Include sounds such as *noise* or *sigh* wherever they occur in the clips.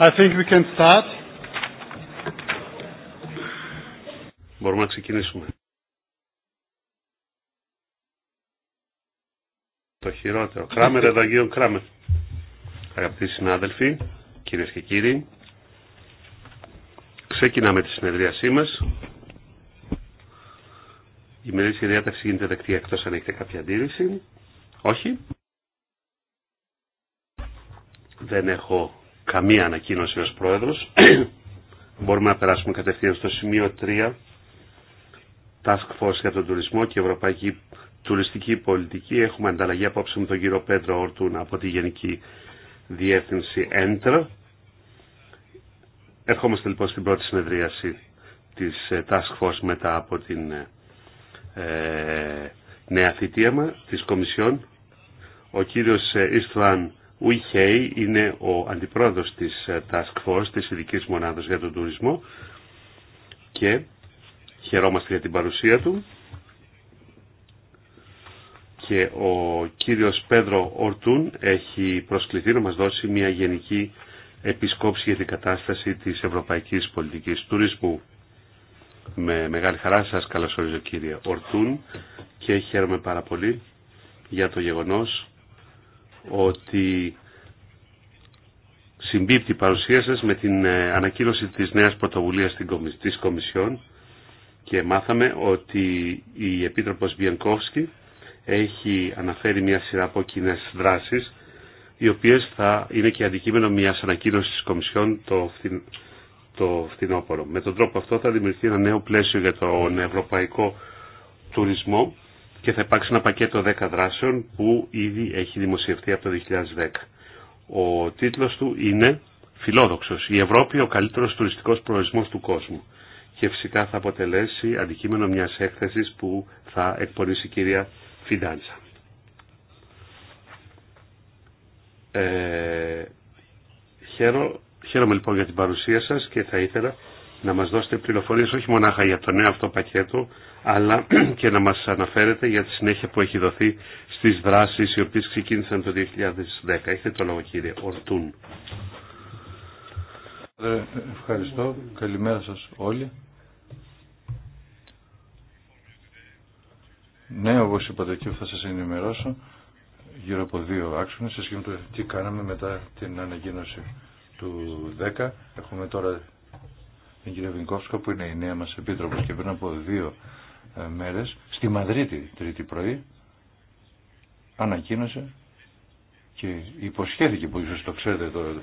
I think we can start. Μπορούμε να ξεκινήσουμε. Το χειρότερο. Κράμερ εδαγίων κράμερ. Αγαπητοί συνάδελφοι, κυρίε και κύριοι, ξεκινάμε τη συνεδρίασή μας. Η μερίσια διάταξη γίνεται δεκτή εκτό αν έχετε κάποια αντίρρηση. Όχι. Δεν έχω καμία ανακοίνωση ως πρόεδρος. *clears throat* Μπορούμε να περάσουμε κατευθείαν στο σημείο 3. Task Force για τον τουρισμό και Ευρωπαϊκή Τουριστική Πολιτική. Έχουμε ανταλλαγή απόψε με τον κύριο Πέτρο Ορτούν από τη Γενική Διεύθυνση έντρα. Ερχόμαστε λοιπόν στην πρώτη συνεδρίαση της ε, Task Force μετά από την ε, ε νέα θητεία μας, της Κομισιόν. Ο κύριος ε, ο Ουιχέη είναι ο αντιπρόεδρος της ε, Task Force, της Ειδική μονάδας για τον τουρισμό και χαιρόμαστε για την παρουσία του και ο κύριος Πέδρο Ορτούν έχει προσκληθεί να μας δώσει μια γενική επισκόψη για την κατάσταση της ευρωπαϊκής πολιτικής τουρισμού. Με μεγάλη χαρά σας καλωσορίζω κύριε Ορτούν και χαίρομαι πάρα πολύ για το γεγονός ότι συμπίπτει η παρουσία σας με την ε, ανακοίνωση της νέας πρωτοβουλίας της Κομισιόν και μάθαμε ότι η Επίτροπος Μπιενκόφσκι έχει αναφέρει μια σειρά από κοινέ δράσεις οι οποίες θα είναι και αντικείμενο μια ανακοίνωσης της Κομισιόν το, φθιν, το φθινόπωρο. Με τον τρόπο αυτό θα δημιουργηθεί ένα νέο πλαίσιο για τον ευρωπαϊκό τουρισμό και θα υπάρξει ένα πακέτο 10 δράσεων που ήδη έχει δημοσιευτεί από το 2010. Ο τίτλος του είναι φιλόδοξος «Η Ευρώπη ο καλύτερος τουριστικός προορισμός του κόσμου» και φυσικά θα αποτελέσει αντικείμενο μιας έκθεσης που θα εκπονήσει η κυρία Φιντάντσα. Ε, χαίρο, χαίρομαι λοιπόν για την παρουσία σας και θα ήθελα να μας δώσετε πληροφορίες όχι μονάχα για το νέο αυτό πακέτο, αλλά *clears throat* και να μας αναφέρετε για τη συνέχεια που έχει δοθεί στις δράσεις οι οποίες ξεκίνησαν το 2010. Έχετε το λόγο κύριε Ορτούν. Ευχαριστώ. Καλημέρα σας όλοι. Ναι, όπως είπατε και θα σας ενημερώσω γύρω από δύο άξονες σε σχέση με το τι κάναμε μετά την ανακοίνωση του 10. Έχουμε τώρα την κυρία Βινκόφσκα που είναι η νέα μας επίτροπος και πριν από δύο ε, μέρες στη Μαδρίτη τρίτη πρωί ανακοίνωσε και υποσχέθηκε που ίσως το ξέρετε το,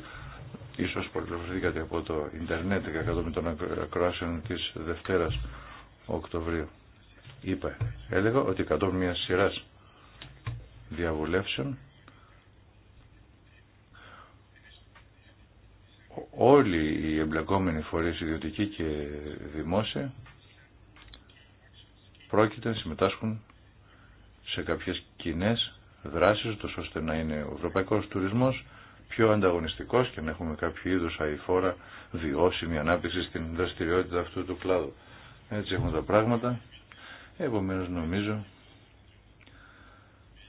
ίσως παρακολουθήκατε από το ίντερνετ κατόπιν των ακροάσεων της Δευτέρας Οκτωβρίου είπε έλεγα ότι κατόπιν μια σειρά διαβουλεύσεων όλοι οι εμπλεκόμενοι φορείς ιδιωτικοί και δημόσια πρόκειται να συμμετάσχουν σε κάποιες κοινέ δράσεις τόσο ώστε να είναι ο ευρωπαϊκός τουρισμός πιο ανταγωνιστικός και να έχουμε κάποιο είδους αηφόρα βιώσιμη ανάπτυξη στην δραστηριότητα αυτού του κλάδου. Έτσι έχουν τα πράγματα. Επομένως νομίζω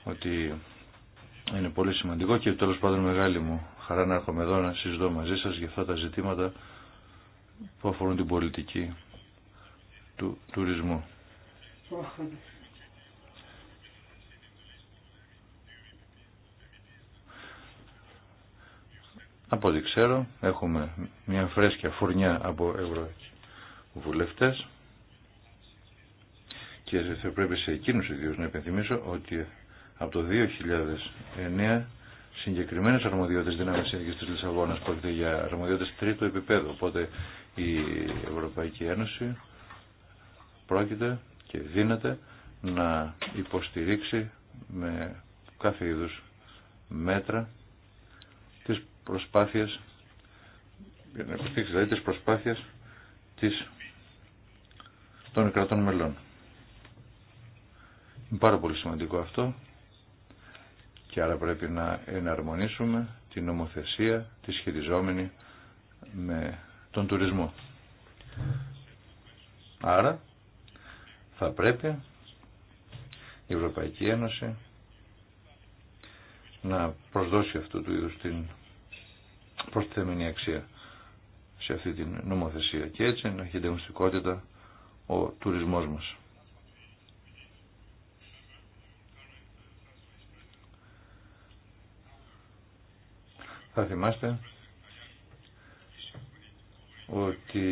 ότι είναι πολύ σημαντικό και τέλος πάντων μεγάλη μου χαρά να έρχομαι εδώ να συζητώ μαζί σας για αυτά τα ζητήματα που αφορούν την πολιτική του τουρισμού. Από ό,τι ξέρω έχουμε μια φρέσκια φουρνιά από ευρωβουλευτές και θα πρέπει σε εκείνους ιδίως να υπενθυμίσω ότι από το 2009 συγκεκριμένε αρμοδιότητε δύναμη τη Λισαβόνα. Πρόκειται για αρμοδιότητε τρίτου επίπεδου. Οπότε η Ευρωπαϊκή Ένωση πρόκειται και δύναται να υποστηρίξει με κάθε είδου μέτρα τις προσπάθειες για να υποστηρίξει δηλαδή τις προσπάθειες των κρατών μελών. Είναι πάρα πολύ σημαντικό αυτό και άρα πρέπει να εναρμονίσουμε την νομοθεσία τη σχετιζόμενη με τον τουρισμό. Άρα θα πρέπει η Ευρωπαϊκή Ένωση να προσδώσει αυτού του είδους την προσθεμένη αξία σε αυτή την νομοθεσία και έτσι να έχει ο τουρισμός μας. Θα θυμάστε ότι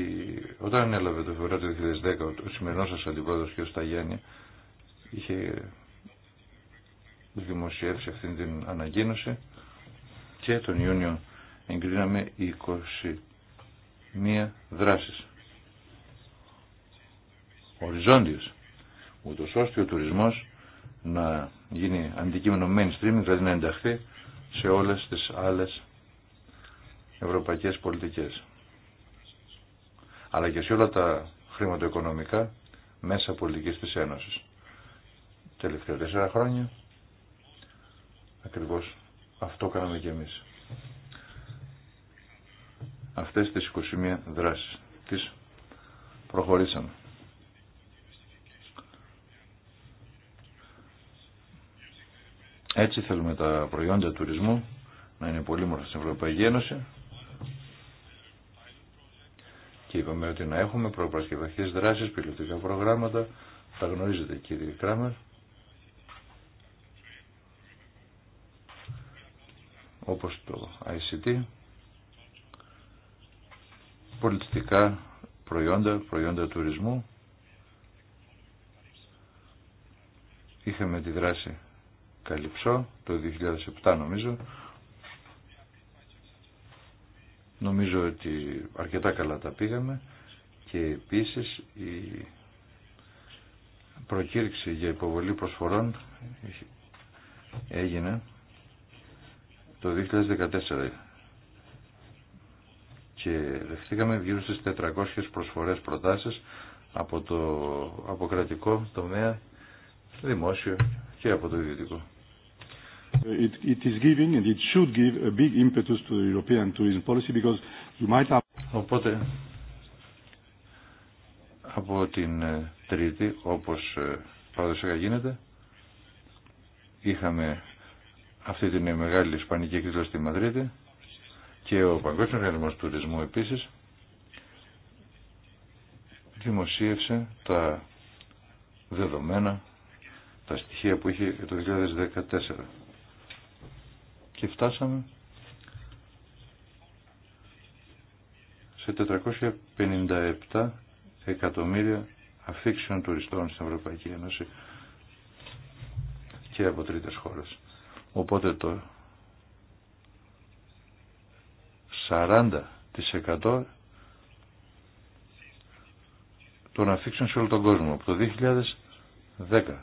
όταν έλαβε το Φεβρουάριο του 2010 ο σημερινός σας αντιπρόεδρος κ. Σταγιάννη είχε δημοσιεύσει αυτήν την ανακοίνωση και τον Ιούνιο εγκρίναμε 21 δράσεις οριζόντιες ούτως ώστε ο τουρισμός να γίνει αντικείμενο mainstream δηλαδή να ενταχθεί σε όλες τις άλλες ευρωπαϊκές πολιτικές. Αλλά και σε όλα τα χρηματοοικονομικά μέσα πολιτικής της Ένωσης. Τελευταία τέσσερα χρόνια ακριβώς αυτό κάναμε και εμείς. Αυτές τις 21 δράσεις τις προχωρήσαμε. Έτσι θέλουμε τα προϊόντα τουρισμού να είναι πολύ μορφή στην Ευρωπαϊκή Ένωση και είπαμε ότι να έχουμε προπαρασκευαστικές δράσεις, πιλωτικά προγράμματα, τα γνωρίζετε κύριε Κράμερ. όπω το ICT, πολιτιστικά προϊόντα, προϊόντα τουρισμού. Είχαμε τη δράση Καλυψό το 2007 νομίζω, Νομίζω ότι αρκετά καλά τα πήγαμε και επίσης η προκήρυξη για υποβολή προσφορών έγινε το 2014 και δεχτήκαμε γύρω στις 400 προσφορές προτάσεις από το αποκρατικό τομέα δημόσιο και από το ιδιωτικό. It, is giving and it should give a big impetus to the European tourism policy because you might have... Οπότε από την ε, Τρίτη όπως ε, παραδοσιακά γίνεται είχαμε αυτή την μεγάλη ισπανική εκδήλωση στη Μαδρίτη και ο Παγκόσμιο Οργανισμό Τουρισμού επίση δημοσίευσε τα δεδομένα, τα στοιχεία που είχε το 2014 και φτάσαμε σε 457 εκατομμύρια αφήξεων τουριστών στην Ευρωπαϊκή Ένωση και από τρίτες χώρες. Οπότε το 40% των αφήξεων σε όλο τον κόσμο από το 2010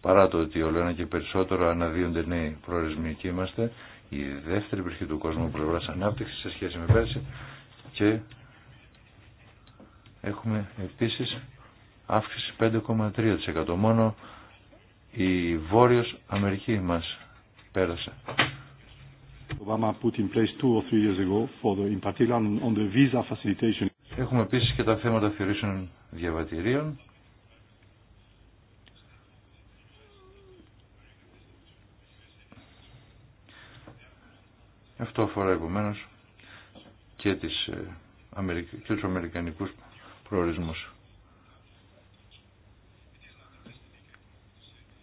παρά το ότι όλο ένα και περισσότερο αναδύονται νέοι προορισμοί και είμαστε η δεύτερη περιοχή του κόσμου πλευράς ανάπτυξη σε σχέση με πέρσι και έχουμε επίσης αύξηση 5,3% μόνο η Βόρειος Αμερική μας πέρασε. put in place or years ago for the, on the visa facilitation. Έχουμε επίσης και τα θέματα θεωρήσεων διαβατηρίων Αυτό αφορά επομένω και, τις, ε, και τους αμερικανικούς προορισμούς.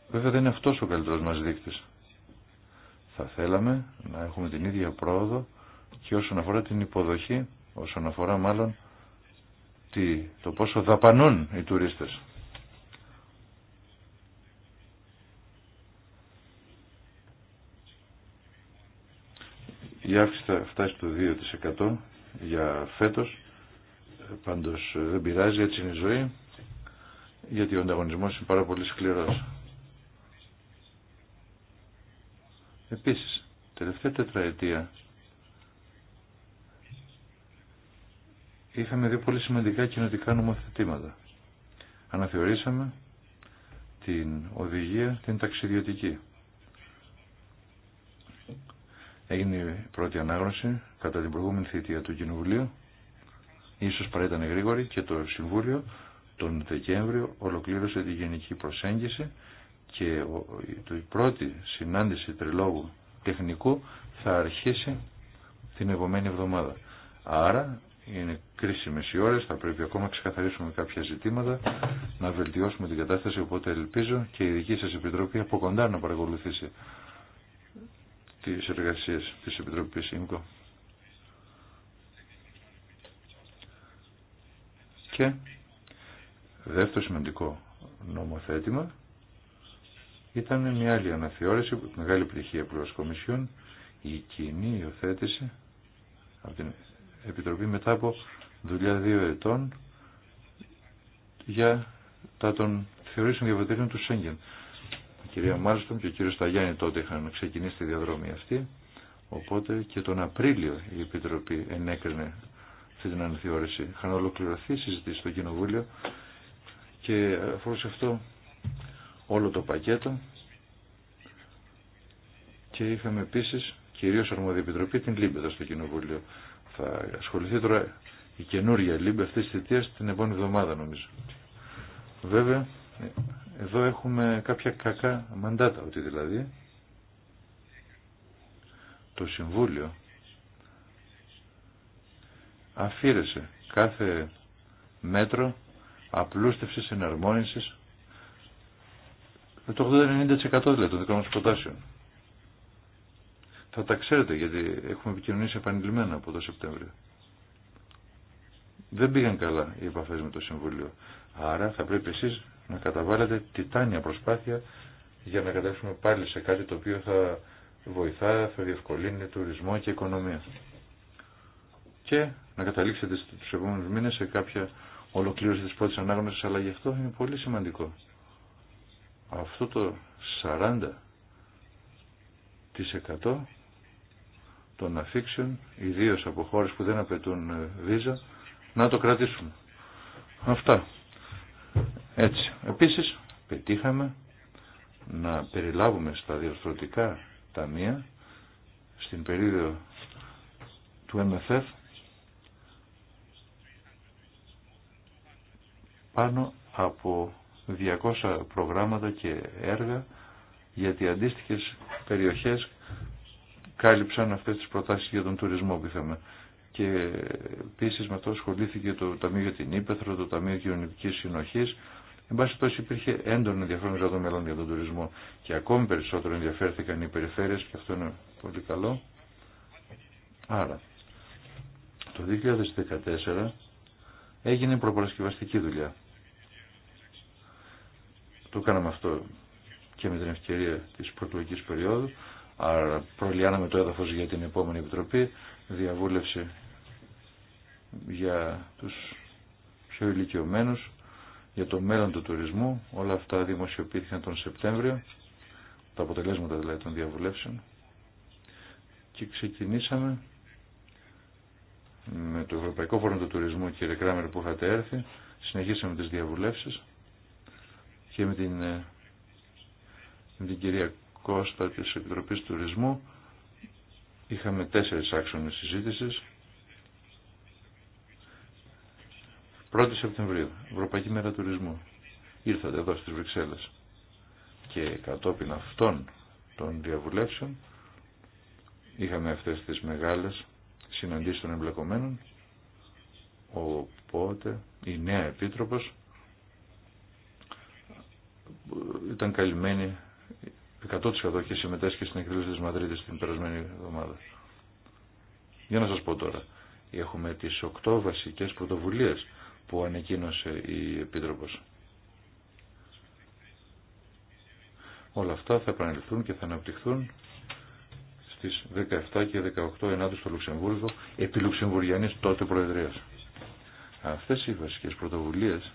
Βέβαια δεν είναι αυτός ο καλύτερος μας δείκτης. Θα θέλαμε να έχουμε την ίδια πρόοδο και όσον αφορά την υποδοχή, όσον αφορά μάλλον τι, το πόσο δαπανούν οι τουρίστες. Η αύξηση θα φτάσει το 2% για φέτος. Πάντως ε, δεν πειράζει, έτσι είναι η ζωή. Γιατί ο ανταγωνισμός είναι πάρα πολύ σκληρός. Επίσης, τελευταία τετραετία είχαμε δύο πολύ σημαντικά κοινοτικά νομοθετήματα. Αναθεωρήσαμε την οδηγία την ταξιδιωτική Έγινε η πρώτη ανάγνωση κατά την προηγούμενη θητεία του Κοινοβουλίου. Ίσως ήταν γρήγορη και το Συμβούλιο τον Δεκέμβριο ολοκλήρωσε τη γενική προσέγγιση και η πρώτη συνάντηση τριλόγου τεχνικού θα αρχίσει την επόμενη εβδομάδα. Άρα είναι κρίσιμε οι ώρε, θα πρέπει ακόμα να ξεκαθαρίσουμε κάποια ζητήματα, να βελτιώσουμε την κατάσταση. Οπότε ελπίζω και η δική σα επιτροπή από κοντά να παρακολουθήσει τη εργασίας της Επιτροπής ΣΥΜΚΟ. Και δεύτερο σημαντικό νομοθέτημα ήταν μια άλλη αναθεώρηση που μεγάλη πτυχία προς Κομισιόν η κοινή υιοθέτηση από την Επιτροπή μετά από δουλειά δύο ετών για τα των θεωρήσεων διαβατηρίων του Σέγγεν κυρία Μάλστον και ο κύριος Σταγιάννη τότε είχαν ξεκινήσει τη διαδρομή αυτή. Οπότε και τον Απρίλιο η Επιτροπή ενέκρινε αυτή την αναθεώρηση. Είχαν ολοκληρωθεί συζητήσει στο Κοινοβούλιο και αφορούσε αυτό όλο το πακέτο και είχαμε επίση κυρίω αρμόδια επιτροπή την Λίμπεδα στο Κοινοβούλιο. Θα ασχοληθεί τώρα η καινούργια Λίμπε αυτή τη θητεία την επόμενη εβδομάδα νομίζω. Βέβαια, εδώ έχουμε κάποια κακά μαντάτα, ότι δηλαδή το Συμβούλιο αφήρεσε κάθε μέτρο απλούστευσης, εναρμόνισης το 80-90% δηλαδή των δικών μας προτάσεων. Θα τα ξέρετε γιατί έχουμε επικοινωνήσει επανειλημμένα από το Σεπτέμβριο. Δεν πήγαν καλά οι επαφές με το Συμβουλίο. Άρα θα πρέπει εσείς να καταβάλλετε τιτάνια προσπάθεια για να καταλήξουμε πάλι σε κάτι το οποίο θα βοηθά, θα διευκολύνει τουρισμό και οικονομία. Και να καταλήξετε στους επόμενους μήνες σε κάποια ολοκλήρωση της πρώτης ανάγνωσης, αλλά γι' αυτό είναι πολύ σημαντικό. Αυτό το 40% των αφήξεων, ιδίως από χώρες που δεν απαιτούν ε, βίζα, να το κρατήσουμε. Αυτά. Έτσι. Επίσης, πετύχαμε να περιλάβουμε στα διορθωτικά ταμεία στην περίοδο του MFF πάνω από 200 προγράμματα και έργα γιατί αντίστοιχες περιοχές κάλυψαν αυτές τις προτάσεις για τον τουρισμό που είχαμε. Και επίση με αυτό ασχολήθηκε το Ταμείο για την Ήπεθρο, το Ταμείο Κοινωνική Συνοχής, Εν πάση τόσο υπήρχε έντονο ενδιαφέρον για το για τον τουρισμό και ακόμη περισσότερο ενδιαφέρθηκαν οι περιφέρειες και αυτό είναι πολύ καλό. Άρα, το 2014 έγινε προπαρασκευαστική δουλειά. Το κάναμε αυτό και με την ευκαιρία της προεκλογικής περίοδου, άρα προλιάναμε το έδαφος για την επόμενη επιτροπή, διαβούλευση για τους πιο ηλικιωμένους, για το μέλλον του τουρισμού. Όλα αυτά δημοσιοποιήθηκαν τον Σεπτέμβριο, τα αποτελέσματα δηλαδή των διαβουλεύσεων. Και ξεκινήσαμε με το Ευρωπαϊκό Φόρο του Τουρισμού, κύριε Κράμερ, που είχατε έρθει. Συνεχίσαμε τις διαβουλεύσεις και με την, ε, με την κυρία Κώστα της Επιτροπής Τουρισμού είχαμε τέσσερις άξονες συζήτησης 1η Σεπτεμβρίου, Ευρωπαϊκή Μέρα Τουρισμού. Ήρθατε εδώ στις Βρυξέλλες και κατόπιν αυτών των διαβουλεύσεων είχαμε αυτές τις μεγάλες συναντήσεις των εμπλεκομένων οπότε η νέα Επίτροπος ήταν καλυμμένη 100% και συμμετέσχει στην εκδήλωση της Μαδρίτης την περασμένη εβδομάδα. Για να σας πω τώρα, έχουμε τις 8 βασικές πρωτοβουλίες που ανακοίνωσε η Επίτροπος. Όλα αυτά θα επαναληφθούν και θα αναπτυχθούν στις 17 και 18 Ενάτου στο Λουξεμβούργο επί Λουξεμβουργιανής τότε Προεδρίας. Αυτές οι βασικές πρωτοβουλίες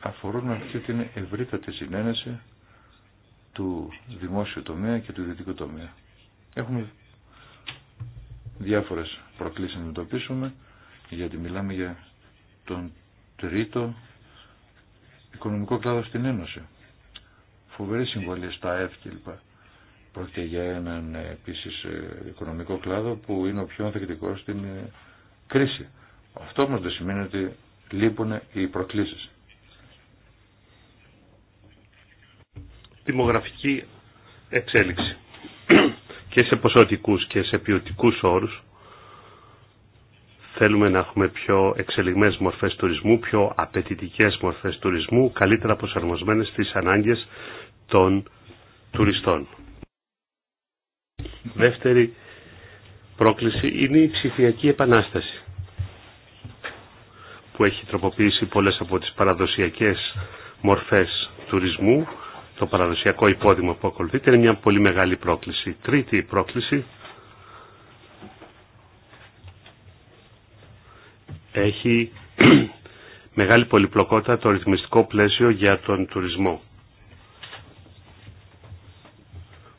αφορούν αυτή την ευρύτατη συνένεση του δημόσιου τομέα και του ιδιωτικού τομέα. Έχουμε διάφορες προκλήσεις να αντιμετωπίσουμε γιατί μιλάμε για τον τρίτο οικονομικό κλάδο στην Ένωση. Φοβερή συμβολή στα ΕΦ κλπ. Πρόκειται για έναν ε, επίσης ε, οικονομικό κλάδο που είναι ο πιο ανθεκτικός στην ε, κρίση. Αυτό όμως δεν σημαίνει ότι λείπουν οι προκλήσεις. Δημογραφική εξέλιξη *clears throat* και σε ποσοτικούς και σε ποιοτικούς όρους θέλουμε να έχουμε πιο εξελιγμένες μορφές τουρισμού, πιο απαιτητικές μορφές τουρισμού, καλύτερα προσαρμοσμένες στις ανάγκες των τουριστών. Δεύτερη πρόκληση είναι η ψηφιακή επανάσταση που έχει τροποποιήσει πολλές από τις παραδοσιακές μορφές τουρισμού. Το παραδοσιακό υπόδημα που ακολουθείται είναι μια πολύ μεγάλη πρόκληση. Τρίτη πρόκληση έχει *clears throat* μεγάλη πολυπλοκότητα το ρυθμιστικό πλαίσιο για τον τουρισμό.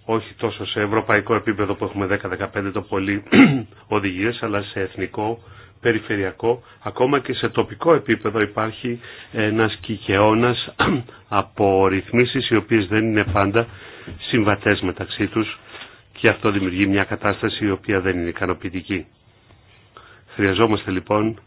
Όχι τόσο σε ευρωπαϊκό επίπεδο που έχουμε 10-15 το πολύ *clears throat* οδηγίες, αλλά σε εθνικό, περιφερειακό, ακόμα και σε τοπικό επίπεδο υπάρχει ένας κικαιώνας *clears throat* από ρυθμίσεις οι οποίες δεν είναι πάντα συμβατές μεταξύ τους και αυτό δημιουργεί μια κατάσταση η οποία δεν είναι ικανοποιητική. Χρειαζόμαστε λοιπόν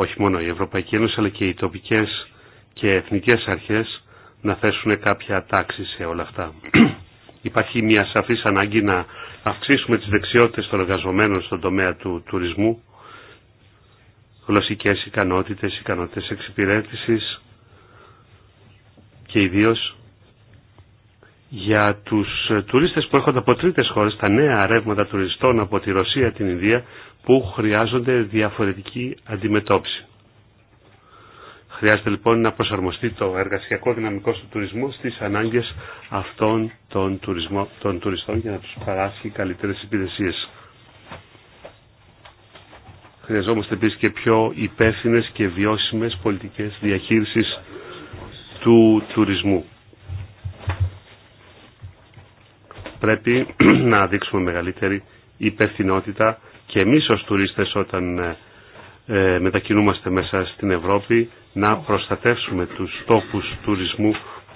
όχι μόνο η Ευρωπαϊκή Ένωση αλλά και οι τοπικές και εθνικές αρχές να θέσουν κάποια τάξη σε όλα αυτά. *clears throat* Υπάρχει μια σαφής ανάγκη να αυξήσουμε τις δεξιότητες των εργαζομένων στον τομέα του τουρισμού, γλωσσικές ικανότητες, ικανότητες εξυπηρέτησης και ιδίως για τους τουρίστες που έρχονται από τρίτες χώρες, τα νέα ρεύματα τουριστών από τη Ρωσία, την Ινδία που χρειάζονται διαφορετική αντιμετώπιση. Χρειάζεται λοιπόν να προσαρμοστεί το εργασιακό δυναμικό του τουρισμού στις ανάγκες αυτών των, τουρισμό, τουριστών για να τους παράσχει καλύτερες υπηρεσίες. Χρειαζόμαστε επίσης και πιο υπεύθυνε και βιώσιμες πολιτικές διαχείρισης του τουρισμού. Πρέπει *clears throat* να δείξουμε μεγαλύτερη υπευθυνότητα και εμείς ως τουρίστες όταν ε, ε, μετακινούμαστε μέσα στην Ευρώπη να προστατεύσουμε τους τόπους τουρισμού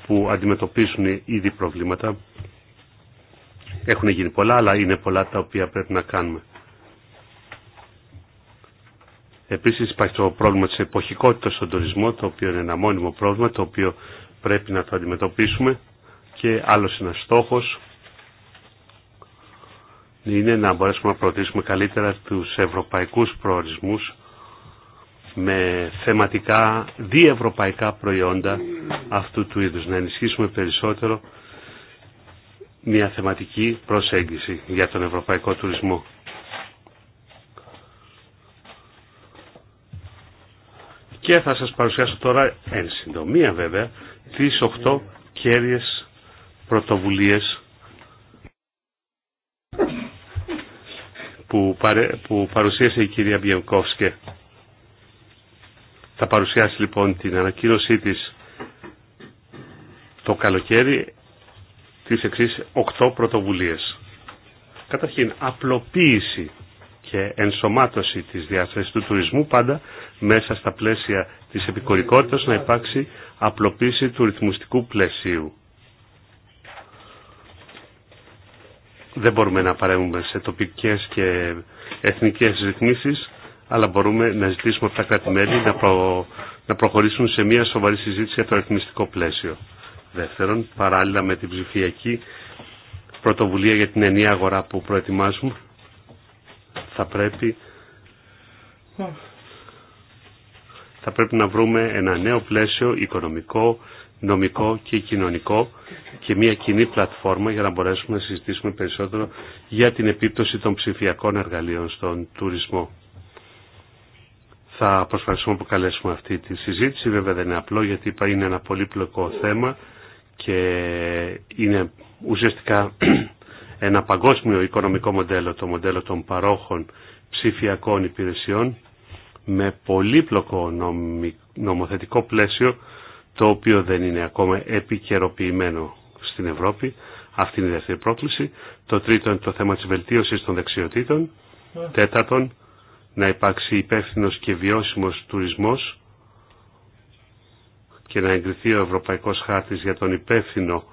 που αντιμετωπίζουν ήδη προβλήματα. Έχουν γίνει πολλά, αλλά είναι πολλά τα οποία πρέπει να κάνουμε. Επίσης υπάρχει το πρόβλημα της εποχικότητας στον τουρισμό, το οποίο είναι ένα μόνιμο πρόβλημα, το οποίο πρέπει να το αντιμετωπίσουμε και άλλος ένας στόχος είναι να μπορέσουμε να προωθήσουμε καλύτερα τους ευρωπαϊκούς προορισμούς με θεματικά διευρωπαϊκά προϊόντα αυτού του είδους. Να ενισχύσουμε περισσότερο μια θεματική προσέγγιση για τον ευρωπαϊκό τουρισμό. Και θα σας παρουσιάσω τώρα, εν συντομία βέβαια, τις 8 κέρδιες πρωτοβουλίες που, παρουσίασε η κυρία Μπιενκόφσκε. Θα παρουσιάσει λοιπόν την ανακοίνωσή της το καλοκαίρι τις εξής οκτώ πρωτοβουλίες. Καταρχήν, απλοποίηση και ενσωμάτωση της διάστασης του τουρισμού πάντα μέσα στα πλαίσια της επικορικότητας να υπάρξει απλοποίηση του ρυθμιστικού πλαισίου. δεν μπορούμε να παρέμβουμε σε τοπικές και εθνικές ρυθμίσεις, αλλά μπορούμε να ζητήσουμε από τα κρατη να, προ... προχωρήσουν σε μια σοβαρή συζήτηση για το ρυθμιστικό πλαίσιο. Δεύτερον, παράλληλα με την ψηφιακή πρωτοβουλία για την ενιαία αγορά που προετοιμάζουμε, θα πρέπει... Θα πρέπει να βρούμε ένα νέο πλαίσιο οικονομικό, νομικό και κοινωνικό και μια κοινή πλατφόρμα για να μπορέσουμε να συζητήσουμε περισσότερο για την επίπτωση των ψηφιακών εργαλείων στον τουρισμό. Θα προσπαθήσουμε να αποκαλέσουμε αυτή τη συζήτηση. Βέβαια δεν είναι απλό γιατί είναι ένα πολύπλοκο θέμα και είναι ουσιαστικά *clears throat* ένα παγκόσμιο οικονομικό μοντέλο, το μοντέλο των παρόχων ψηφιακών υπηρεσιών με πολύπλοκο νομοθετικό πλαίσιο το οποίο δεν είναι ακόμα επικαιροποιημένο στην Ευρώπη. Αυτή είναι η δεύτερη πρόκληση. Το τρίτο είναι το θέμα της βελτίωσης των δεξιοτήτων. Τέταρτον, να υπάρξει υπεύθυνο και βιώσιμος τουρισμός και να εγκριθεί ο Ευρωπαϊκός Χάρτης για τον υπεύθυνο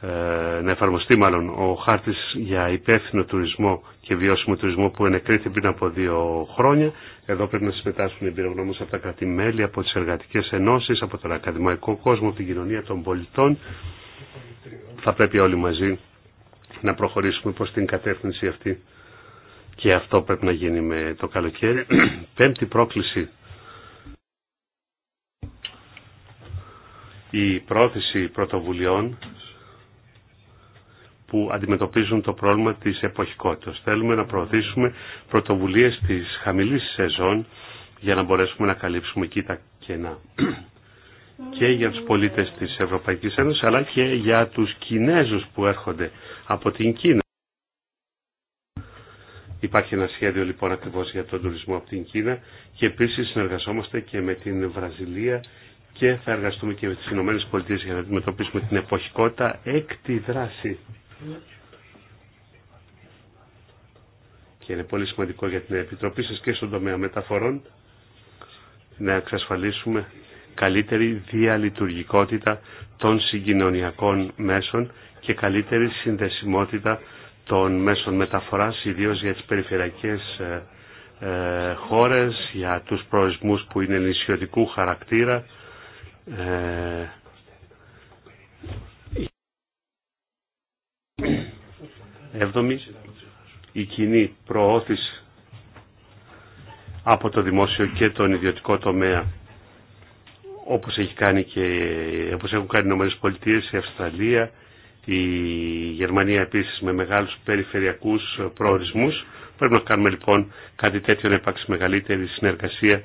ε, να εφαρμοστεί μάλλον ο χάρτης για υπεύθυνο τουρισμό και βιώσιμο τουρισμό που ενεκρίθη πριν από δύο χρόνια. Εδώ πρέπει να συμμετάσχουν οι εμπειρογνώμους από τα κρατημέλη, από τις εργατικές ενώσεις, από τον ακαδημαϊκό κόσμο, από την κοινωνία των πολιτών. Θα πρέπει όλοι μαζί να προχωρήσουμε προς την κατεύθυνση αυτή και αυτό πρέπει να γίνει με το καλοκαίρι. *clears throat* Πέμπτη πρόκληση η πρόθεση πρωτοβουλειών που αντιμετωπίζουν το πρόβλημα της εποχικότητας. Θέλουμε να προωθήσουμε πρωτοβουλίες της χαμηλής σεζόν για να μπορέσουμε να καλύψουμε εκεί τα κενά και για τους πολίτες της Ευρωπαϊκής Ένωσης αλλά και για τους Κινέζους που έρχονται από την Κίνα. Υπάρχει ένα σχέδιο λοιπόν ακριβώ για τον τουρισμό από την Κίνα και επίσης συνεργαζόμαστε και με την Βραζιλία και θα εργαστούμε και με τις Ηνωμένες Πολιτείες για να αντιμετωπίσουμε την εποχικότητα έκτη δράση. Και είναι πολύ σημαντικό για την Επιτροπή σας και στον τομέα μεταφορών να εξασφαλίσουμε καλύτερη διαλειτουργικότητα των συγκοινωνιακών μέσων και καλύτερη συνδεσιμότητα των μέσων μεταφοράς, ιδίως για τις περιφερειακές ε, ε, χώρες, για τους προορισμούς που είναι νησιωτικού χαρακτήρα, ε, Έβδομη, η κοινή προώθηση από το δημόσιο και τον ιδιωτικό τομέα όπως, έχει κάνει και, όπως έχουν κάνει οι Ηνωμένες Πολιτείες, η Αυστραλία, η Γερμανία επίσης με μεγάλους περιφερειακούς προορισμούς. Πρέπει να κάνουμε λοιπόν κάτι τέτοιο να υπάρξει μεγαλύτερη συνεργασία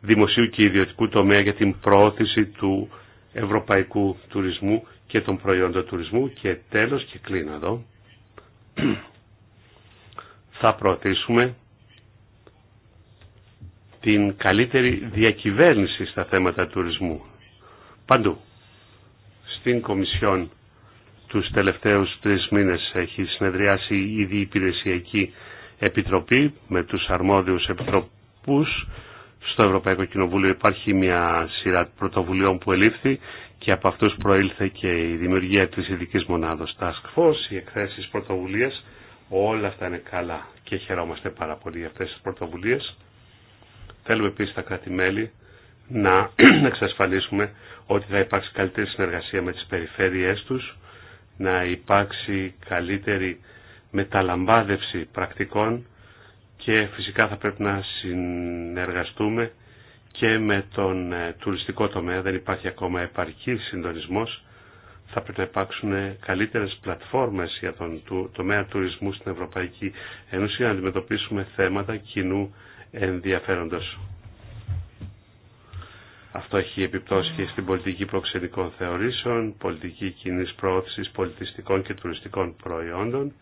δημοσίου και ιδιωτικού τομέα για την προώθηση του ευρωπαϊκού τουρισμού και των προϊόντων τουρισμού και τέλος και κλείνω εδώ θα προωθήσουμε την καλύτερη διακυβέρνηση στα θέματα τουρισμού. Παντού. Στην Κομισιόν τους τελευταίους τρεις μήνες έχει συνεδριάσει ήδη η Υπηρεσιακή Επιτροπή με τους αρμόδιους επιτροπούς στο Ευρωπαϊκό Κοινοβούλιο υπάρχει μια σειρά πρωτοβουλειών που ελήφθη και από αυτούς προήλθε και η δημιουργία της ειδική μονάδος Task Force, οι εκθέσεις πρωτοβουλίες, όλα αυτά είναι καλά και χαιρόμαστε πάρα πολύ για αυτές τις πρωτοβουλίες. Θέλουμε επίσης τα κράτη-μέλη να *clears throat* εξασφαλίσουμε ότι θα υπάρξει καλύτερη συνεργασία με τις περιφέρειές τους, να υπάρξει καλύτερη μεταλαμβάδευση πρακτικών και φυσικά θα πρέπει να συνεργαστούμε και με τον ε, τουριστικό τομέα. Δεν υπάρχει ακόμα επαρκή συντονισμός. Θα πρέπει να υπάρξουν καλύτερες πλατφόρμες για τον τομέα τουρισμού στην Ευρωπαϊκή Ένωση για να αντιμετωπίσουμε θέματα κοινού ενδιαφέροντος. Αυτό έχει επιπτώσει και στην πολιτική προξενικών θεωρήσεων, πολιτική κοινή προώθησης πολιτιστικών και τουριστικών προϊόντων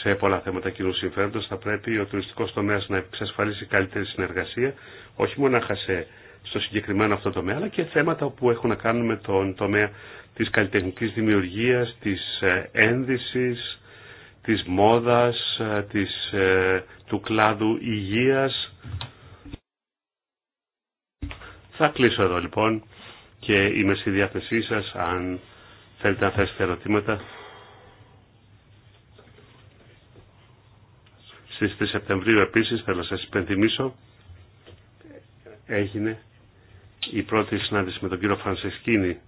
σε πολλά θέματα κοινού συμφέροντος θα πρέπει ο τουριστικός τομέας να εξασφαλίσει καλύτερη συνεργασία όχι μόνο σε, στο συγκεκριμένο αυτό τομέα αλλά και θέματα που έχουν να κάνουν με τον τομέα της καλλιτεχνικής δημιουργίας, της ε, ένδυσης, της μόδας, ε, ε, του κλάδου υγείας. Θα κλείσω εδώ λοιπόν και είμαι στη διάθεσή σας αν θέλετε να θέσετε ερωτήματα. Στις 3 Σεπτεμβρίου επίσης θέλω να σας υπενθυμίσω έγινε η πρώτη συνάντηση με τον κύριο Φρανσεσκίνη,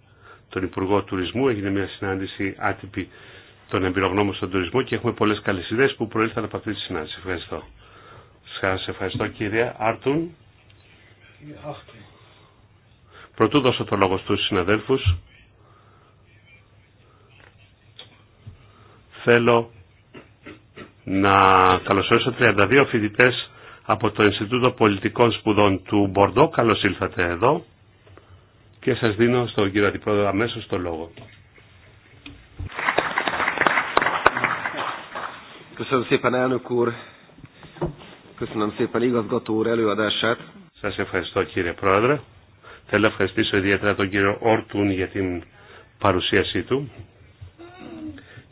τον Υπουργό Τουρισμού. Έγινε μια συνάντηση άτυπη των εμπειρογνώμων στον τουρισμό και έχουμε πολλές καλές ιδέες που προήλθαν από αυτή τη συνάντηση. Ευχαριστώ. Σας ευχαριστώ κύριε Άρτουν. Πρωτού δώσω το λόγο στους συναδέλφους. Θέλω να καλωσορίσω 32 φοιτητές από το Ινστιτούτο Πολιτικών Σπουδών του Μπορντό. Καλώς ήλθατε εδώ και σας δίνω στον κύριο Αντιπρόεδρο αμέσως το λόγο. Σας ευχαριστώ κύριε Πρόεδρε. Θέλω να ευχαριστήσω ιδιαίτερα τον κύριο Όρτουν για την παρουσίασή του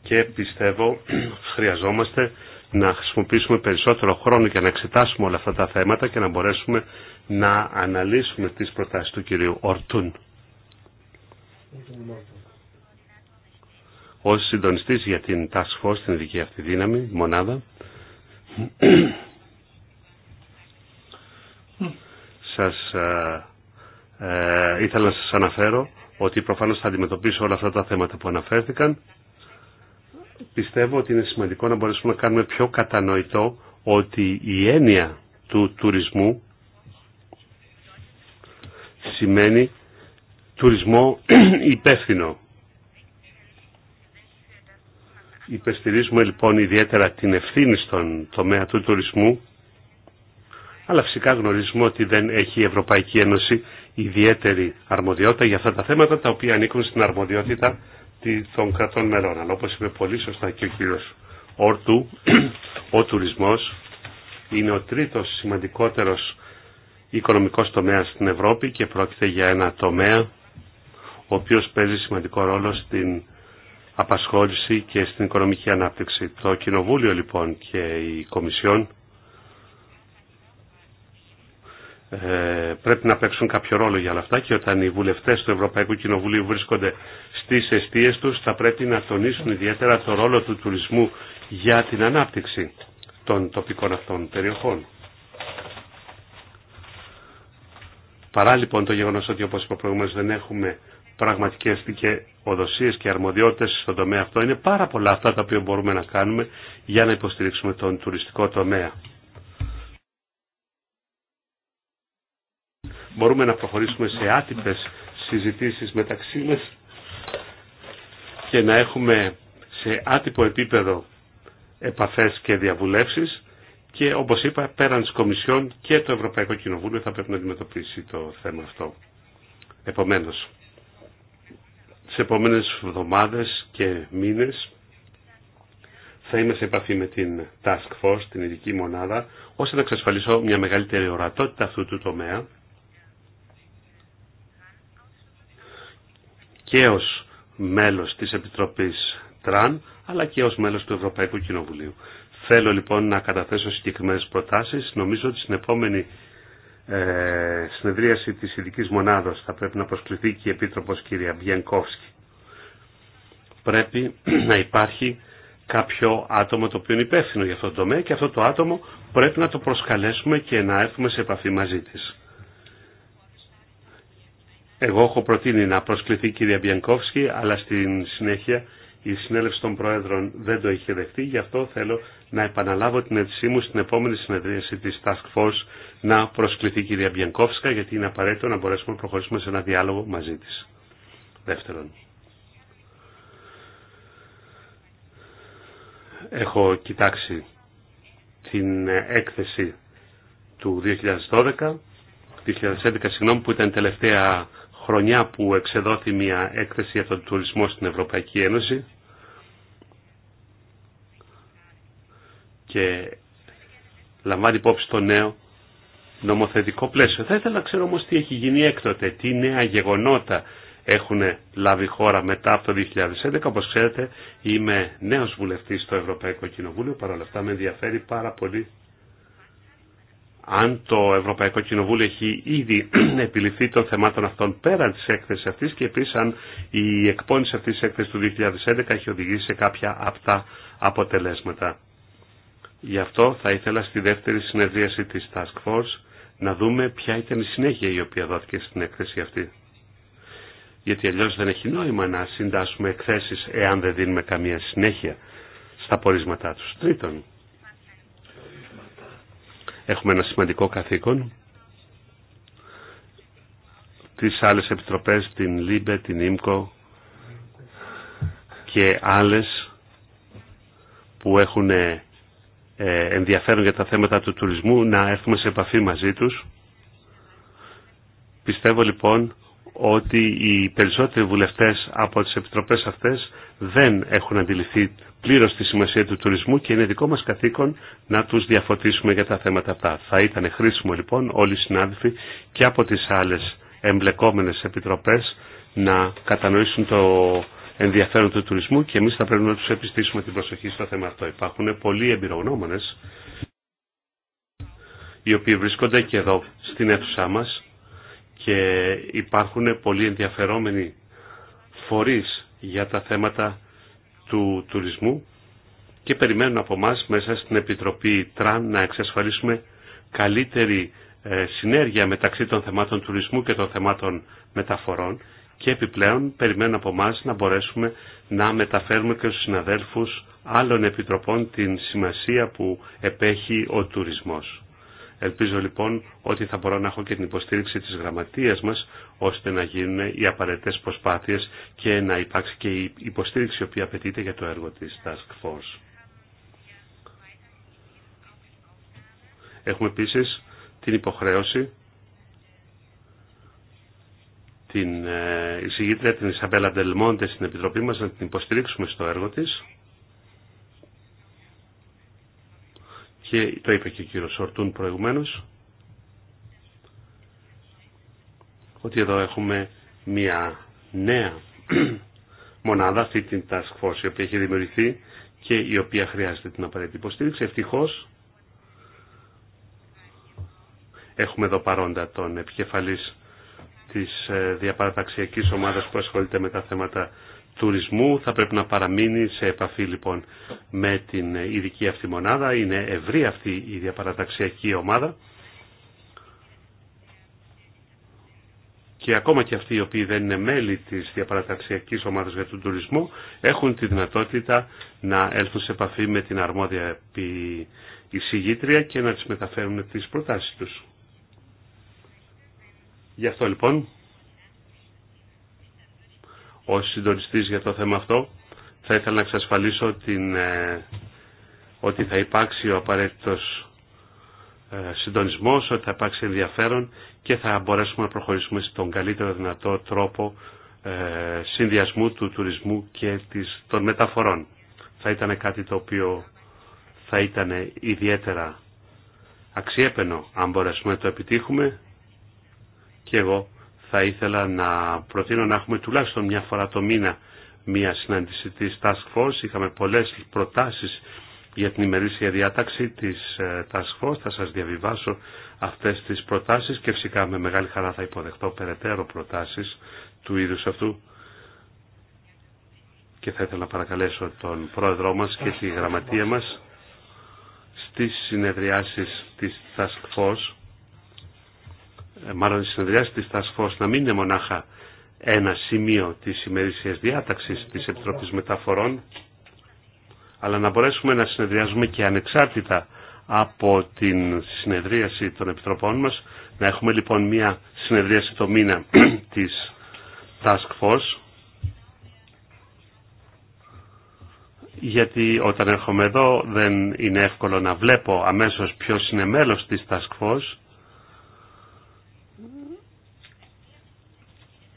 και πιστεύω *clears throat* χρειαζόμαστε να χρησιμοποιήσουμε περισσότερο χρόνο και να εξετάσουμε όλα αυτά τα θέματα και να μπορέσουμε να αναλύσουμε τις προτάσεις του κυρίου Ορτούν. Ως συντονιστής για την Task Force, την ειδική αυτή δύναμη, μονάδα, *clears throat* σας, ε, ε, ήθελα να σας αναφέρω ότι προφανώς θα αντιμετωπίσω όλα αυτά τα θέματα που αναφέρθηκαν πιστεύω ότι είναι σημαντικό να μπορέσουμε να κάνουμε πιο κατανοητό ότι η έννοια του τουρισμού σημαίνει τουρισμό *clears throat* υπεύθυνο. Υπεστηρίζουμε λοιπόν ιδιαίτερα την ευθύνη στον τομέα του τουρισμού, αλλά φυσικά γνωρίζουμε ότι δεν έχει η Ευρωπαϊκή Ένωση ιδιαίτερη αρμοδιότητα για αυτά τα θέματα, τα οποία ανήκουν στην αρμοδιότητα των κρατών μελών. Αλλά όπως είπε πολύ σωστά και ο κύριος Όρτου, ο τουρισμός είναι ο τρίτος σημαντικότερος οικονομικός τομέας στην Ευρώπη και πρόκειται για ένα τομέα ο οποίος παίζει σημαντικό ρόλο στην απασχόληση και στην οικονομική ανάπτυξη. Το Κοινοβούλιο λοιπόν και η Κομισιόν Ε, πρέπει να παίξουν κάποιο ρόλο για όλα αυτά και όταν οι βουλευτές του Ευρωπαϊκού Κοινοβουλίου βρίσκονται στις αιστείες τους θα πρέπει να τονίσουν ιδιαίτερα το ρόλο του τουρισμού για την ανάπτυξη των τοπικών αυτών περιοχών. Παρά λοιπόν το γεγονός ότι όπως είπα προηγουμένως δεν έχουμε πραγματικές δικαιοδοσίες και αρμοδιότητες στον τομέα αυτό είναι πάρα πολλά αυτά τα οποία μπορούμε να κάνουμε για να υποστηρίξουμε τον τουριστικό τομέα. μπορούμε να προχωρήσουμε σε άτυπες συζητήσεις μεταξύ μας και να έχουμε σε άτυπο επίπεδο επαφές και διαβουλεύσεις και όπως είπα πέραν της Κομισιόν και το Ευρωπαϊκό Κοινοβούλιο θα πρέπει να αντιμετωπίσει το θέμα αυτό. Επομένως, τις επόμενες εβδομάδες και μήνες θα είμαι σε επαφή με την Task Force, την ειδική μονάδα, ώστε να εξασφαλίσω μια μεγαλύτερη ορατότητα αυτού του τομέα και ως μέλος της Επιτροπής Τραν, αλλά και ως μέλος του Ευρωπαϊκού Κοινοβουλίου. Θέλω λοιπόν να καταθέσω συγκεκριμένες προτάσεις. Νομίζω ότι στην επόμενη ε, συνεδρίαση της ειδική μονάδος θα πρέπει να προσκληθεί και η Επίτροπος κυρία Μπιενκόφσκη. Πρέπει *clears throat* να υπάρχει κάποιο άτομο το οποίο είναι υπεύθυνο για αυτό το τομέα και αυτό το άτομο πρέπει να το προσκαλέσουμε και να έρθουμε σε επαφή μαζί της. Εγώ έχω προτείνει να προσκληθεί η κυρία Μπιανκόφσκη, αλλά στην συνέχεια η συνέλευση των Προέδρων δεν το είχε δεχτεί, γι' αυτό θέλω να επαναλάβω την αίτησή μου στην επόμενη συνεδρίαση της Task Force να προσκληθεί η κυρία Μπιανκόφσκα, γιατί είναι απαραίτητο να μπορέσουμε να προχωρήσουμε σε ένα διάλογο μαζί της. Δεύτερον, έχω κοιτάξει την έκθεση του 2012, 2011 συγγνώμη, που ήταν τελευταία χρονιά που εξεδόθη μια έκθεση για τον τουρισμό στην Ευρωπαϊκή Ένωση και λαμβάνει υπόψη το νέο νομοθετικό πλαίσιο. Θα ήθελα να ξέρω όμως τι έχει γίνει έκτοτε, τι νέα γεγονότα έχουν λάβει χώρα μετά από το 2011. Όπως ξέρετε είμαι νέος βουλευτής στο Ευρωπαϊκό Κοινοβούλιο, παρόλα αυτά με ενδιαφέρει πάρα πολύ αν το Ευρωπαϊκό Κοινοβούλιο έχει ήδη *clears throat* επιληθεί των θεμάτων αυτών πέραν της έκθεσης αυτής και επίσης αν η εκπόνηση αυτής της έκθεσης του 2011 έχει οδηγήσει σε κάποια τα αποτελέσματα. Γι' αυτό θα ήθελα στη δεύτερη συνεδρίαση της Task Force να δούμε ποια ήταν η συνέχεια η οποία δόθηκε στην έκθεση αυτή. Γιατί αλλιώς δεν έχει νόημα να συντάσσουμε εκθέσεις εάν δεν δίνουμε καμία συνέχεια στα πορίσματά τους. Τρίτον, Έχουμε ένα σημαντικό καθήκον. Τις άλλες επιτροπές, την ΛΥΜΠΕ, την ΙΜΚΟ και άλλες που έχουν ε, ενδιαφέρον για τα θέματα του τουρισμού να έρθουμε σε επαφή μαζί τους. Πιστεύω λοιπόν ότι οι περισσότεροι βουλευτές από τις επιτροπές αυτές δεν έχουν αντιληφθεί πλήρως τη σημασία του τουρισμού και είναι δικό μας καθήκον να τους διαφωτίσουμε για τα θέματα αυτά. Θα ήταν χρήσιμο λοιπόν όλοι οι συνάδελφοι και από τις άλλες εμπλεκόμενες επιτροπές να κατανοήσουν το ενδιαφέρον του τουρισμού και εμείς θα πρέπει να τους επιστήσουμε την προσοχή στο θέμα αυτό. Υπάρχουν πολλοί εμπειρογνώμονες οι οποίοι βρίσκονται και εδώ στην αίθουσά μας και υπάρχουν πολλοί ενδιαφερόμενοι φορείς για τα θέματα του τουρισμού και περιμένουν από εμά μέσα στην Επιτροπή Τραν να εξασφαλίσουμε καλύτερη ε, συνέργεια μεταξύ των θεμάτων τουρισμού και των θεμάτων μεταφορών και επιπλέον περιμένουν από εμά να μπορέσουμε να μεταφέρουμε και στους συναδέλφους άλλων επιτροπών την σημασία που επέχει ο τουρισμός. Ελπίζω λοιπόν ότι θα μπορώ να έχω και την υποστήριξη της γραμματείας μας ώστε να γίνουν οι απαραίτητε προσπάθειες και να υπάρξει και η υποστήριξη η οποία απαιτείται για το έργο της Task Force. Έχουμε επίσης την υποχρέωση την ε, εισηγήτρια την Ισαμπέλα Ντελμόντε στην Επιτροπή μας να την υποστηρίξουμε στο έργο της και το είπε και ο κύριος Σορτούν προηγουμένως ότι εδώ έχουμε μια νέα *clears throat* μονάδα, αυτή την Task Force η οποία έχει δημιουργηθεί και η οποία χρειάζεται την απαραίτητη υποστήριξη. Ευτυχώ έχουμε εδώ παρόντα τον επικεφαλής της ε, διαπαραταξιακής ομάδας που ασχολείται με τα θέματα τουρισμού. Θα πρέπει να παραμείνει σε επαφή λοιπόν με την ε, ειδική αυτή μονάδα. Είναι ευρύ αυτή η διαπαραταξιακή ομάδα και ακόμα και αυτοί οι οποίοι δεν είναι μέλη της διαπαραταξιακής ομάδας για τον τουρισμό έχουν τη δυνατότητα να έλθουν σε επαφή με την αρμόδια εισηγήτρια και να τις μεταφέρουν τις προτάσεις τους. Γι' αυτό λοιπόν, ως συντονιστής για το θέμα αυτό, θα ήθελα να εξασφαλίσω την, ε, ότι θα υπάρξει ο απαραίτητος ε, συντονισμός, ότι θα υπάρξει ενδιαφέρον και θα μπορέσουμε να προχωρήσουμε στον καλύτερο δυνατό τρόπο ε, συνδυασμού του τουρισμού και της των μεταφορών. Θα ήταν κάτι το οποίο θα ήταν ιδιαίτερα αξιέπαινο αν μπορέσουμε να το επιτύχουμε και εγώ θα ήθελα να προτείνω να έχουμε τουλάχιστον μια φορά το μήνα μια συνάντηση της Task Force. Είχαμε πολλές προτάσεις για την ημερήσια διάταξη της ε, Task Force. Θα σας διαβιβάσω αυτές τις προτάσεις και φυσικά με μεγάλη χαρά θα υποδεχτώ περαιτέρω προτάσεις του είδους αυτού και θα ήθελα να παρακαλέσω τον πρόεδρό μας και τη γραμματεία μας στις συνεδριάσεις της Task Force ε, μάλλον στις συνεδριάσεις της Task Force να μην είναι μονάχα ένα σημείο της ημερήσιας διάταξης της Επιτροπής Μεταφορών αλλά να μπορέσουμε να συνεδριάζουμε και ανεξάρτητα από την συνεδρίαση των επιτροπών μας. Να έχουμε λοιπόν μια συνεδρίαση το μήνα *clears throat* της Task Force. Γιατί όταν έρχομαι εδώ δεν είναι εύκολο να βλέπω αμέσως ποιος είναι μέλος της Task Force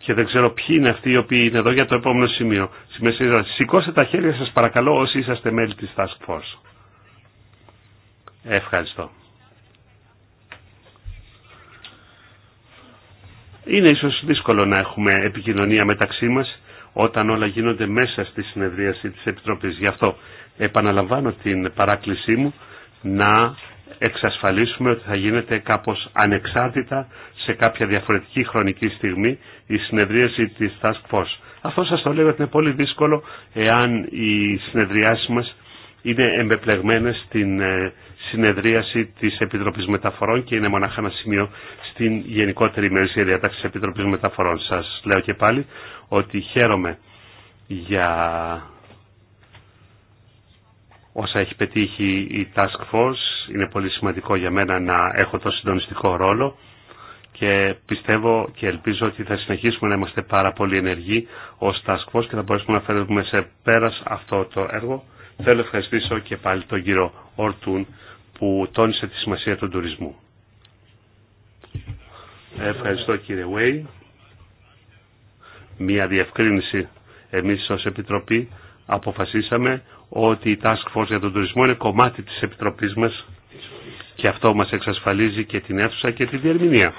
και δεν ξέρω ποιοι είναι αυτοί οι οποίοι είναι εδώ για το επόμενο σημείο. Σηκώστε τα χέρια σας παρακαλώ όσοι είσαστε μέλη της Task Force. Ευχαριστώ. Είναι ίσως δύσκολο να έχουμε επικοινωνία μεταξύ μας όταν όλα γίνονται μέσα στη συνεδρίαση της Επιτροπής. Γι' αυτό επαναλαμβάνω την παράκλησή μου να εξασφαλίσουμε ότι θα γίνεται κάπως ανεξάρτητα σε κάποια διαφορετική χρονική στιγμή η συνεδρίαση της Task Force. Αυτό σας το λέω ότι είναι πολύ δύσκολο εάν οι συνεδριάσεις μας είναι εμπεπλεγμένες στην ε, συνεδρίαση της Επιτροπής Μεταφορών και είναι μονάχα ένα σημείο στην γενικότερη ημερήσια διατάξη της Επιτροπής Μεταφορών. Σας λέω και πάλι ότι χαίρομαι για όσα έχει πετύχει η Task Force. Είναι πολύ σημαντικό για μένα να έχω το συντονιστικό ρόλο και πιστεύω και ελπίζω ότι θα συνεχίσουμε να είμαστε πάρα πολύ ενεργοί ως Task Force και θα μπορέσουμε να φέρουμε σε πέρας αυτό το έργο. Θέλω να ευχαριστήσω και πάλι τον κύριο Ορτούν που τόνισε τη σημασία του τουρισμού. Ευχαριστώ κύριε Βέι. Μία διευκρίνηση. Εμείς ως Επιτροπή αποφασίσαμε ότι η Task Force για τον τουρισμό είναι κομμάτι της Επιτροπής μας και αυτό μας εξασφαλίζει και την αίθουσα και τη διερμηνία.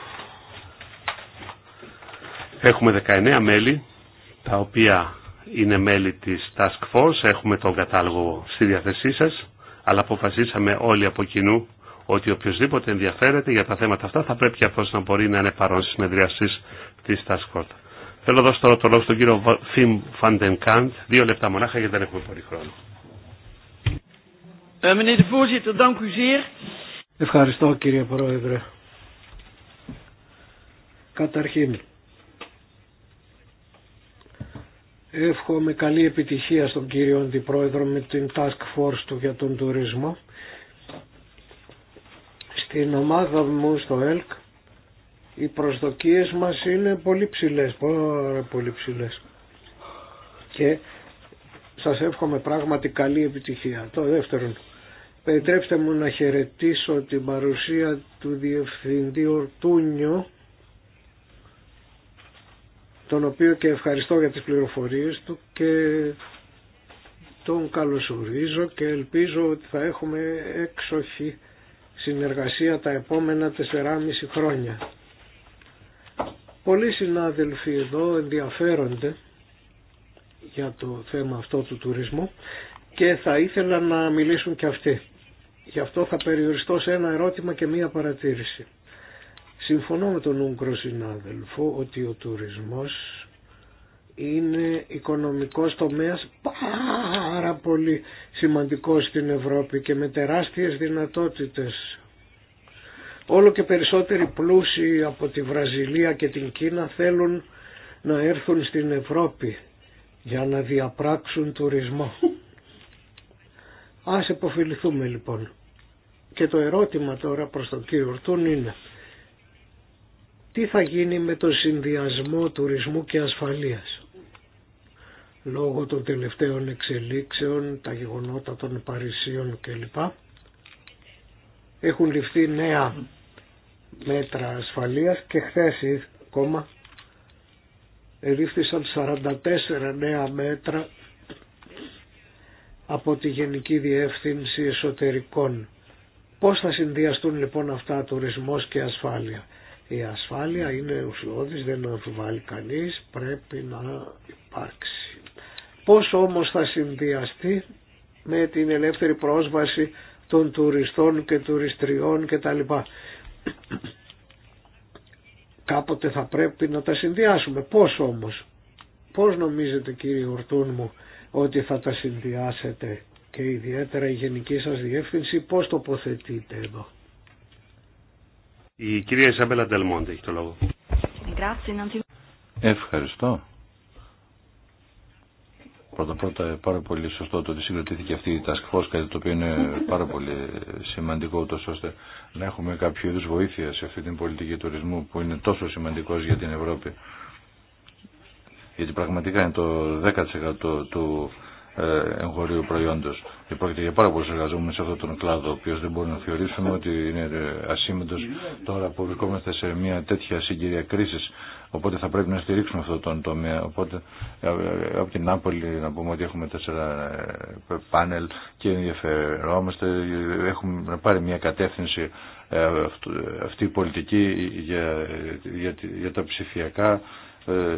Έχουμε 19 μέλη, τα οποία είναι μέλη της Task Force, έχουμε τον κατάλογο στη διάθεσή σας, αλλά αποφασίσαμε όλοι από κοινού ότι οποιοδήποτε ενδιαφέρεται για τα θέματα αυτά θα πρέπει και αυτός να μπορεί να είναι παρόν στις συνεδριάσεις της Task Force. Θέλω να δώσω τώρα το λόγο στον κύριο Φιμ Φαντενκάντ, δύο λεπτά μονάχα γιατί δεν έχουμε πολύ χρόνο. Ε, Ευχαριστώ κύριε Πρόεδρε. Καταρχήν, Εύχομαι καλή επιτυχία στον κύριο Αντιπρόεδρο με την Task Force του για τον τουρισμό. Στην ομάδα μου στο ΕΛΚ οι προσδοκίες μας είναι πολύ ψηλές, πάρα πολύ ψηλές. Και σας εύχομαι πράγματι καλή επιτυχία. Το δεύτερο, Επιτρέψτε μου να χαιρετήσω την παρουσία του Διευθυντή Ορτούνιο τον οποίο και ευχαριστώ για τις πληροφορίες του και τον καλωσορίζω και ελπίζω ότι θα έχουμε έξοχη συνεργασία τα επόμενα 4,5 χρόνια. Πολλοί συνάδελφοι εδώ ενδιαφέρονται για το θέμα αυτό του τουρισμού και θα ήθελα να μιλήσουν και αυτοί. Γι' αυτό θα περιοριστώ σε ένα ερώτημα και μία παρατήρηση. Συμφωνώ με τον Ούγκρο συνάδελφο ότι ο τουρισμός είναι οικονομικός τομέας πάρα πολύ σημαντικός στην Ευρώπη και με τεράστιες δυνατότητες. Όλο και περισσότεροι πλούσιοι από τη Βραζιλία και την Κίνα θέλουν να έρθουν στην Ευρώπη για να διαπράξουν τουρισμό. Ας υποφιληθούμε λοιπόν. Και το ερώτημα τώρα προς τον κύριο Ορτούν είναι τι θα γίνει με το συνδυασμό τουρισμού και ασφαλείας. Λόγω των τελευταίων εξελίξεων, τα γεγονότα των Παρισίων κλπ. Έχουν ληφθεί νέα μέτρα ασφαλείας και χθες ακόμα ελήφθησαν 44 νέα μέτρα από τη Γενική Διεύθυνση Εσωτερικών. Πώς θα συνδυαστούν λοιπόν αυτά τουρισμός και ασφάλεια. Η ασφάλεια είναι ουσιώδης, δεν αμφιβάλλει κανείς, πρέπει να υπάρξει. Πώς όμως θα συνδυαστεί με την ελεύθερη πρόσβαση των τουριστών και τουριστριών κτλ. Κάποτε θα πρέπει να τα συνδυάσουμε. Πώς όμως, πώς νομίζετε κύριε Ορτούν μου ότι θα τα συνδυάσετε και ιδιαίτερα η γενική σας διεύθυνση πώς τοποθετείτε εδώ. Η κυρία Ισαμπέλα Ντελμόντε έχει το λόγο. Ευχαριστώ. Πρώτα πρώτα πάρα πολύ σωστό το ότι συγκροτήθηκε αυτή η task force, κάτι το οποίο είναι πάρα πολύ σημαντικό, ούτως ώστε να έχουμε κάποιο είδου βοήθεια σε αυτή την πολιτική τουρισμού που είναι τόσο σημαντικό για την Ευρώπη. Γιατί πραγματικά είναι το 10% του ε, εγχωρίου προϊόντο. Και πρόκειται για πάρα πολλού εργαζόμενου σε αυτόν τον κλάδο, ο οποίο δεν μπορεί να θεωρήσουμε ότι είναι ε, ασήμεντο τώρα που βρισκόμαστε σε μια τέτοια συγκυρία κρίση, Οπότε θα πρέπει να στηρίξουμε αυτόν τον τομέα. Οπότε ε, από την Νάπολη να πούμε ότι έχουμε τέσσερα πάνελ και ενδιαφερόμαστε. Έχουμε πάρει μια κατεύθυνση αυτή η πολιτική για, για, για τα ψηφιακά ε,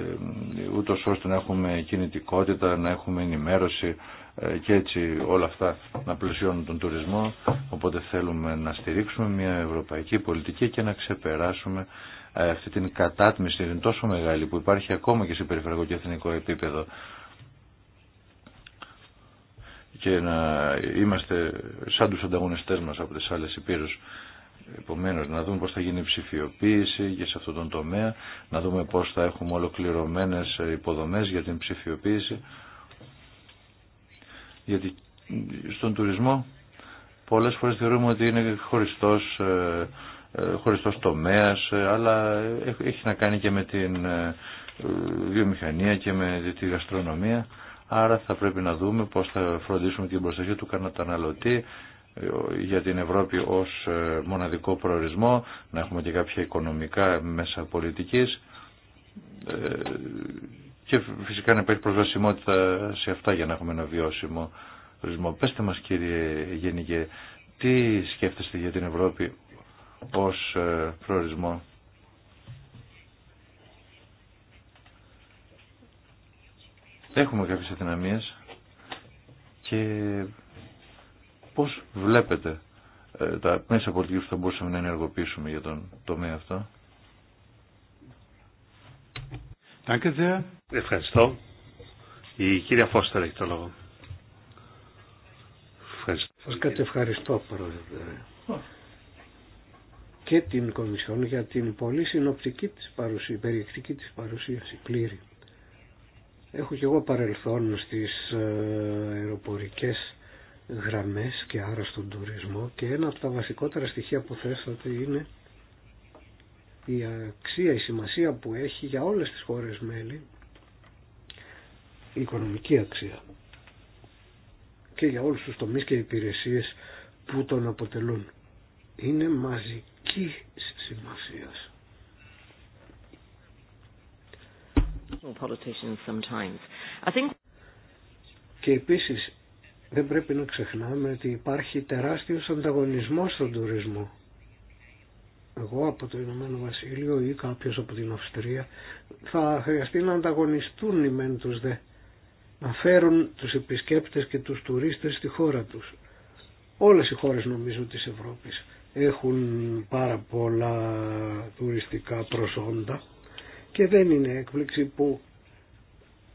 ούτως ώστε να έχουμε κινητικότητα, να έχουμε ενημέρωση ε, και έτσι όλα αυτά να πλαισιώνουν τον τουρισμό. Οπότε θέλουμε να στηρίξουμε μια ευρωπαϊκή πολιτική και να ξεπεράσουμε ε, αυτή την κατάτμιση, την τόσο μεγάλη που υπάρχει ακόμα και σε περιφερειακό και εθνικό επίπεδο και να είμαστε σαν τους ανταγωνιστές μας από τις άλλες υπήρους. Επομένω, να δούμε πώς θα γίνει η ψηφιοποίηση και σε αυτόν τον τομέα, να δούμε πώς θα έχουμε ολοκληρωμένε υποδομές για την ψηφιοποίηση, γιατί στον τουρισμό Πολλέ φορές θεωρούμε ότι είναι χωριστός, ε, ε, χωριστός τομέας, ε, αλλά έχει να κάνει και με την βιομηχανία και με τη γαστρονομία. Άρα θα πρέπει να δούμε πώς θα φροντίσουμε την προστασία του καταναλωτή για την Ευρώπη ως ε, μοναδικό προορισμό, να έχουμε και κάποια οικονομικά μέσα πολιτικής ε, και φυσικά να υπάρχει προσβασιμότητα σε αυτά για να έχουμε ένα βιώσιμο προορισμό. Πέστε μας κύριε Γενικέ, τι σκέφτεστε για την Ευρώπη ως ε, προορισμό. Έχουμε κάποιες αδυναμίες και Πώς βλέπετε ε, τα μέσα πολιτικής που θα μπορούσαμε να ενεργοποιήσουμε για τον τομέα αυτό. Ευχαριστώ. Η κυρία Φώστερ έχει το λόγο. Ευχαριστώ. Σας κατευχαριστώ πρόεδρε. Και την Κομισιόν για την πολύ συνοπτική της παρουσία, περιεκτική της παρουσίαση, πλήρη. Έχω και εγώ παρελθόν στις ε, αεροπορικές γραμμές και άρα στον τουρισμό και ένα από τα βασικότερα στοιχεία που θέσατε είναι η αξία, η σημασία που έχει για όλες τις χώρες μέλη η οικονομική αξία και για όλους τους τομείς και υπηρεσίες που τον αποτελούν. Είναι μαζική σημασία. Και επίσης δεν πρέπει να ξεχνάμε ότι υπάρχει τεράστιος ανταγωνισμός στον τουρισμό. Εγώ από το Ηνωμένο Βασίλειο ή κάποιος από την Αυστρία θα χρειαστεί να ανταγωνιστούν οι μεν τους δε, να φέρουν τους επισκέπτες και τους τουρίστες στη χώρα τους. Όλες οι χώρες νομίζω της Ευρώπης έχουν πάρα πολλά τουριστικά προσόντα και δεν είναι έκπληξη που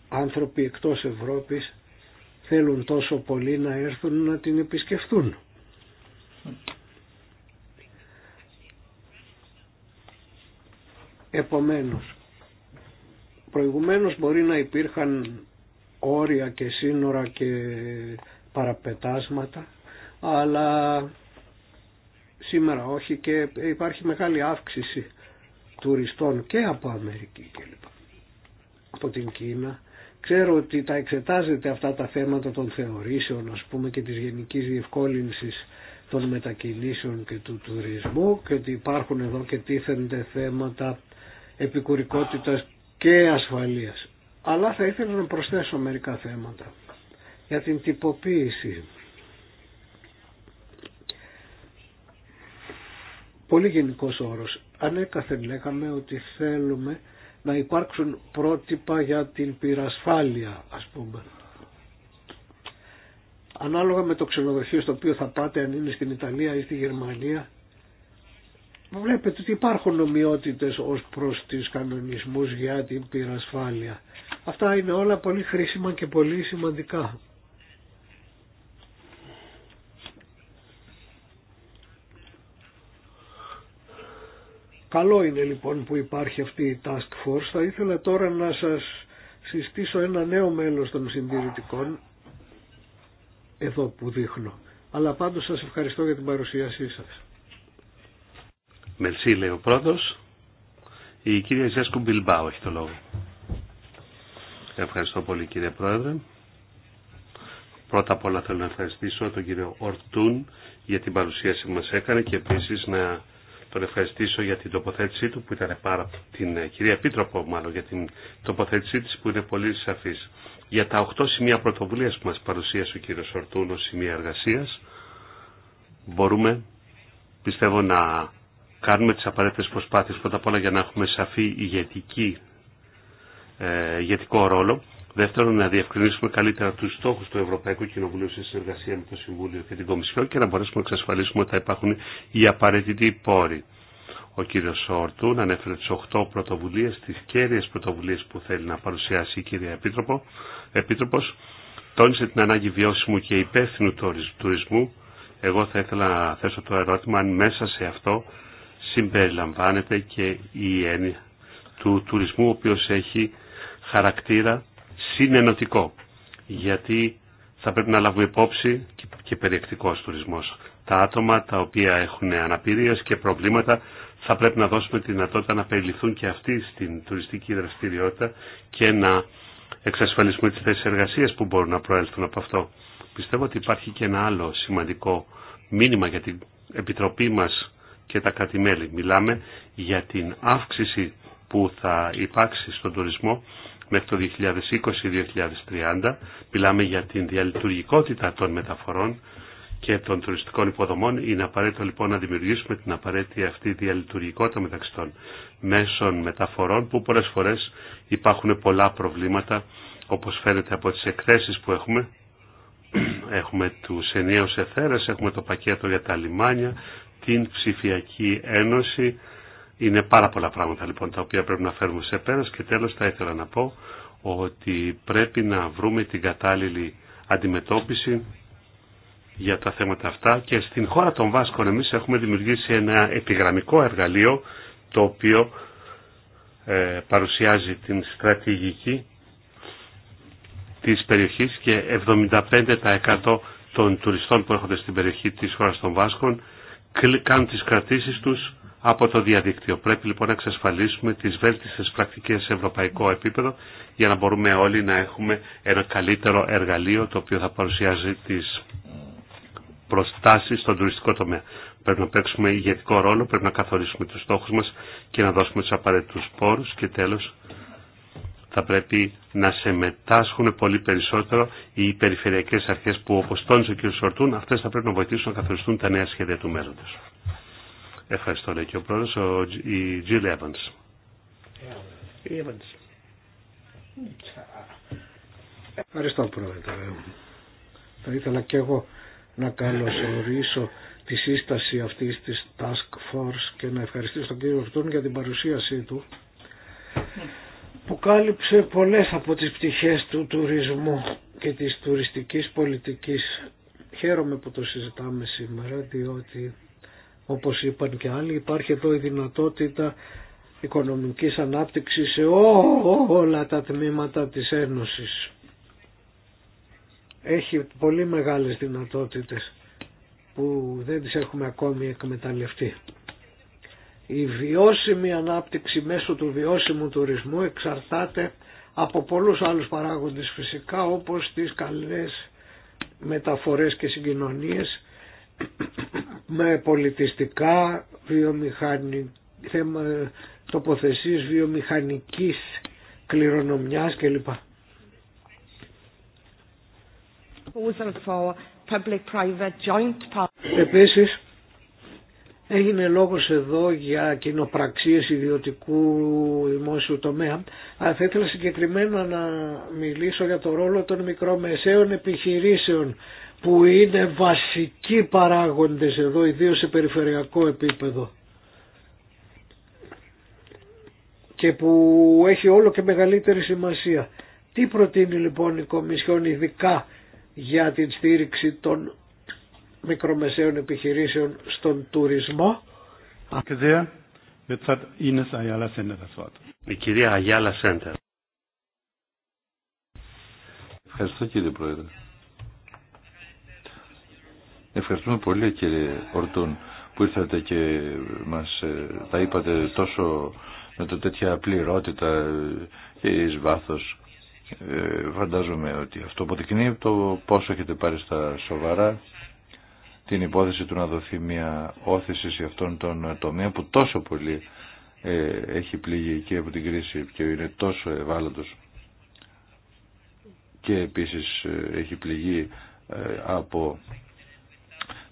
άνθρωποι εκτός Ευρώπης θέλουν τόσο πολύ να έρθουν να την επισκεφτούν. Επομένως, προηγουμένως μπορεί να υπήρχαν όρια και σύνορα και παραπετάσματα, αλλά σήμερα όχι και υπάρχει μεγάλη αύξηση τουριστών και από Αμερική κλπ. Από την Κίνα Ξέρω ότι τα εξετάζετε αυτά τα θέματα των θεωρήσεων, ας πούμε, και της γενικής διευκόλυνσης των μετακινήσεων και του τουρισμού και ότι υπάρχουν εδώ και τίθενται θέματα επικουρικότητας και ασφαλείας. Αλλά θα ήθελα να προσθέσω μερικά θέματα για την τυποποίηση. Πολύ γενικός όρος. Ανέκαθεν λέγαμε ότι θέλουμε να υπάρξουν πρότυπα για την πυρασφάλεια ας πούμε. Ανάλογα με το ξενοδοχείο στο οποίο θα πάτε αν είναι στην Ιταλία ή στη Γερμανία βλέπετε ότι υπάρχουν ομοιότητες ως προς τις κανονισμούς για την πυρασφάλεια. Αυτά είναι όλα πολύ χρήσιμα και πολύ σημαντικά. Καλό είναι λοιπόν που υπάρχει αυτή η Task Force. Θα ήθελα τώρα να σας συστήσω ένα νέο μέλος των συντηρητικών, εδώ που δείχνω. Αλλά πάντως σας ευχαριστώ για την παρουσίασή σας. Μερσή λέει ο πρώτος. Η κυρία Ζέσκου Μπιλμπάου έχει το λόγο. Ευχαριστώ πολύ κύριε Πρόεδρε. Πρώτα απ' όλα θέλω να ευχαριστήσω τον κύριο Ορτούν για την παρουσίαση που μας έκανε και επίσης να τον ευχαριστήσω για την τοποθέτησή του που ήταν πάρα την ε, κυρία Επίτροπο μάλλον για την τοποθέτησή της που είναι πολύ σαφής. Για τα 8 σημεία πρωτοβουλίας που μας παρουσίασε ο κύριος Ορτούνο σημεία εργασίας μπορούμε πιστεύω να κάνουμε τις απαραίτητες προσπάθειες πρώτα απ' όλα για να έχουμε σαφή ηγετική, ε, ηγετικό ρόλο Δεύτερον, να διευκρινίσουμε καλύτερα του στόχου του Ευρωπαϊκού Κοινοβουλίου σε συνεργασία με το Συμβούλιο και την Κομισιόν και να μπορέσουμε να εξασφαλίσουμε ότι θα υπάρχουν οι απαραίτητοι πόροι. Ο κύριο Σόρτουν ανέφερε τι 8 πρωτοβουλίε, τι κέρυε πρωτοβουλίε που θέλει να παρουσιάσει η κυρία Επίτροπο. Επίτροπος τόνισε την ανάγκη βιώσιμου και υπεύθυνου τουρισμού. Εγώ θα ήθελα να θέσω το ερώτημα αν μέσα σε αυτό συμπεριλαμβάνεται και η έννοια του τουρισμού ο οποίο έχει χαρακτήρα είναι ενωτικό Γιατί θα πρέπει να λάβουμε υπόψη και περιεκτικό τουρισμό. Τα άτομα τα οποία έχουν αναπηρίες και προβλήματα θα πρέπει να δώσουμε τη δυνατότητα να περιληφθούν και αυτοί στην τουριστική δραστηριότητα και να εξασφαλίσουμε τι θέσει εργασία που μπορούν να προέλθουν από αυτό. Πιστεύω ότι υπάρχει και ένα άλλο σημαντικό μήνυμα για την Επιτροπή μα και τα κατημέλη. Μιλάμε για την αύξηση που θα υπάρξει στον τουρισμό μέχρι το 2020-2030. Μιλάμε για την διαλειτουργικότητα των μεταφορών και των τουριστικών υποδομών. Είναι απαραίτητο λοιπόν να δημιουργήσουμε την απαραίτητη αυτή διαλειτουργικότητα μεταξύ των μέσων μεταφορών που πολλές φορές υπάρχουν πολλά προβλήματα όπως φαίνεται από τις εκθέσεις που έχουμε. Έχουμε τους ενιαίους εθέρες, έχουμε το πακέτο για τα λιμάνια, την ψηφιακή ένωση, είναι πάρα πολλά πράγματα λοιπόν τα οποία πρέπει να φέρουμε σε πέρας και τέλος θα ήθελα να πω ότι πρέπει να βρούμε την κατάλληλη αντιμετώπιση για τα θέματα αυτά και στην χώρα των Βάσκων εμείς έχουμε δημιουργήσει ένα επιγραμμικό εργαλείο το οποίο ε, παρουσιάζει την στρατηγική της περιοχής και 75% των τουριστών που έρχονται στην περιοχή της χώρας των Βάσκων κάνουν τις κρατήσεις τους από το διαδίκτυο. Πρέπει λοιπόν να εξασφαλίσουμε τις βέλτιστες πρακτικές σε ευρωπαϊκό επίπεδο για να μπορούμε όλοι να έχουμε ένα καλύτερο εργαλείο το οποίο θα παρουσιάζει τις προστάσεις στον τουριστικό τομέα. Πρέπει να παίξουμε ηγετικό ρόλο, πρέπει να καθορίσουμε τους στόχους μας και να δώσουμε τους απαραίτητους πόρους και τέλος θα πρέπει να συμμετάσχουν πολύ περισσότερο οι περιφερειακές αρχές που όπως τόνισε ο κ. Σορτούν, αυτές θα πρέπει να βοηθήσουν να καθοριστούν τα νέα σχέδια του μέλλοντος. Ευχαριστώ, λέει και ο πρόεδρος, ο, η Jill Evans. Ευχαριστώ, πρόεδρε. Θα ήθελα και εγώ να καλωσορίσω τη σύσταση αυτής της Task Force και να ευχαριστήσω τον κύριο Ρτούν για την παρουσίασή του που κάλυψε πολλές από τις πτυχές του τουρισμού και της τουριστικής πολιτικής. Χαίρομαι που το συζητάμε σήμερα διότι όπως είπαν και άλλοι, υπάρχει εδώ η δυνατότητα οικονομικής ανάπτυξης σε όλα τα τμήματα της Ένωσης. Έχει πολύ μεγάλες δυνατότητες που δεν τις έχουμε ακόμη εκμεταλλευτεί. Η βιώσιμη ανάπτυξη μέσω του βιώσιμου τουρισμού εξαρτάται από πολλούς άλλους παράγοντες φυσικά όπως τις καλές μεταφορές και συγκοινωνίες με πολιτιστικά, βιομηχανική, θέμα τοποθεσίες βιομηχανικής κληρονομιάς κλπ. Επίσης, έγινε λόγος εδώ για κοινοπραξίες ιδιωτικού δημόσιου τομέα, αλλά θα ήθελα συγκεκριμένα να μιλήσω για το ρόλο των μικρομεσαίων επιχειρήσεων που είναι βασικοί παράγοντες εδώ, ιδίως σε περιφερειακό επίπεδο και που έχει όλο και μεγαλύτερη σημασία. Τι προτείνει λοιπόν η Κομισιόν ειδικά για την στήριξη των μικρομεσαίων επιχειρήσεων στον τουρισμό. Η κυρία Αγιάλα Σέντερ. Ευχαριστώ κύριε Πρόεδρε. Ευχαριστούμε πολύ κύριε Ορτούν που ήρθατε και μας ε, τα είπατε τόσο με το τέτοια πληρότητα και ε, εις βάθος. Ε, φαντάζομαι ότι αυτό αποδεικνύει το πόσο έχετε πάρει στα σοβαρά την υπόθεση του να δοθεί μια όθηση σε αυτόν τον τομέα που τόσο πολύ ε, έχει πληγεί και από την κρίση και είναι τόσο ευάλωτος και επίσης έχει πληγεί από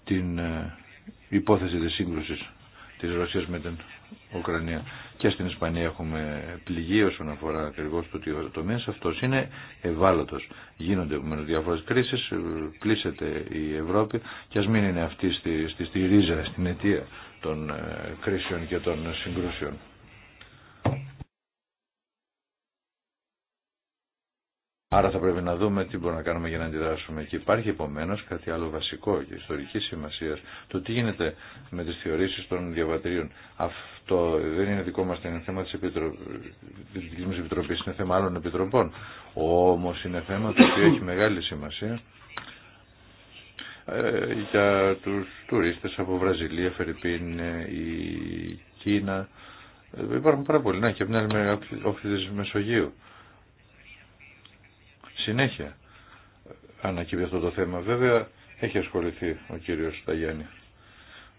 την ε, υπόθεση της σύγκρουσης της Ρωσίας με την Ουκρανία. Και στην Ισπανία έχουμε πληγή όσον αφορά ακριβώ το ότι ο τομέα αυτό είναι ευάλωτο. Γίνονται με διάφορε κρίσει, ε, πλήσεται η Ευρώπη και α μην είναι αυτή στη, στη ρίζα, στην αιτία των ε, κρίσεων και των συγκρούσεων. Άρα θα πρέπει να δούμε τι μπορούμε να κάνουμε για να αντιδράσουμε. Και υπάρχει επομένω κάτι άλλο βασικό και ιστορική σημασία. Το τι γίνεται με τι θεωρήσει των διαβατηρίων. Αυτό δεν είναι δικό μα είναι θέμα τη επιτρο... δική μα επιτροπή, είναι θέμα άλλων επιτροπών. Όμω είναι θέμα το οποίο έχει μεγάλη σημασία ε, για τους τουρίστες από Βραζιλία, Φερρυπίν, ε, η Κίνα. Ε, υπάρχουν πάρα πολλοί. Να, και από την άλλη μεριά Μεσογείου συνέχεια ανακύπτει αυτό το θέμα. Βέβαια έχει ασχοληθεί ο κύριος Σταγιάννη.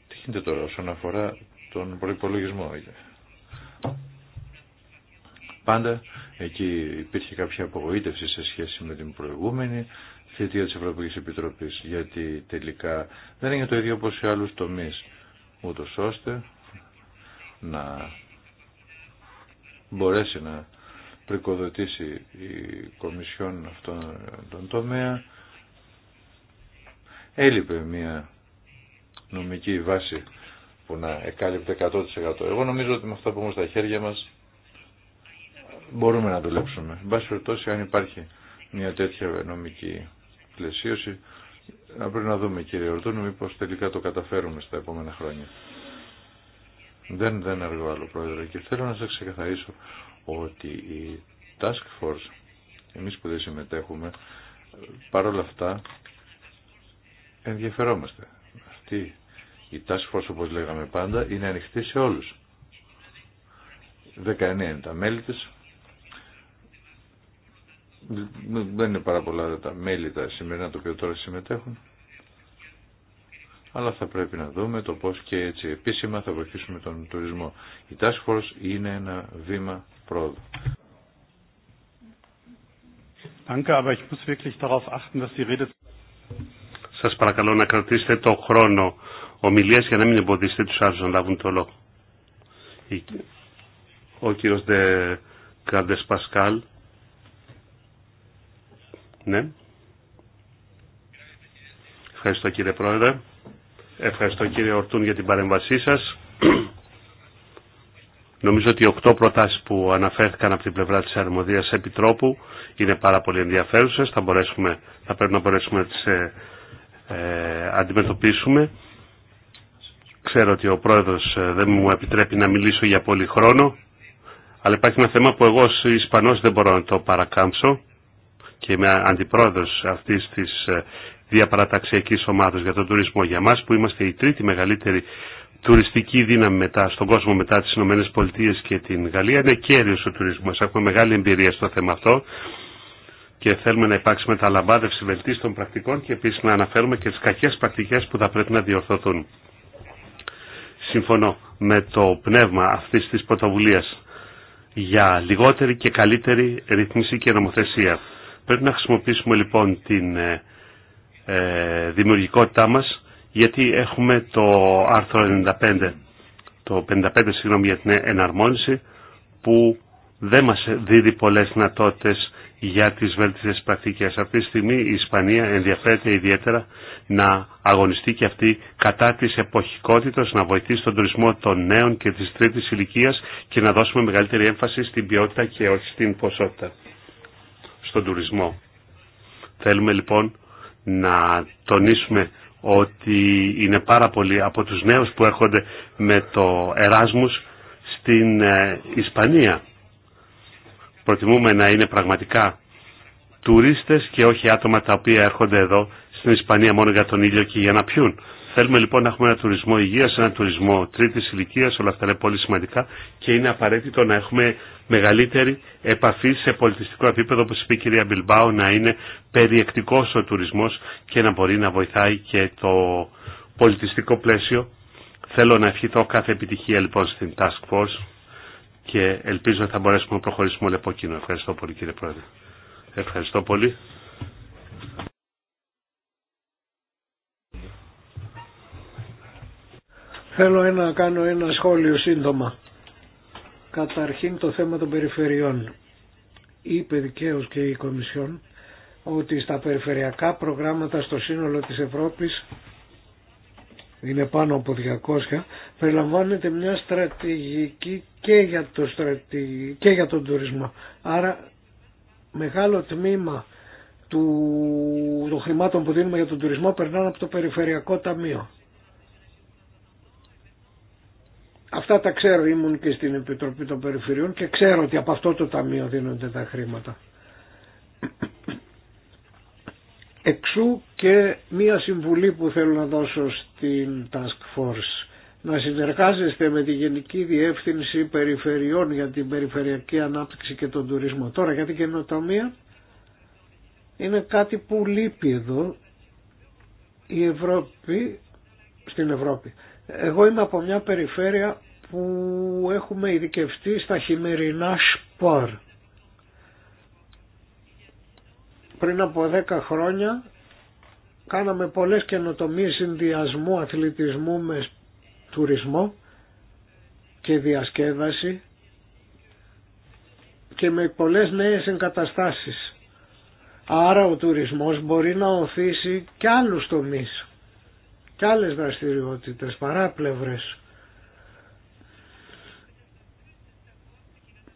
Τι γίνεται τώρα όσον αφορά τον προϋπολογισμό. Πάντα εκεί υπήρχε κάποια απογοήτευση σε σχέση με την προηγούμενη θητεία της Ευρωπαϊκής Επιτροπής γιατί τελικά δεν είναι το ίδιο όπως σε άλλους τομείς ούτως ώστε να μπορέσει να πρικοδοτήσει η Κομισιόν αυτόν τον τομέα. Έλειπε μια νομική βάση που να εκάλυπτε 100%. Εγώ νομίζω ότι με αυτά που έχουμε στα χέρια μας μπορούμε να δουλέψουμε. Εν πάση περιπτώσει, αν υπάρχει μια τέτοια νομική πλαισίωση, να πρέπει να δούμε κύριε Ορτούνου μήπως τελικά το καταφέρουμε στα επόμενα χρόνια. Δεν, δεν αργώ άλλο πρόεδρε και θέλω να σας ξεκαθαρίσω ότι η Task Force, εμείς που δεν συμμετέχουμε, παρόλα αυτά ενδιαφερόμαστε. Αυτή η Task Force, όπως λέγαμε πάντα, είναι ανοιχτή σε όλους. 19 είναι τα μέλη της. Δεν είναι πάρα πολλά τα μέλη τα σημερινά, το οποίο τώρα συμμετέχουν αλλά θα πρέπει να δούμε το πώς και έτσι επίσημα θα βοηθήσουμε τον τουρισμό. Η Task Force είναι ένα βήμα πρόοδο. Σας παρακαλώ να κρατήσετε το χρόνο ομιλίας για να μην εμποδίσετε του άλλους να λάβουν το λόγο. Ο κύριος Δε Καντε Πασκάλ. Ναι. Ευχαριστώ κύριε Πρόεδρε. Ευχαριστώ κύριε Ορτούν για την παρέμβασή σας. Νομίζω ότι οι οκτώ προτάσεις που αναφέρθηκαν από την πλευρά της αρμοδίας επιτρόπου είναι πάρα πολύ ενδιαφέρουσες. Θα, θα πρέπει να μπορέσουμε να τις ε, ε, αντιμετωπίσουμε. Ξέρω ότι ο πρόεδρος ε, δεν μου επιτρέπει να μιλήσω για πολύ χρόνο, αλλά υπάρχει ένα θέμα που εγώ ως Ισπανός δεν μπορώ να το παρακάμψω και είμαι αντιπρόεδρος αυτής της ε, διαπαραταξιακής ομάδας για τον τουρισμό για μας που είμαστε η τρίτη μεγαλύτερη τουριστική δύναμη μετά, στον κόσμο μετά τις Ηνωμένες Πολιτείες και την Γαλλία. Είναι κέριος ο τουρισμός. Έχουμε μεγάλη εμπειρία στο θέμα αυτό και θέλουμε να υπάρξει μεταλαμβάνευση βελτίστων πρακτικών και επίσης να αναφέρουμε και τις κακές πρακτικές που θα πρέπει να διορθωθούν. Συμφωνώ με το πνεύμα αυτής της πρωτοβουλία για λιγότερη και καλύτερη ρυθμίση και νομοθεσία. Πρέπει να χρησιμοποιήσουμε λοιπόν την ε, ε δημιουργικότητά μας γιατί έχουμε το άρθρο 95, το 55 συγγνώμη για την εναρμόνιση, που δεν μας δίδει πολλές δυνατότητε για τις βέλτιστες πρακτικές. Αυτή τη στιγμή η Ισπανία ενδιαφέρεται ιδιαίτερα να αγωνιστεί και αυτή κατά της εποχικότητας, να βοηθήσει τον τουρισμό των νέων και της τρίτης ηλικίας και να δώσουμε μεγαλύτερη έμφαση στην ποιότητα και όχι στην ποσότητα στον τουρισμό. Θέλουμε λοιπόν να τονίσουμε ότι είναι πάρα πολλοί από τους νέους που έρχονται με το Εράσμους στην ε, Ισπανία. Προτιμούμε να είναι πραγματικά τουρίστες και όχι άτομα τα οποία έρχονται εδώ στην Ισπανία μόνο για τον ήλιο και για να πιούν. Θέλουμε λοιπόν να έχουμε ένα τουρισμό υγείας, ένα τουρισμό τρίτη ηλικία, όλα αυτά είναι πολύ σημαντικά και είναι απαραίτητο να έχουμε μεγαλύτερη επαφή σε πολιτιστικό επίπεδο, όπω είπε η κυρία Μπιλμπάου, να είναι περιεκτικό ο τουρισμό και να μπορεί να βοηθάει και το πολιτιστικό πλαίσιο. Θέλω να ευχηθώ κάθε επιτυχία λοιπόν στην Task Force και ελπίζω θα μπορέσουμε να προχωρήσουμε όλοι από κοινό. Ευχαριστώ πολύ κύριε Πρόεδρε. Ευχαριστώ πολύ. Θέλω να κάνω ένα σχόλιο σύντομα. Καταρχήν το θέμα των περιφερειών. Είπε δικαίως και η Κομισιόν ότι στα περιφερειακά προγράμματα στο σύνολο της Ευρώπης είναι πάνω από 200, περιλαμβάνεται μια στρατηγική και για, το στρατηγική και για τον τουρισμό. Άρα μεγάλο τμήμα του... των χρημάτων που δίνουμε για τον τουρισμό περνάνε από το Περιφερειακό Ταμείο. Αυτά τα ξέρω, ήμουν και στην Επιτροπή των Περιφερειών και ξέρω ότι από αυτό το ταμείο δίνονται τα χρήματα. Εξού και μία συμβουλή που θέλω να δώσω στην Task Force. Να συνεργάζεστε με τη Γενική Διεύθυνση Περιφερειών για την Περιφερειακή Ανάπτυξη και τον Τουρισμό. Τώρα για την καινοτομία είναι κάτι που λείπει εδώ η Ευρώπη, στην Ευρώπη. Εγώ είμαι από μια περιφέρεια που έχουμε ειδικευτεί στα χειμερινά σπορ. Πριν από 10 χρόνια κάναμε πολλές καινοτομίες συνδυασμού αθλητισμού με τουρισμό και διασκέδαση και με πολλές νέες εγκαταστάσεις. Άρα ο τουρισμός μπορεί να οθήσει και άλλους τομείς και άλλες δραστηριότητες παράπλευρες.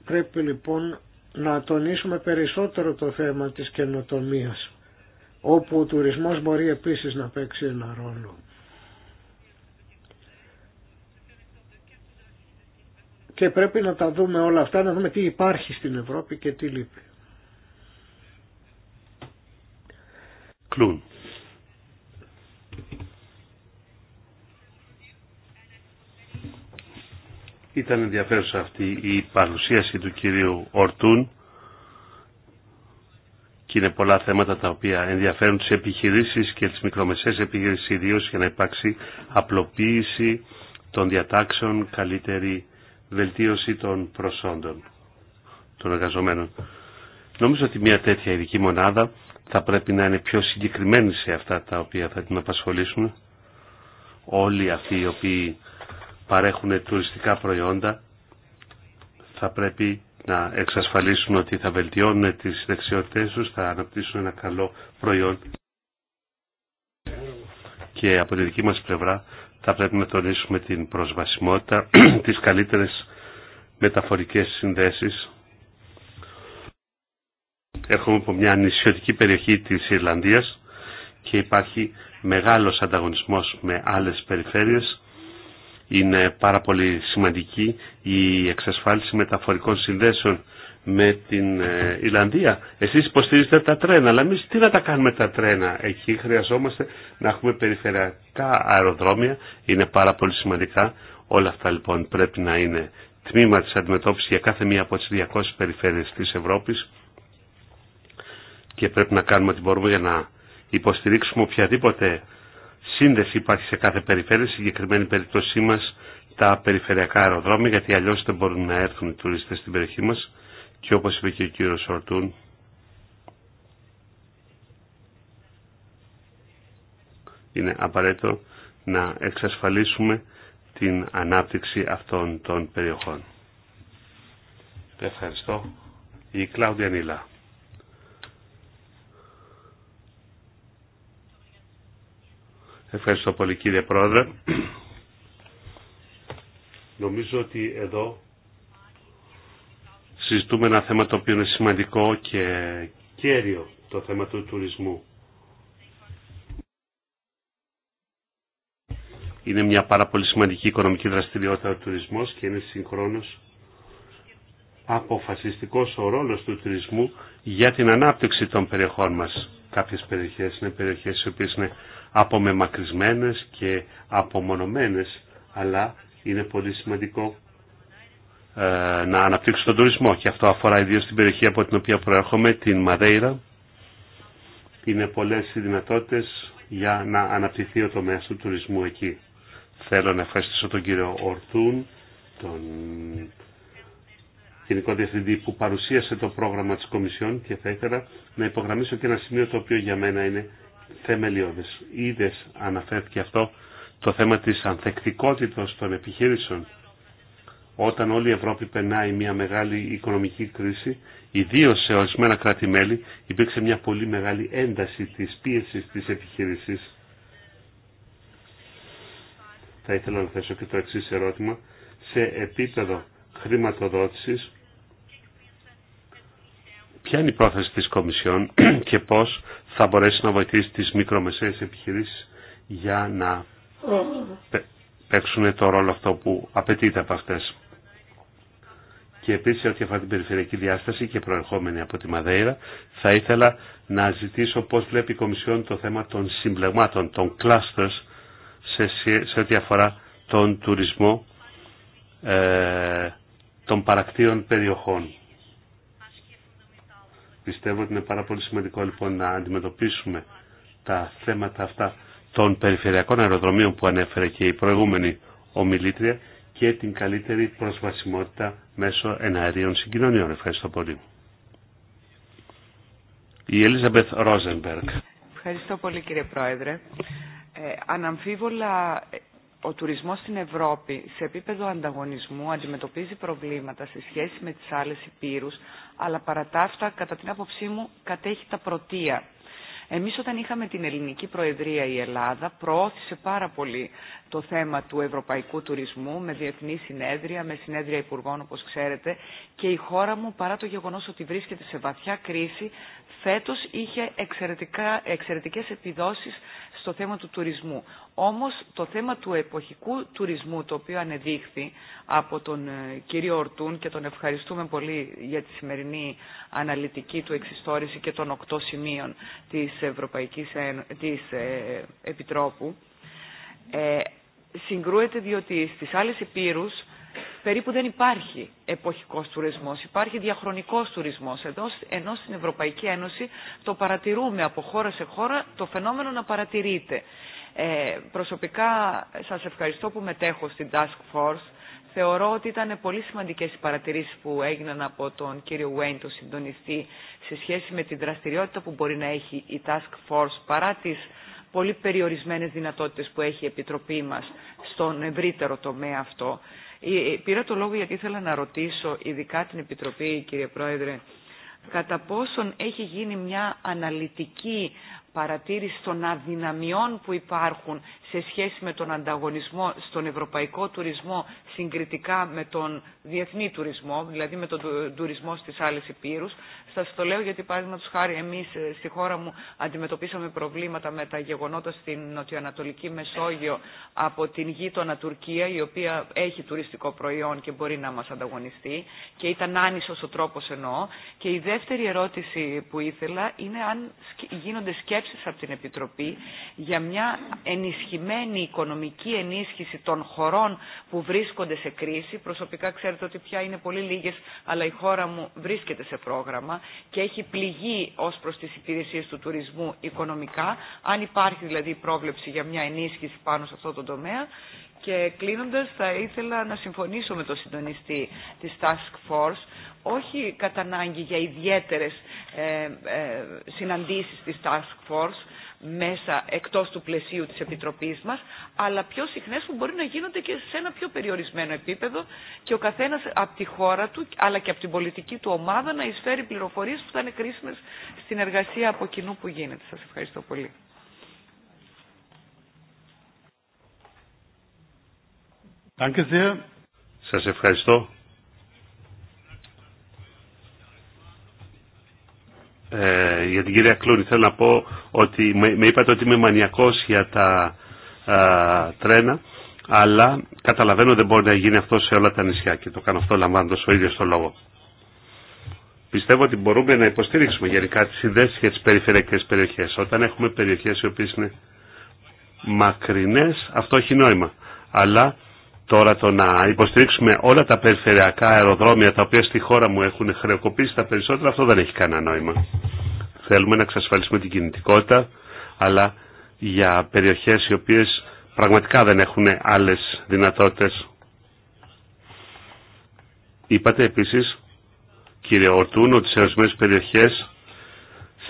Πρέπει λοιπόν να τονίσουμε περισσότερο το θέμα της καινοτομίας, όπου ο τουρισμός μπορεί επίσης να παίξει ένα ρόλο. Και πρέπει να τα δούμε όλα αυτά, να δούμε τι υπάρχει στην Ευρώπη και τι λείπει. Κλούν. Ήταν ενδιαφέρουσα αυτή η παρουσίαση του κυρίου Ορτούν και είναι πολλά θέματα τα οποία ενδιαφέρουν τις επιχειρήσεις και τις μικρομεσαίες επιχειρήσεις ιδίω για να υπάρξει απλοποίηση των διατάξεων, καλύτερη βελτίωση των προσόντων των εργαζομένων. Νομίζω ότι μια τέτοια ειδική μονάδα θα πρέπει να είναι πιο συγκεκριμένη σε αυτά τα οποία θα την απασχολήσουν. Όλοι αυτοί οι οποίοι παρέχουν τουριστικά προϊόντα θα πρέπει να εξασφαλίσουν ότι θα βελτιώνουν τις δεξιότητές τους, θα αναπτύσσουν ένα καλό προϊόν. Και από τη δική μας πλευρά θα πρέπει να τονίσουμε την προσβασιμότητα, *clears throat* τις καλύτερες μεταφορικές συνδέσεις. Έρχομαι από μια νησιωτική περιοχή της Ιρλανδίας και υπάρχει μεγάλος ανταγωνισμός με άλλες περιφέρειες είναι πάρα πολύ σημαντική η εξασφάλιση μεταφορικών συνδέσεων με την ε, Ιλανδία. Εσείς υποστηρίζετε τα τρένα, αλλά εμεί τι να τα κάνουμε τα τρένα. Εκεί χρειαζόμαστε να έχουμε περιφερειακά αεροδρόμια, είναι πάρα πολύ σημαντικά. Όλα αυτά λοιπόν πρέπει να είναι τμήμα της αντιμετώπισης για κάθε μία από τις 200 περιφέρειες της Ευρώπης και πρέπει να κάνουμε ό,τι μπορούμε για να υποστηρίξουμε οποιαδήποτε σύνδεση υπάρχει σε κάθε περιφέρεια, στη συγκεκριμένη περίπτωσή μα τα περιφερειακά αεροδρόμια, γιατί αλλιώ δεν μπορούν να έρθουν οι τουρίστες στην περιοχή μας και όπως είπε και ο κύριο Ορτούν, είναι απαραίτητο να εξασφαλίσουμε την ανάπτυξη αυτών των περιοχών. Ευχαριστώ. Η Κλάουδια Νίλα. Ευχαριστώ πολύ κύριε Πρόεδρε. Νομίζω ότι εδώ συζητούμε ένα θέμα το οποίο είναι σημαντικό και κέριο, το θέμα του τουρισμού. Είναι μια πάρα πολύ σημαντική οικονομική δραστηριότητα ο τουρισμός και είναι συγχρόνως αποφασιστικός ο ρόλος του τουρισμού για την ανάπτυξη των περιοχών μας. Κάποιες περιοχές είναι περιοχές οι οποίες είναι απομεμακρυσμένες και απομονωμένες, αλλά είναι πολύ σημαντικό ε, να αναπτύξουν τον τουρισμό και αυτό αφορά ιδίως την περιοχή από την οποία προέρχομαι, την Μαδέιρα. Είναι πολλές οι δυνατότητες για να αναπτυχθεί ο τομέας του τουρισμού εκεί. Θέλω να ευχαριστήσω τον κύριο Ορτούν, τον Γενικό Διευθυντή που παρουσίασε το πρόγραμμα της Κομισιόν και θα ήθελα να υπογραμμίσω και ένα σημείο το οποίο για μένα είναι θεμελιώδες. Είδες αναφέρθηκε αυτό το θέμα της ανθεκτικότητας των επιχειρήσεων. Όταν όλη η Ευρώπη περνάει μια μεγάλη οικονομική κρίση, ιδίω σε ορισμένα κράτη-μέλη, υπήρξε μια πολύ μεγάλη ένταση της πίεσης της επιχείρησης. Θα ήθελα να θέσω και το εξή ερώτημα. Σε επίπεδο χρηματοδότησης, ποια είναι η πρόθεση της Κομισιόν *clears throat* και πώς θα μπορέσει να βοηθήσει τις μικρομεσαίες επιχειρήσεις για να παίξουν το ρόλο αυτό που απαιτείται από αυτές. Και επίσης ό,τι αφορά την περιφερειακή διάσταση και προερχόμενη από τη Μαδέιρα, θα ήθελα να ζητήσω πώς βλέπει η Κομισιόν το θέμα των συμπλεγμάτων, των clusters, σε, σε ό,τι αφορά τον τουρισμό ε, των παρακτήων περιοχών. Πιστεύω ότι είναι πάρα πολύ σημαντικό λοιπόν να αντιμετωπίσουμε τα θέματα αυτά των περιφερειακών αεροδρομίων που ανέφερε και η προηγούμενη ομιλήτρια και την καλύτερη προσβασιμότητα μέσω εναερίων συγκοινωνιών. Ευχαριστώ πολύ. Η Ελίζαμπεθ Ρόζενμπεργκ. Ευχαριστώ πολύ κύριε Πρόεδρε. Ε, αναμφίβολα ο τουρισμός στην Ευρώπη σε επίπεδο ανταγωνισμού αντιμετωπίζει προβλήματα σε σχέση με τις άλλες υπήρους, αλλά παρά κατά την άποψή μου, κατέχει τα πρωτεία. Εμείς όταν είχαμε την ελληνική προεδρία η Ελλάδα προώθησε πάρα πολύ το θέμα του ευρωπαϊκού τουρισμού με διεθνή συνέδρια, με συνέδρια υπουργών όπως ξέρετε και η χώρα μου παρά το γεγονός ότι βρίσκεται σε βαθιά κρίση φέτος είχε εξαιρετικά, εξαιρετικές επιδόσεις στο θέμα του τουρισμού. Όμως το θέμα του εποχικού τουρισμού το οποίο ανεδείχθη από τον ε, κύριο Ορτούν και τον ευχαριστούμε πολύ για τη σημερινή αναλυτική του εξιστόρηση και των οκτώ σημείων της Ευρωπαϊκής της ε, Επιτρόπου ε, συγκρούεται διότι στις άλλες υπήρους περίπου δεν υπάρχει εποχικός τουρισμός, υπάρχει διαχρονικός τουρισμός. Εδώ, ενώ στην Ευρωπαϊκή Ένωση το παρατηρούμε από χώρα σε χώρα, το φαινόμενο να παρατηρείται. Ε, προσωπικά σας ευχαριστώ που μετέχω στην Task Force. Θεωρώ ότι ήταν πολύ σημαντικές οι παρατηρήσεις που έγιναν από τον κύριο Wayne, τον συντονιστή, σε σχέση με την δραστηριότητα που μπορεί να έχει η Task Force παρά τις πολύ περιορισμένες δυνατότητες που έχει η Επιτροπή μας στον ευρύτερο τομέα αυτό. Ε, ε, πήρα το λόγο γιατί ήθελα να ρωτήσω ειδικά την Επιτροπή, κύριε Πρόεδρε, κατά πόσον έχει γίνει μια αναλυτική παρατήρηση των αδυναμιών που υπάρχουν σε σχέση με τον ανταγωνισμό στον ευρωπαϊκό τουρισμό συγκριτικά με τον διεθνή τουρισμό, δηλαδή με τον τουρισμό στις άλλες υπήρους. Σας το λέω γιατί παράδειγμα χάρη εμείς ε, στη χώρα μου αντιμετωπίσαμε προβλήματα με τα γεγονότα στην νοτιοανατολική Μεσόγειο από την γείτονα Τουρκία η οποία έχει τουριστικό προϊόν και μπορεί να μας ανταγωνιστεί και ήταν άνισος ο τρόπος εννοώ. Και η δεύτερη ερώτηση που ήθελα είναι αν γίνονται σκέψεις από την Επιτροπή για μια ενισχυμένη η οικονομική ενίσχυση των χωρών που βρίσκονται σε κρίση. Προσωπικά ξέρετε ότι πια είναι πολύ λίγες, αλλά η χώρα μου βρίσκεται σε πρόγραμμα και έχει πληγεί ως προς τις υπηρεσίες του τουρισμού οικονομικά. Αν υπάρχει δηλαδή πρόβλεψη για μια ενίσχυση πάνω σε αυτό το τομέα, και κλείνοντας θα ήθελα να συμφωνήσω με τον συντονιστή της Task Force όχι κατά ανάγκη για ιδιαίτερες ε, ε, συναντήσεις της Task Force μέσα εκτός του πλαισίου της Επιτροπής μας, αλλά πιο συχνές που μπορεί να γίνονται και σε ένα πιο περιορισμένο επίπεδο και ο καθένας από τη χώρα του, αλλά και από την πολιτική του ομάδα να εισφέρει πληροφορίες που θα είναι κρίσιμες στην εργασία από κοινού που γίνεται. Σας ευχαριστώ πολύ. Σας ευχαριστώ. Ε, για την κυρία Κλούνη θέλω να πω ότι με, είπατε ότι είμαι μανιακός για τα τρένα αλλά καταλαβαίνω δεν μπορεί να γίνει αυτό σε όλα τα νησιά και το κάνω αυτό λαμβάνοντας ο ίδιος το λόγο. Πιστεύω ότι μπορούμε να υποστηρίξουμε γενικά τις συνδέσεις για τι περιφερειακές περιοχέ. Όταν έχουμε περιοχέ οι οποίε είναι μακρινέ, αυτό έχει νόημα. Αλλά Τώρα το να υποστηρίξουμε όλα τα περιφερειακά αεροδρόμια τα οποία στη χώρα μου έχουν χρεοκοπήσει τα περισσότερα, αυτό δεν έχει κανένα νόημα. Θέλουμε να εξασφαλίσουμε την κινητικότητα, αλλά για περιοχές οι οποίες πραγματικά δεν έχουν άλλες δυνατότητες. Είπατε επίσης, κύριε Ορτούν, ότι σε ορισμένε περιοχές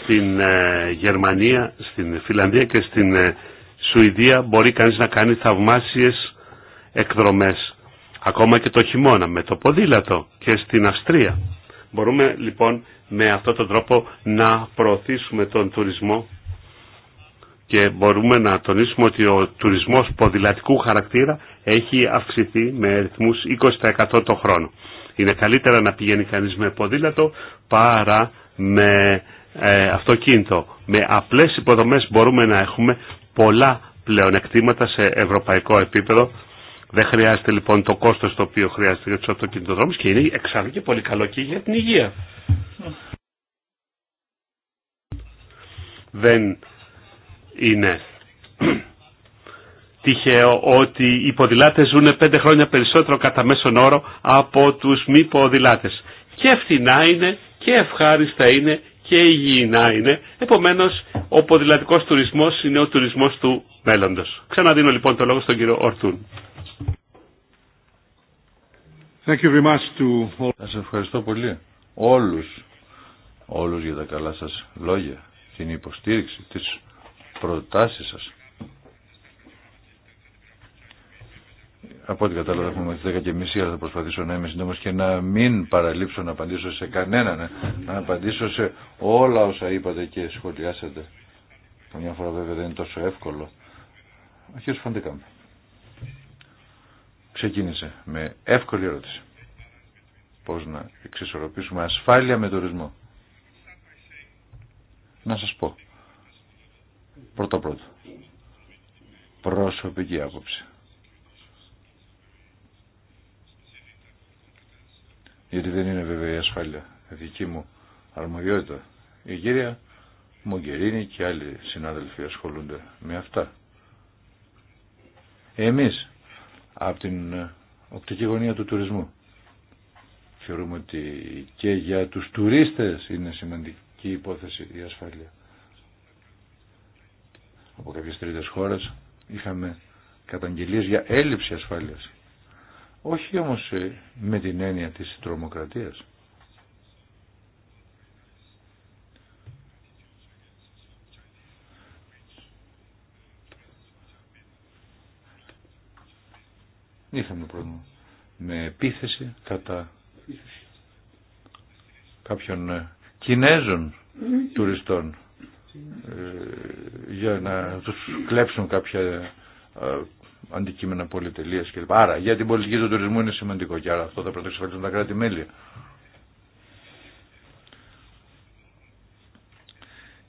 στην ε, Γερμανία, στην Φιλανδία και στην ε, Σουηδία μπορεί κανείς να κάνει θαυμάσιες εκδρομές, ακόμα και το χειμώνα, με το ποδήλατο και στην Αυστρία. Μπορούμε λοιπόν με αυτόν τον τρόπο να προωθήσουμε τον τουρισμό και μπορούμε να τονίσουμε ότι ο τουρισμός ποδηλατικού χαρακτήρα έχει αυξηθεί με ρυθμούς 20% το χρόνο. Είναι καλύτερα να πηγαίνει κανείς με ποδήλατο παρά με ε, αυτοκίνητο. Με απλές υποδομές μπορούμε να έχουμε πολλά πλεονεκτήματα σε ευρωπαϊκό επίπεδο δεν χρειάζεται λοιπόν το κόστο το οποίο χρειάζεται για του αυτοκινητοδρόμου και είναι εξάλλου και πολύ καλό και για την υγεία. Δεν είναι *clears throat* τυχαίο ότι οι ποδηλάτε ζουν πέντε χρόνια περισσότερο κατά μέσον όρο από του μη ποδηλάτε. Και φθηνά είναι και ευχάριστα είναι και υγιεινά είναι. Επομένω, ο ποδηλατικό τουρισμό είναι ο τουρισμό του μέλλοντο. Ξαναδίνω λοιπόν το λόγο στον κύριο Ορτούν. Thank Σας ευχαριστώ πολύ όλους, όλους για τα καλά σας λόγια, την υποστήριξη, τις προτάσεις σας. Από ό,τι κατάλαβα έχουμε μέχρι 10 και μισή, αλλά θα προσπαθήσω να είμαι σύντομος και να μην παραλείψω να απαντήσω σε κανέναν, ε. να απαντήσω σε όλα όσα είπατε και σχολιάσατε. Καμιά φορά βέβαια δεν είναι τόσο εύκολο. Αρχίζω φαντικά ξεκίνησε με εύκολη ερώτηση. Πώς να εξισορροπήσουμε ασφάλεια με τουρισμό. Να σας πω. πρώτο πρώτο, Προσωπική άποψη. Γιατί δεν είναι βέβαια η ασφάλεια δική μου αρμοδιότητα. Η κυρία Μογκερίνη και άλλοι συνάδελφοι ασχολούνται με αυτά. Εμείς από την οπτική γωνία του τουρισμού. Θεωρούμε ότι και για τους τουρίστες είναι σημαντική υπόθεση η ασφάλεια. Από κάποιες τρίτες χώρες είχαμε καταγγελίες για έλλειψη ασφάλειας. Όχι όμως ε, με την έννοια της τρομοκρατίας. είχαμε πρόβλημα με επίθεση κατά κάποιων ε, Κινέζων τουριστών ε, για να τους κλέψουν κάποια ε, αντικείμενα πολυτελείας κλπ. Άρα για την πολιτική του τουρισμού είναι σημαντικό και άρα αυτό θα πρέπει να τα κράτη-μέλη.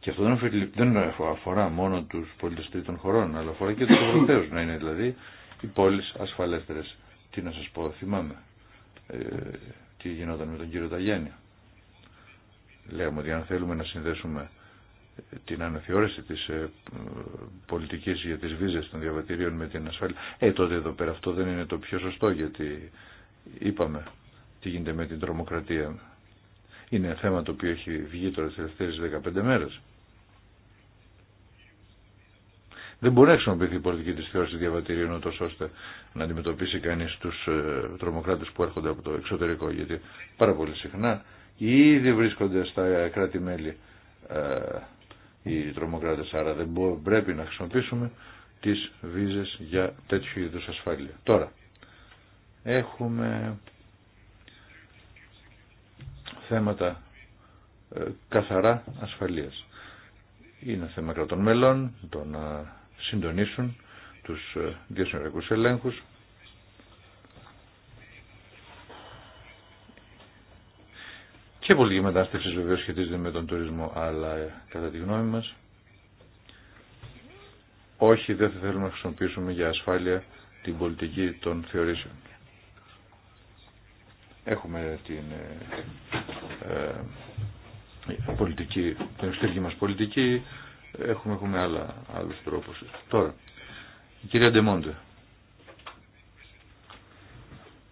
Και αυτό δεν αφορά μόνο τους πολίτες τρίτων χωρών, αλλά αφορά και τους Ευρωπαίους να είναι δηλαδή οι πόλεις ασφαλέστερες. Τι να σας πω, θυμάμαι ε, τι γινόταν με τον κύριο Ταγιάννη. Λέμε ότι αν θέλουμε να συνδέσουμε ε, την αναθεώρηση της ε, πολιτικής για τις βίζες των διαβατηρίων με την ασφάλεια. Ε, τότε εδώ πέρα αυτό δεν είναι το πιο σωστό γιατί είπαμε τι γίνεται με την τρομοκρατία. Είναι θέμα το οποίο έχει βγει τώρα τις τελευταίες 15 μέρες. Δεν μπορεί να χρησιμοποιηθεί η πολιτική τη θεώρηση διαβατηρίων ούτω ώστε να αντιμετωπίσει κανεί του ε, τρομοκράτε που έρχονται από το εξωτερικό. Γιατί πάρα πολύ συχνά ήδη βρίσκονται στα κράτη-μέλη ε, οι τρομοκράτε. Άρα δεν πρέπει να χρησιμοποιήσουμε τι βίζε για τέτοιου είδου ασφάλεια. Τώρα, έχουμε θέματα ε, καθαρά ασφαλείας. Είναι θέμα κρατών μελών, το συντονίσουν τους ε, διασυνοριακούς ελέγχους και πολιτική μετάσταση βεβαίως σχετίζεται με τον τουρισμό αλλά ε, κατά τη γνώμη μας όχι δεν θα θέλουμε να χρησιμοποιήσουμε για ασφάλεια την πολιτική των θεωρήσεων. Έχουμε την ε, ε πολιτική, την εξωτερική μας πολιτική, έχουμε, έχουμε άλλα, άλλους τρόπους. Τώρα, η κυρία Ντεμόντε.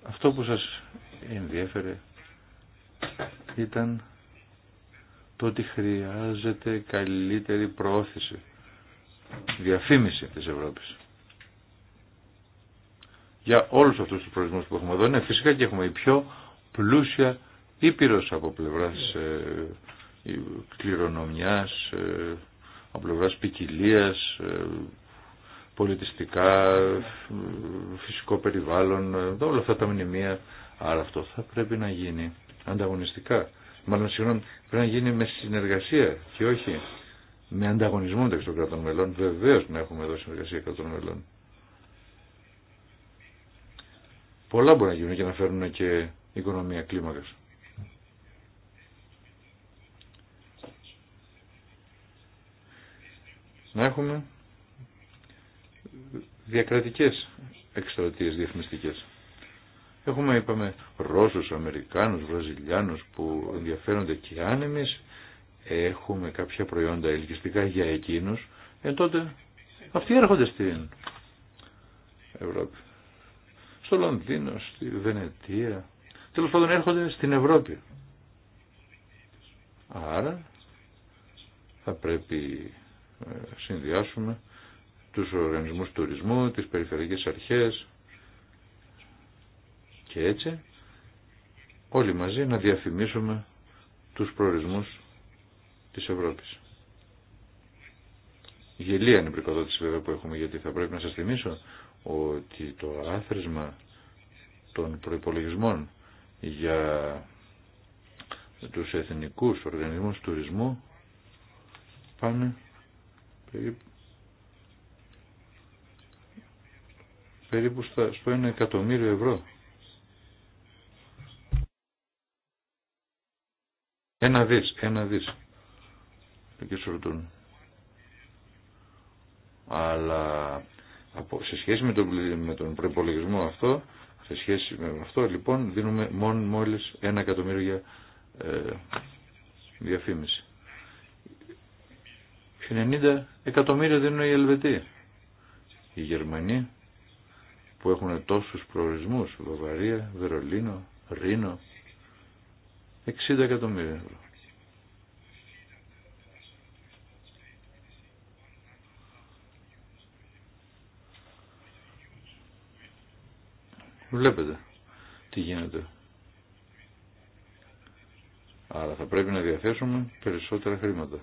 Αυτό που σας ενδιέφερε ήταν το ότι χρειάζεται καλύτερη προώθηση, διαφήμιση της Ευρώπης. Για όλους αυτούς τους προορισμούς που έχουμε εδώ, είναι φυσικά και έχουμε η πιο πλούσια ήπειρος από πλευράς ε, κληρονομιάς, ε, από πλευρά ποικιλία, ε, πολιτιστικά, ε, φυσικό περιβάλλον, ε, όλα αυτά τα μνημεία. Άρα αυτό θα πρέπει να γίνει ανταγωνιστικά. Μάλλον συγγνώμη, πρέπει να γίνει με συνεργασία και όχι με ανταγωνισμό μεταξύ των κρατών μελών. Βεβαίω να έχουμε εδώ συνεργασία κρατών μελών. Πολλά μπορεί να γίνουν και να φέρουν και οικονομία κλίμακας. να έχουμε διακρατικές εκστρατείες διεθνιστικές. Έχουμε, είπαμε, Ρώσους, Αμερικάνους, Βραζιλιάνους που ενδιαφέρονται και αν έχουμε κάποια προϊόντα ελκυστικά για εκείνους, ε, τότε αυτοί έρχονται στην Ευρώπη. Στο Λονδίνο, στη Βενετία. Τέλος πάντων έρχονται στην Ευρώπη. Άρα θα πρέπει ε, συνδυάσουμε τους οργανισμούς τουρισμού, τις περιφερειακές αρχές και έτσι όλοι μαζί να διαφημίσουμε τους προορισμούς της Ευρώπης. Γελία είναι η πρικοδότηση βέβαια που έχουμε γιατί θα πρέπει να σας θυμίσω ότι το άθροισμα των προϋπολογισμών για τους εθνικούς οργανισμούς τουρισμού πάνε περίπου, περίπου στα, στο ένα εκατομμύριο ευρώ. Ένα δις, ένα δις. Και σορτούν. Αλλά από, σε σχέση με τον, με προπολογισμό αυτό, σε σχέση με αυτό λοιπόν δίνουμε μόνο μόλις ένα εκατομμύριο για ε, διαφήμιση. 90 εκατομμύρια δίνουν οι Ελβετοί. Οι Γερμανοί που έχουν τόσους προορισμούς, Βαβαρία, Βερολίνο, Ρήνο, 60 εκατομμύρια ευρώ. Βλέπετε τι γίνεται. Άρα θα πρέπει να διαθέσουμε περισσότερα χρήματα.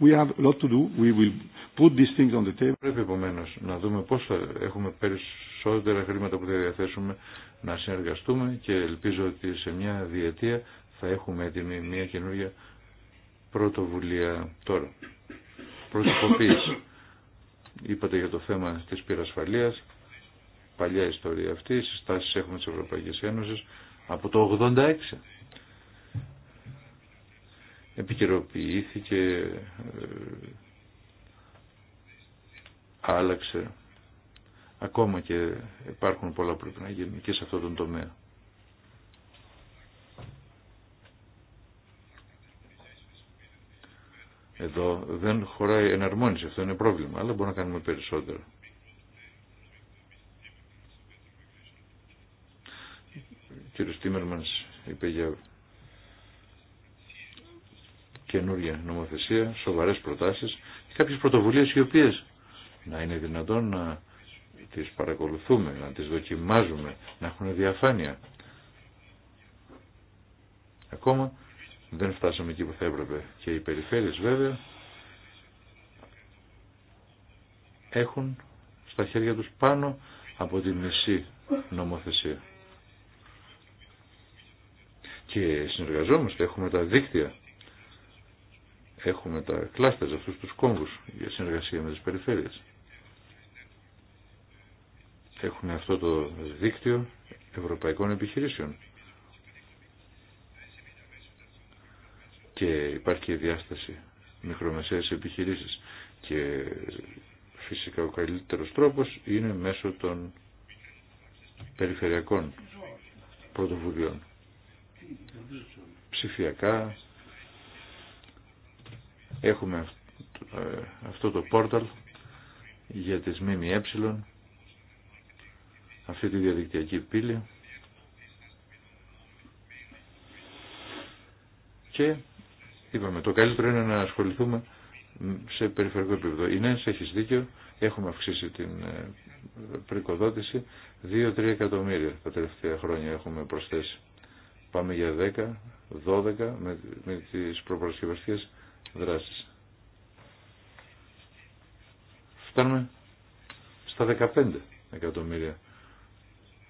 We have a lot to do. We will put these things on the table. Πρέπει επομένω να δούμε πώ θα έχουμε περισσότερα χρήματα που θα διαθέσουμε να συνεργαστούμε και ελπίζω ότι σε μια διετία θα έχουμε έτοιμη μια καινούργια πρωτοβουλία τώρα. Προσωποποίηση. Είπατε για το θέμα της πυρασφαλείας, παλιά ιστορία αυτή, συστάσεις έχουμε της Ευρωπαϊκής Ένωσης από το 86 επικαιροποιήθηκε, ε, άλλαξε. Ακόμα και υπάρχουν πολλά που πρέπει να γίνουν και σε αυτόν τον τομέα. Εδώ δεν χωράει εναρμόνιση, αυτό είναι πρόβλημα, αλλά μπορούμε να κάνουμε περισσότερο. Ο κύριος Τίμερμανς είπε για καινούργια νομοθεσία, σοβαρές προτάσεις και κάποιες πρωτοβουλίες οι οποίες να είναι δυνατόν να τις παρακολουθούμε, να τις δοκιμάζουμε, να έχουν διαφάνεια. Ακόμα δεν φτάσαμε εκεί που θα έπρεπε και οι περιφέρειες βέβαια έχουν στα χέρια τους πάνω από τη μισή νομοθεσία. Και συνεργαζόμαστε, έχουμε τα δίκτυα έχουμε τα κλάστερς αυτούς τους κόμβους για συνεργασία με τις περιφέρειες. Έχουμε αυτό το δίκτυο ευρωπαϊκών επιχειρήσεων. Και υπάρχει και η διάσταση μικρομεσαίες επιχειρήσεις. Και φυσικά ο καλύτερος τρόπος είναι μέσω των περιφερειακών πρωτοβουλειών. Ψηφιακά, Έχουμε αυτό το πόρταλ για τις ΜΜΕ, αυτή τη διαδικτυακή πύλη και είπαμε το καλύτερο είναι να ασχοληθούμε σε περιφερειακό επίπεδο. Η Νένς έχεις δίκιο, έχουμε αυξήσει την ε, πρικοδότηση 2-3 εκατομμύρια τα τελευταία χρόνια έχουμε προσθέσει. Πάμε για 10, 12 με, με τις προπαρασκευαστικές δράσεις. Φτάνουμε στα 15 εκατομμύρια.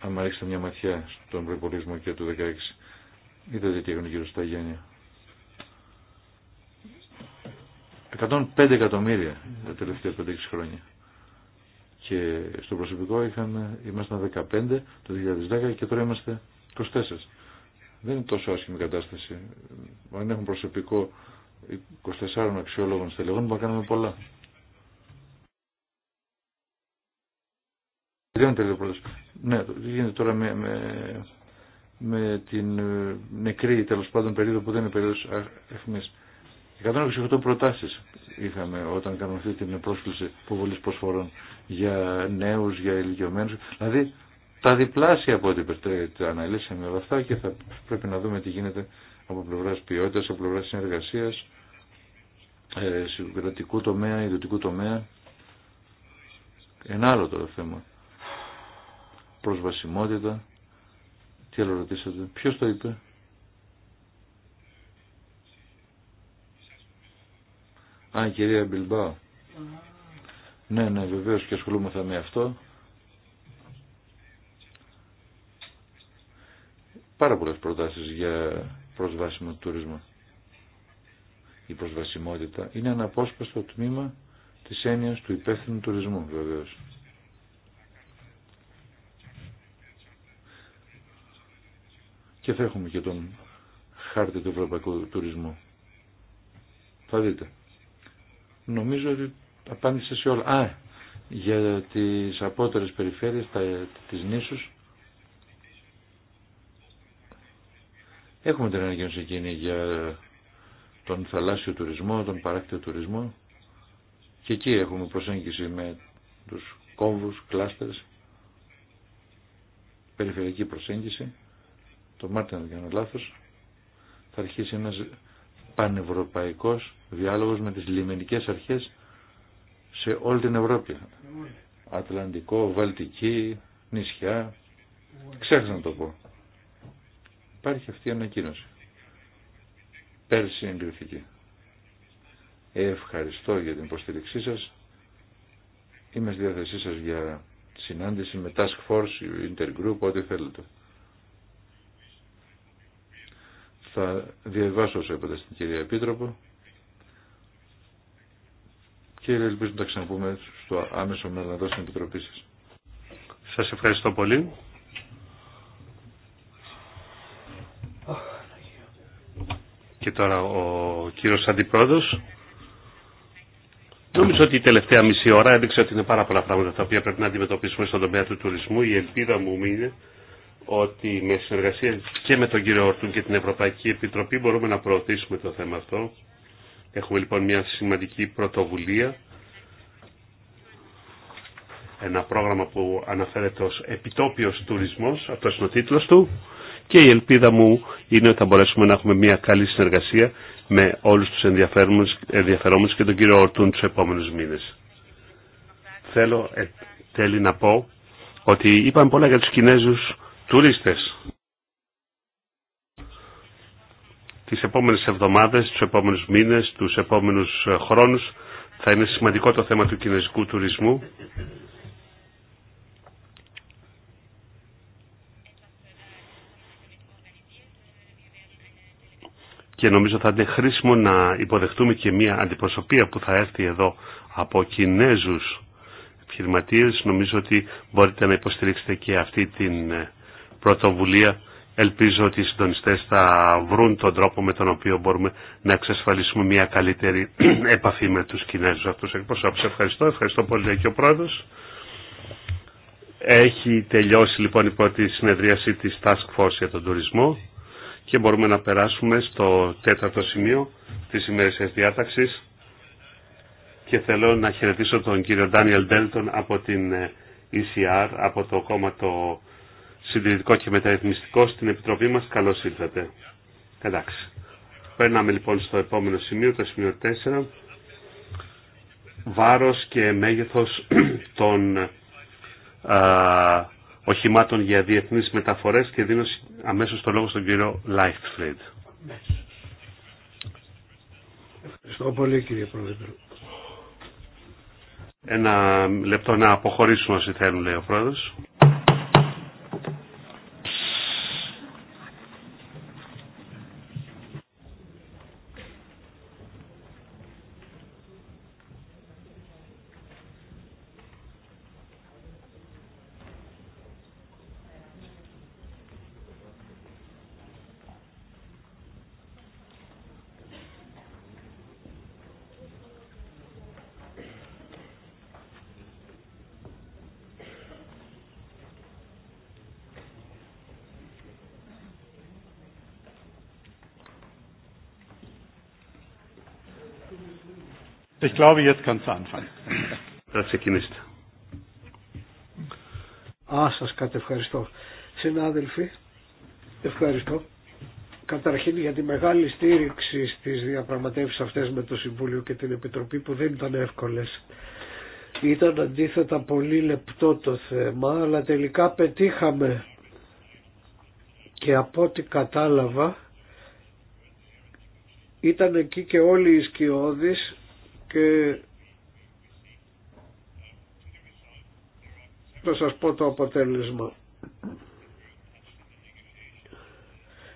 Αν ρίξετε μια ματιά στον προπολογισμό και του 16, είδατε τι έγινε γύρω στα γένεια. 105 εκατομμύρια τα τελευταία 5-6 χρόνια. Και στο προσωπικό είχαμε, ήμασταν 15 το 2010 και τώρα είμαστε 24. Δεν είναι τόσο άσχημη κατάσταση. Αν έχουν προσωπικό 24 αξιόλογων στελεγών που κάνουμε πολλά. Ναι, τι γίνεται τώρα με, με, με την ε, νεκρή τέλο πάντων περίοδο που δεν είναι περίοδο αιχμής. 128 προτάσεις είχαμε όταν κάναμε αυτή την πρόσκληση υποβολή προσφορών για νέου, για ηλικιωμένου. Δηλαδή τα διπλάσια από ό,τι τα αναλύσαμε όλα αυτά και θα πρέπει να δούμε τι γίνεται από πλευρά ποιότητα, από πλευρά συνεργασία, ε, συγκρατικού τομέα, ιδιωτικού τομέα. Ένα άλλο τώρα θέμα. Προσβασιμότητα. Τι άλλο ρωτήσατε. Ποιος το είπε. Α, η κυρία Μπιλμπάου. Ναι, ναι, βεβαίω και θα με αυτό. Πάρα πολλές προτάσεις για προσβάσιμο τουρισμό. Η προσβασιμότητα είναι αναπόσπαστο τμήμα της έννοιας του υπεύθυνου τουρισμού βεβαίω. Και θα έχουμε και τον χάρτη του ευρωπαϊκού τουρισμού. Θα δείτε. Νομίζω ότι απάντησε σε όλα. Α, για τις απότερες περιφέρειες, τα, τις νήσους, Έχουμε την ανακοίνωση εκείνη για τον θαλάσσιο τουρισμό, τον παράκτιο τουρισμό και εκεί έχουμε προσέγγιση με τους κόμβους, κλάστερς, περιφερειακή προσέγγιση. Το Μάρτιν, αν δεν κάνω λάθος, θα αρχίσει ένας πανευρωπαϊκός διάλογος με τις λιμενικές αρχές σε όλη την Ευρώπη. Ατλαντικό, Βαλτική, νησιά, ξέχασα να το πω υπάρχει αυτή η ανακοίνωση. Πέρσι εγκριθήκε. Ευχαριστώ για την υποστήριξή σας. Είμαι στη διάθεσή σας για συνάντηση με Task Force, Intergroup, ό,τι θέλετε. Θα διαβάσω όσο είπατε στην κυρία Επίτροπο και ελπίζω να τα ξαναπούμε στο άμεσο μέλλον εδώ στην Επιτροπή σας. Σας ευχαριστώ πολύ. και τώρα ο κύριος Αντιπρόεδρος. Νομίζω ότι η τελευταία μισή ώρα έδειξε ότι είναι πάρα πολλά πράγματα τα οποία πρέπει να αντιμετωπίσουμε στον τομέα του τουρισμού. Η ελπίδα μου είναι ότι με συνεργασία και με τον κύριο Ορτούν και την Ευρωπαϊκή Επιτροπή μπορούμε να προωθήσουμε το θέμα αυτό. Έχουμε λοιπόν μια σημαντική πρωτοβουλία, ένα πρόγραμμα που αναφέρεται ως επιτόπιος τουρισμός, αυτός είναι ο τίτλος του, και η ελπίδα μου είναι ότι θα μπορέσουμε να έχουμε μια καλή συνεργασία με όλους τους ενδιαφερόμενους και τον κύριο Ορτούν τους επόμενους μήνες. Θέλω ε, τέλει να πω ότι είπαμε πολλά για τους Κινέζους τουρίστες. Τις επόμενες εβδομάδες, τους επόμενους μήνες, τους επόμενους ε, χρόνους θα είναι σημαντικό το θέμα του κινέζικου τουρισμού και νομίζω θα είναι χρήσιμο να υποδεχτούμε και μια αντιπροσωπεία που θα έρθει εδώ από Κινέζους επιχειρηματίες. Νομίζω ότι μπορείτε να υποστηρίξετε και αυτή την ε, πρωτοβουλία. Ελπίζω ότι οι συντονιστές θα βρουν τον τρόπο με τον οποίο μπορούμε να εξασφαλίσουμε μια καλύτερη *clears throat* επαφή με τους Κινέζους αυτούς εκπροσώπους. Ευχαριστώ, ευχαριστώ πολύ και ο Πρόεδρος. Έχει τελειώσει λοιπόν η πρώτη συνεδρίαση της Task Force για τον τουρισμό. Και μπορούμε να περάσουμε στο τέταρτο σημείο της τη διάταξης και θέλω να χαιρετήσω τον κύριο Ντάνιελ Ντέλτον από την ECR, ε, από το κόμμα το συντηρητικό και μεταρρυθμιστικό στην Επιτροπή μας. Καλώς ήρθατε. Εντάξει. Παίρναμε λοιπόν στο επόμενο σημείο, το σημείο 4, βάρος και μέγεθος *clears throat* των ε, οχημάτων για διεθνείς μεταφορές και δίνω αμέσως το λόγο στον κύριο Λάιχτφριντ. Ευχαριστώ πολύ κύριε Πρόεδρε. Ένα λεπτό να αποχωρήσουμε όσοι θέλουν λέει ο Πρόεδρος. Ich glaube, jetzt kannst ξεκινήσετε. Α, σας κατευχαριστώ. Συνάδελφοι, ευχαριστώ. Καταρχήν για τη μεγάλη στήριξη στις διαπραγματεύσεις αυτές με το Συμβούλιο και την Επιτροπή που δεν ήταν εύκολες. Ήταν αντίθετα πολύ λεπτό το θέμα, αλλά τελικά πετύχαμε και από ό,τι κατάλαβα ήταν εκεί και όλοι οι σκιώδεις και θα σας πω το αποτέλεσμα.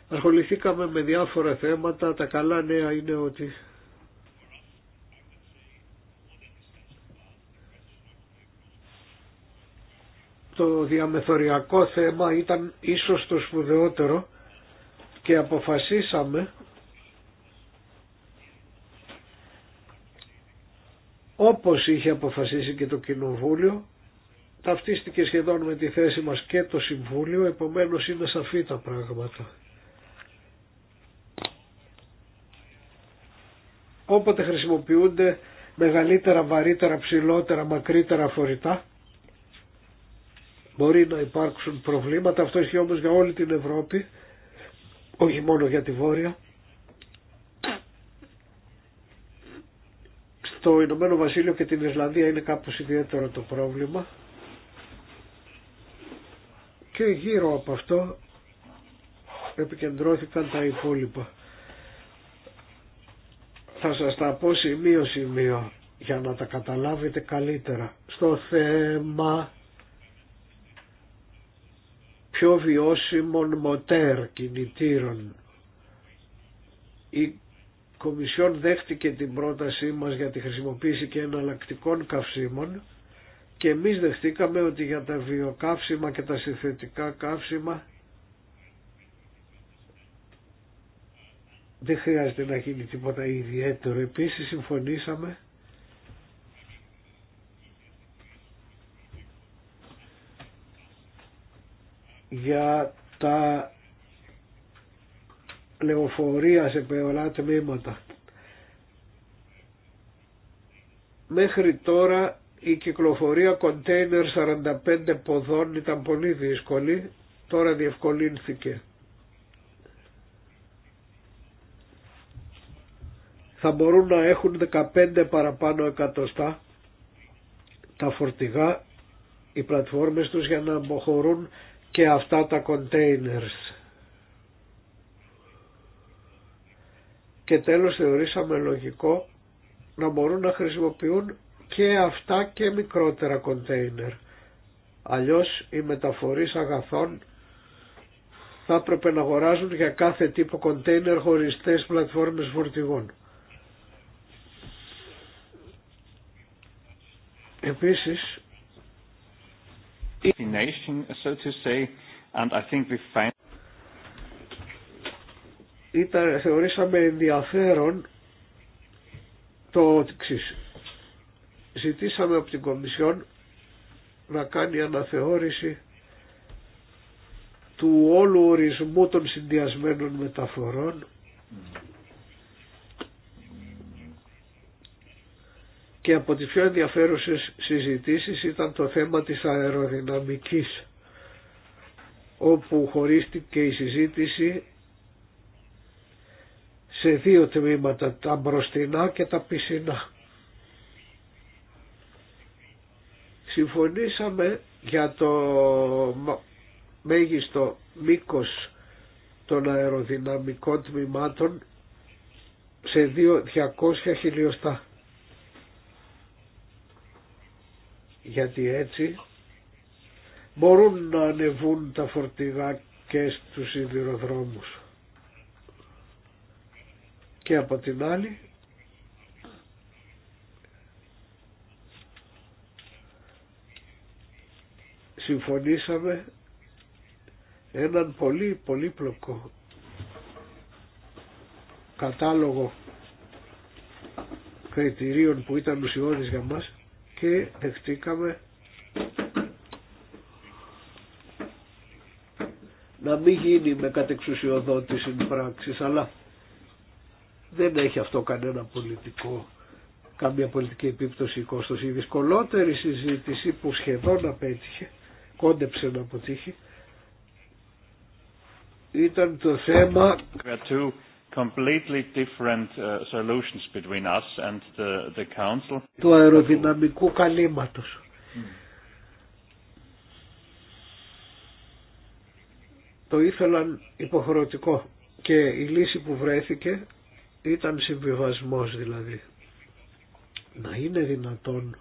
Ασχοληθήκαμε με διάφορα θέματα, τα καλά νέα είναι ότι το διαμεθοριακό θέμα ήταν ίσως το σπουδαιότερο και αποφασίσαμε όπως είχε αποφασίσει και το Κοινοβούλιο, ταυτίστηκε σχεδόν με τη θέση μας και το Συμβούλιο, επομένως είναι σαφή τα πράγματα. Όποτε χρησιμοποιούνται μεγαλύτερα, βαρύτερα, ψηλότερα, μακρύτερα φορητά, μπορεί να υπάρξουν προβλήματα, αυτό ισχύει όμως για όλη την Ευρώπη, όχι μόνο για τη Βόρεια. Το Ηνωμένο Βασίλειο και την Ισλανδία είναι κάπως ιδιαίτερο το πρόβλημα και γύρω από αυτό επικεντρώθηκαν τα υπόλοιπα. Θα σας τα πω σημείο σημείο για να τα καταλάβετε καλύτερα. Στο θέμα πιο βιώσιμων μοτέρ κινητήρων Κομισιόν δέχτηκε την πρότασή μας για τη χρησιμοποίηση και εναλλακτικών καυσίμων και εμείς δεχτήκαμε ότι για τα βιοκαύσιμα και τα συνθετικά καύσιμα δεν χρειάζεται να γίνει τίποτα ιδιαίτερο. Επίσης συμφωνήσαμε για τα λεωφορεία σε πολλά τμήματα. Μέχρι τώρα η κυκλοφορία κοντέινερ 45 ποδών ήταν πολύ δύσκολη, τώρα διευκολύνθηκε. Θα μπορούν να έχουν 15 παραπάνω εκατοστά τα φορτηγά, οι πλατφόρμες τους για να αποχωρούν και αυτά τα containers. Και τέλος θεωρήσαμε λογικό να μπορούν να χρησιμοποιούν και αυτά και μικρότερα κοντέινερ. Αλλιώς οι μεταφορείς αγαθών θα έπρεπε να αγοράζουν για κάθε τύπο κοντέινερ χωριστές πλατφόρμες φορτηγών. Επίσης, ήταν, θεωρήσαμε ενδιαφέρον το εξή. Ζητήσαμε από την Κομισιόν να κάνει αναθεώρηση του όλου ορισμού των συνδυασμένων μεταφορών και από τις πιο ενδιαφέρουσες συζητήσεις ήταν το θέμα της αεροδυναμικής όπου χωρίστηκε η συζήτηση σε δύο τμήματα, τα μπροστινά και τα πισινά. Συμφωνήσαμε για το μέγιστο μήκος των αεροδυναμικών τμήματων σε 200 χιλιοστά. Γιατί έτσι μπορούν να ανεβούν τα φορτηγά και στους σιδηροδρόμους και από την άλλη συμφωνήσαμε έναν πολύ πολύπλοκο κατάλογο κριτηρίων που ήταν ουσιώδης για μας και δεχτήκαμε να μην γίνει με κατεξουσιοδότηση πράξης αλλά δεν έχει αυτό κανένα πολιτικό, καμία πολιτική επίπτωση ή κόστος. Η δυσκολότερη συζήτηση που σχεδόν απέτυχε, κόντεψε να αποτύχει, ήταν το θέμα του αεροδυναμικού καλύματος. Mm. Το ήθελαν υποχρεωτικό και η λύση που βρέθηκε ήταν συμβιβασμός δηλαδή. Να είναι δυνατόν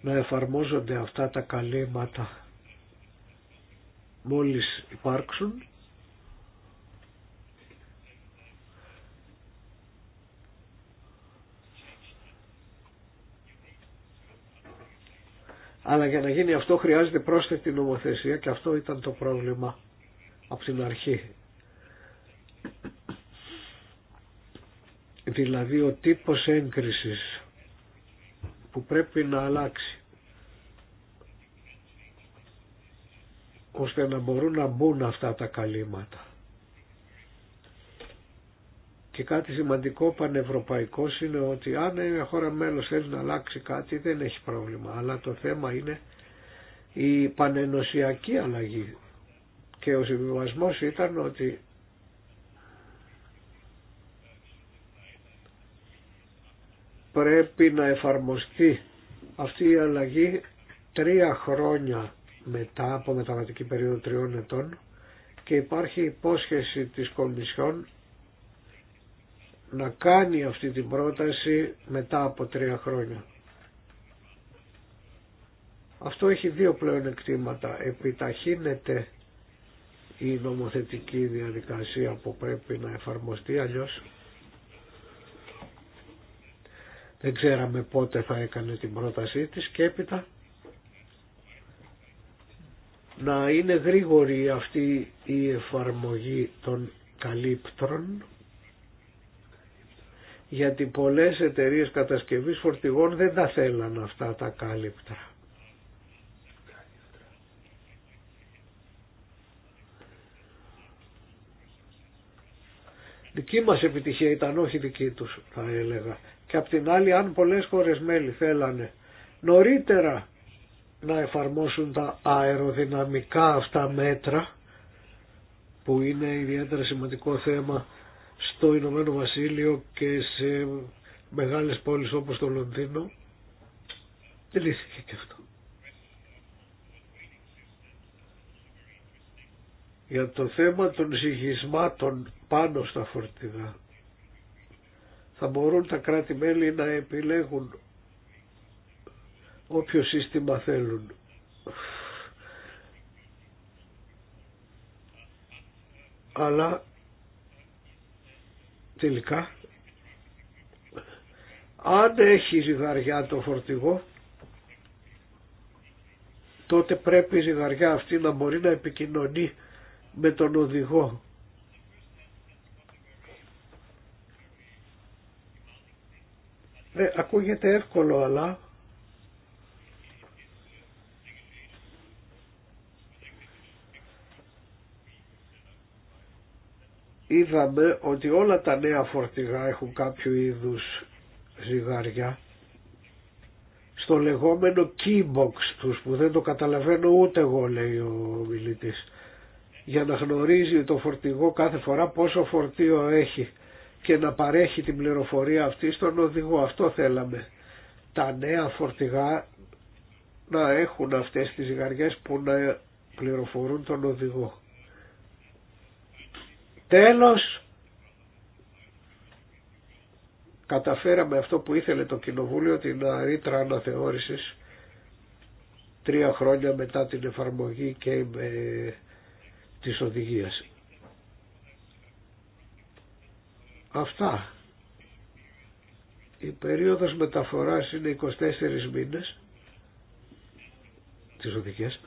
να εφαρμόζονται αυτά τα καλήματα μόλις υπάρξουν Αλλά για να γίνει αυτό χρειάζεται πρόσθετη νομοθεσία και αυτό ήταν το πρόβλημα από την αρχή. δηλαδή ο τύπος έγκρισης που πρέπει να αλλάξει ώστε να μπορούν να μπουν αυτά τα καλύματα. Και κάτι σημαντικό πανευρωπαϊκό είναι ότι αν μια χώρα μέλος θέλει να αλλάξει κάτι δεν έχει πρόβλημα. Αλλά το θέμα είναι η πανενοσιακή αλλαγή. Και ο συμβιβασμός ήταν ότι πρέπει να εφαρμοστεί αυτή η αλλαγή τρία χρόνια μετά από μεταβατική περίοδο τριών ετών και υπάρχει υπόσχεση της Κομισιόν να κάνει αυτή την πρόταση μετά από τρία χρόνια. Αυτό έχει δύο πλέον εκτήματα. Επιταχύνεται η νομοθετική διαδικασία που πρέπει να εφαρμοστεί αλλιώς δεν ξέραμε πότε θα έκανε την πρότασή της και έπειτα να είναι γρήγορη αυτή η εφαρμογή των καλύπτρων γιατί πολλές εταιρείες κατασκευής φορτηγών δεν τα θέλαν αυτά τα κάλυπτρα. Δική μας επιτυχία ήταν όχι δική τους θα έλεγα και απ' την άλλη αν πολλές χώρες μέλη θέλανε νωρίτερα να εφαρμόσουν τα αεροδυναμικά αυτά μέτρα που είναι ιδιαίτερα σημαντικό θέμα στο Ηνωμένο Βασίλειο και σε μεγάλες πόλεις όπως το Λονδίνο λύθηκε και αυτό. Για το θέμα των συγχυσμάτων πάνω στα φορτηγά θα μπορούν τα κράτη-μέλη να επιλέγουν όποιο σύστημα θέλουν. Αλλά τελικά αν έχει ζυγαριά το φορτηγό τότε πρέπει η ζυγαριά αυτή να μπορεί να επικοινωνεί με τον οδηγό Ε, ακούγεται εύκολο αλλά είδαμε ότι όλα τα νέα φορτηγά έχουν κάποιο είδους ζυγάρια στο λεγόμενο keybox τους που δεν το καταλαβαίνω ούτε εγώ λέει ο μιλητής για να γνωρίζει το φορτηγό κάθε φορά πόσο φορτίο έχει και να παρέχει την πληροφορία αυτή στον οδηγό. Αυτό θέλαμε. Τα νέα φορτηγά να έχουν αυτές τις ζυγαριές που να πληροφορούν τον οδηγό. Τέλος, καταφέραμε αυτό που ήθελε το Κοινοβούλιο, την ρήτρα αναθεώρησης, τρία χρόνια μετά την εφαρμογή και με της οδηγίας. Αυτά. Η περίοδος μεταφοράς είναι 24 μήνες τις οδικές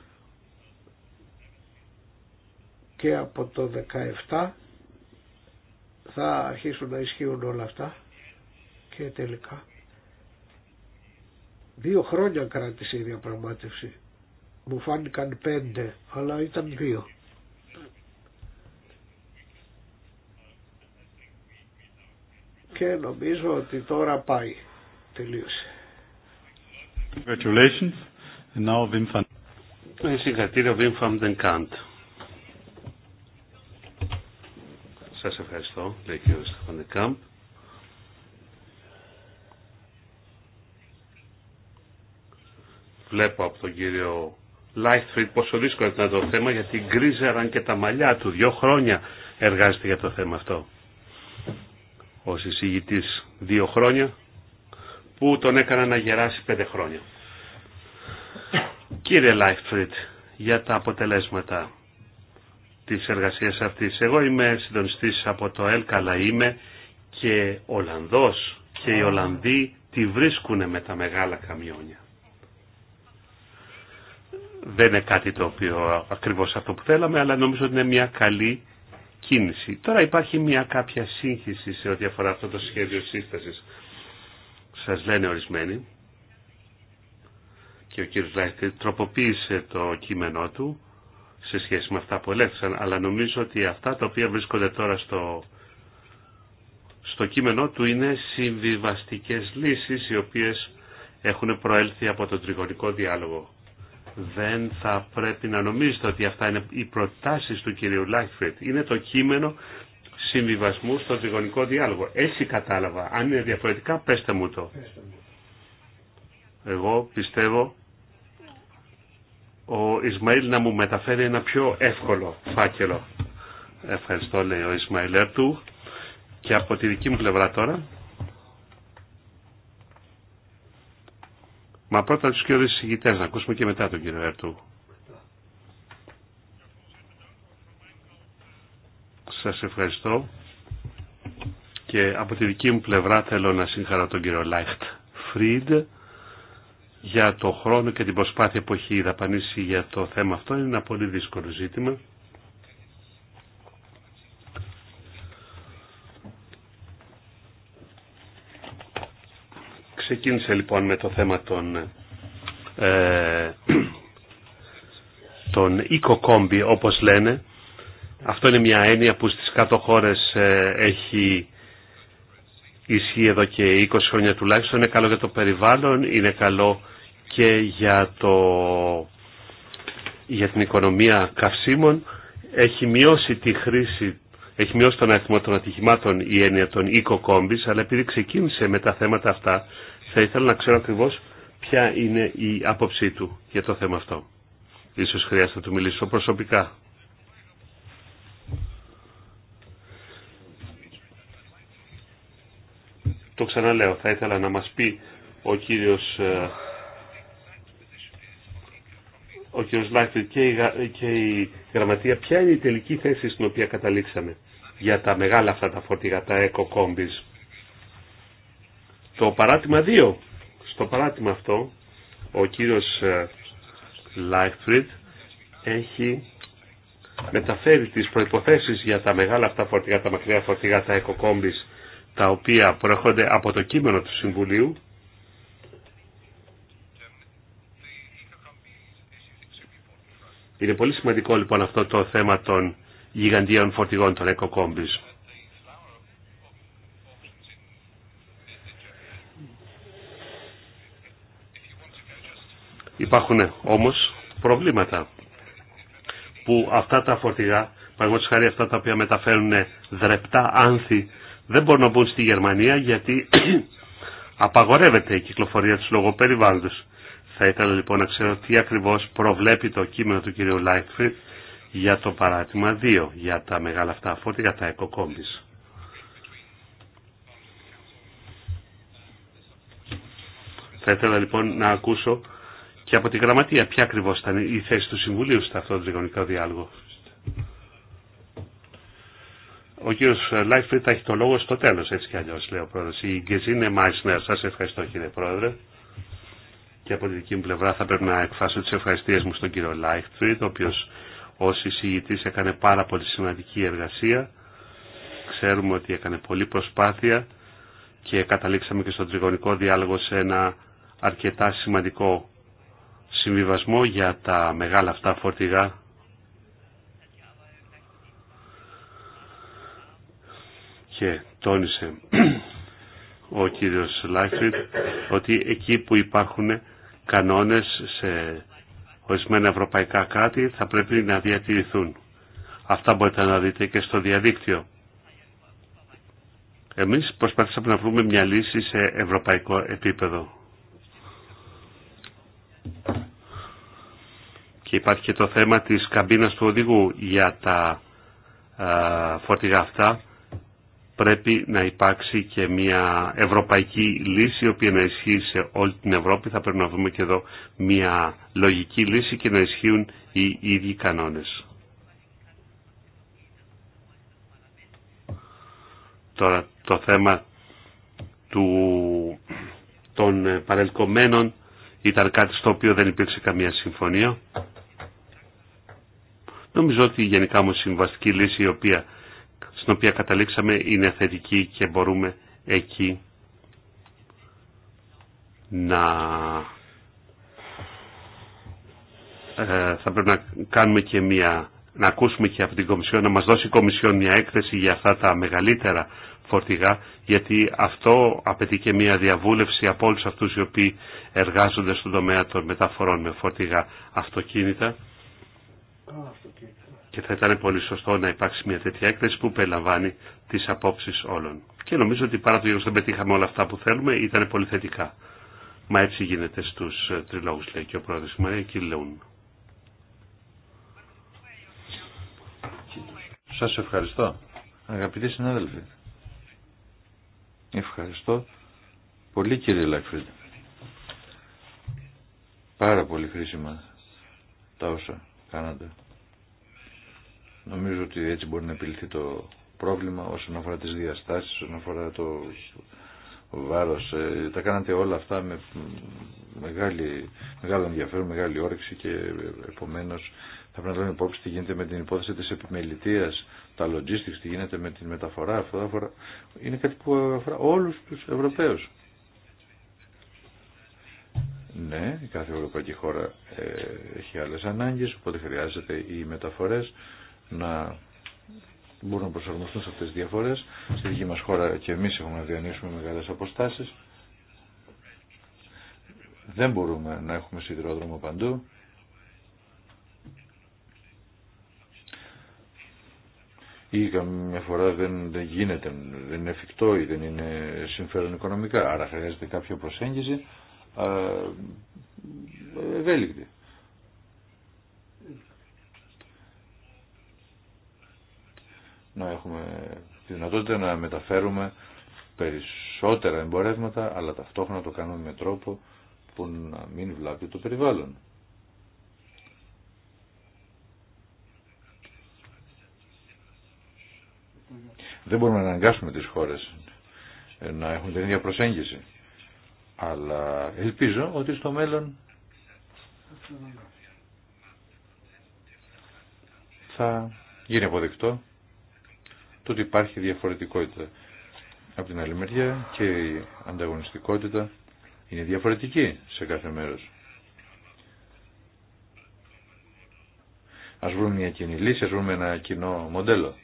και από το 17 θα αρχίσουν να ισχύουν όλα αυτά και τελικά δύο χρόνια κράτησε η διαπραγμάτευση μου φάνηκαν πέντε αλλά ήταν δύο και νομίζω ότι τώρα πάει. Τελείωσε. Congratulations. And now Wim van... Ε, συγχαρητήρια Σας ευχαριστώ, λέει και ο Βλέπω από τον κύριο Λάιχτφριντ πόσο δύσκολο ήταν το θέμα γιατί γκρίζεραν και τα μαλλιά του. Δύο χρόνια εργάζεται για το θέμα αυτό ως εισηγητής δύο χρόνια που τον έκανα να γεράσει πέντε χρόνια. Κύριε Λάιφτριτ, για τα αποτελέσματα της εργασίας αυτής. Εγώ είμαι συντονιστής από το ΕΛΚ, αλλά είμαι και Ολλανδός και οι Ολλανδοί τη βρίσκουν με τα μεγάλα καμιόνια. Δεν είναι κάτι το οποίο ακριβώς αυτό που θέλαμε, αλλά νομίζω ότι είναι μια καλή κίνηση. Τώρα υπάρχει μια κάποια σύγχυση σε ό,τι αφορά αυτό το σχέδιο σύστασης. Σας λένε ορισμένοι και ο κύριος Λάιχτη τροποποίησε το κείμενό του σε σχέση με αυτά που ελέγχθησαν, αλλά νομίζω ότι αυτά τα οποία βρίσκονται τώρα στο, στο κείμενό του είναι συμβιβαστικές λύσεις οι οποίες έχουν προέλθει από τον τριγωνικό διάλογο δεν θα πρέπει να νομίζετε ότι αυτά είναι οι προτάσεις του κυρίου Λάχφρυντ Είναι το κείμενο συμβιβασμού στο τριγωνικό διάλογο. Έτσι κατάλαβα. Αν είναι διαφορετικά, πέστε μου το. Εγώ πιστεύω ο Ισμαήλ να μου μεταφέρει ένα πιο εύκολο φάκελο. Ευχαριστώ λέει ο Ισμαήλ Ερτού. Και από τη δική μου πλευρά τώρα Μα πρώτα τους κύριους συγκητές να ακούσουμε και μετά τον κύριο Ερτού. Σας ευχαριστώ. Και από τη δική μου πλευρά θέλω να συγχαρώ τον κύριο Λάιχτ Φρίντ για το χρόνο και την προσπάθεια που έχει δαπανίσει για το θέμα αυτό. Είναι ένα πολύ δύσκολο ζήτημα. Ξεκίνησε λοιπόν με το θέμα των, ε, *clears throat* των οικοκόμπι όπως λένε. Αυτό είναι μια έννοια που στις κάτω χώρες ε, έχει ισχύει εδώ και 20 χρόνια τουλάχιστον. Είναι καλό για το περιβάλλον, είναι καλό και για, το, για την οικονομία καυσίμων. Έχει μειώσει τη χρήση έχει μειώσει τον αριθμό των ατυχημάτων η έννοια των οικοκόμπης, αλλά επειδή ξεκίνησε με τα θέματα αυτά θα ήθελα να ξέρω ακριβώς ποια είναι η άποψή του για το θέμα αυτό. Ίσως χρειάζεται να του μιλήσω προσωπικά. Το ξαναλέω, θα ήθελα να μας πει ο κύριος ε, ο κύριος και, η, και η γραμματεία ποια είναι η τελική θέση στην οποία καταλήξαμε για τα μεγάλα αυτά τα φορτηγά, τα eco combis. Το παράτημα 2. Στο παράτημα αυτό ο κύριος ε, Λάιφτριτ έχει μεταφέρει τις προϋποθέσεις για τα μεγάλα αυτά φορτηγά, τα μακριά φορτηγά, τα εκοκόμπης, τα οποία προέρχονται από το κείμενο του Συμβουλίου. Είναι πολύ σημαντικό λοιπόν αυτό το θέμα των γιγαντίων φορτηγών των εκοκόμπης. Υπάρχουν όμως προβλήματα που αυτά τα φορτηγά, παραγωγή χάρη αυτά τα οποία μεταφέρουν δρεπτά άνθη, δεν μπορούν να μπουν στη Γερμανία γιατί *clears throat* απαγορεύεται η κυκλοφορία τους λόγω περιβάλλοντος. Θα ήθελα λοιπόν να ξέρω τι ακριβώς προβλέπει το κείμενο του κυρίου Λάιτφριτ για το παράδειγμα 2, για τα μεγάλα αυτά φορτηγά, τα εκοκόμπης. Θα ήθελα λοιπόν να ακούσω και από τη Γραμματεία ποια ακριβώ ήταν η θέση του Συμβουλίου σε αυτό το τριγωνικό διάλογο. Ο κύριο Λάιφρυντ θα έχει το λόγο στο τέλο, έτσι κι αλλιώ, λέει ο πρόεδρο. Η Γκεζίνε Μάισνερ, σα ευχαριστώ κύριε πρόεδρε. Και από τη δική μου πλευρά θα πρέπει να εκφράσω τι ευχαριστίε μου στον κύριο Λάιφρυντ, ο οποίο ω εισηγητή έκανε πάρα πολύ σημαντική εργασία. Ξέρουμε ότι έκανε πολλή προσπάθεια και καταλήξαμε και στον τριγωνικό διάλογο σε ένα αρκετά σημαντικό συμβιβασμό για τα μεγάλα αυτά φορτηγά και τόνισε ο κύριος Λάχρυντ ότι εκεί που υπάρχουν κανόνες σε ορισμένα ευρωπαϊκά κράτη θα πρέπει να διατηρηθούν. Αυτά μπορείτε να δείτε και στο διαδίκτυο. Εμείς προσπαθήσαμε να βρούμε μια λύση σε ευρωπαϊκό επίπεδο. Και υπάρχει και το θέμα της καμπίνας του οδηγού για τα φορτηγά αυτά. Πρέπει να υπάρξει και μια ευρωπαϊκή λύση η οποία να ισχύει σε όλη την Ευρώπη. Θα πρέπει να βρούμε και εδώ μια λογική λύση και να ισχύουν οι ίδιοι κανόνες. Τώρα το θέμα του, των παρελκομένων ήταν κάτι στο οποίο δεν υπήρξε καμία συμφωνία. Νομίζω ότι γενικά μου η συμβαστική λύση η οποία, στην οποία καταλήξαμε είναι θετική και μπορούμε εκεί να ε, θα πρέπει να κάνουμε και μια να ακούσουμε και από την Κομισιόν να μας δώσει η Κομισιόν μια έκθεση για αυτά τα μεγαλύτερα φορτηγά γιατί αυτό απαιτεί και μια διαβούλευση από όλους αυτούς οι οποίοι εργάζονται στον τομέα των μεταφορών με φορτηγά αυτοκίνητα και θα ήταν πολύ σωστό να υπάρξει μια τέτοια έκθεση που περιλαμβάνει τι απόψει όλων. Και νομίζω ότι παρά το γεγονό δεν πετύχαμε όλα αυτά που θέλουμε, ήταν πολύ θετικά. Μα έτσι γίνεται στου ε, τριλόγου, λέει και ο πρόεδρο τη Μαρία ε, λέουν Σα ευχαριστώ, αγαπητοί συνάδελφοι. Ευχαριστώ πολύ κύριε Λάκφριντ. Πάρα πολύ χρήσιμα τα όσα κάνατε. Νομίζω ότι έτσι μπορεί να επιληθεί το πρόβλημα όσον αφορά τις διαστάσεις, όσον αφορά το βάρος. Ε, τα κάνατε όλα αυτά με μεγάλη, μεγάλο ενδιαφέρον, μεγάλη όρεξη και επομένως θα πρέπει να λέμε υπόψη τι γίνεται με την υπόθεση της επιμελητίας, τα logistics, τι γίνεται με την μεταφορά. Αυτό είναι κάτι που αφορά όλους τους Ευρωπαίους. Ναι, κάθε ευρωπαϊκή χώρα ε, έχει άλλες ανάγκες, οπότε χρειάζεται οι μεταφορές να μπορούν να προσαρμοστούν σε αυτές τις διαφορές. Στη δική μας χώρα και εμείς έχουμε να διανύσουμε μεγάλες αποστάσεις. Δεν μπορούμε να έχουμε σιδηρόδρομο παντού. Ή καμιά φορά δεν, δεν γίνεται, δεν είναι εφικτό ή δεν είναι συμφέρον οικονομικά. Άρα χρειάζεται κάποια προσέγγιση ε, ευέλικτη. Να έχουμε τη δυνατότητα να μεταφέρουμε περισσότερα εμπορεύματα, αλλά ταυτόχρονα το κάνουμε με τρόπο που να μην βλάπτει το περιβάλλον. Δεν μπορούμε να αναγκάσουμε τις χώρες να έχουν την ίδια προσέγγιση αλλά ελπίζω ότι στο μέλλον θα γίνει αποδεκτό το ότι υπάρχει διαφορετικότητα. Από την άλλη μεριά και η ανταγωνιστικότητα είναι διαφορετική σε κάθε μέρος. Ας βρούμε μια κοινή λύση, ας βρούμε ένα κοινό μοντέλο.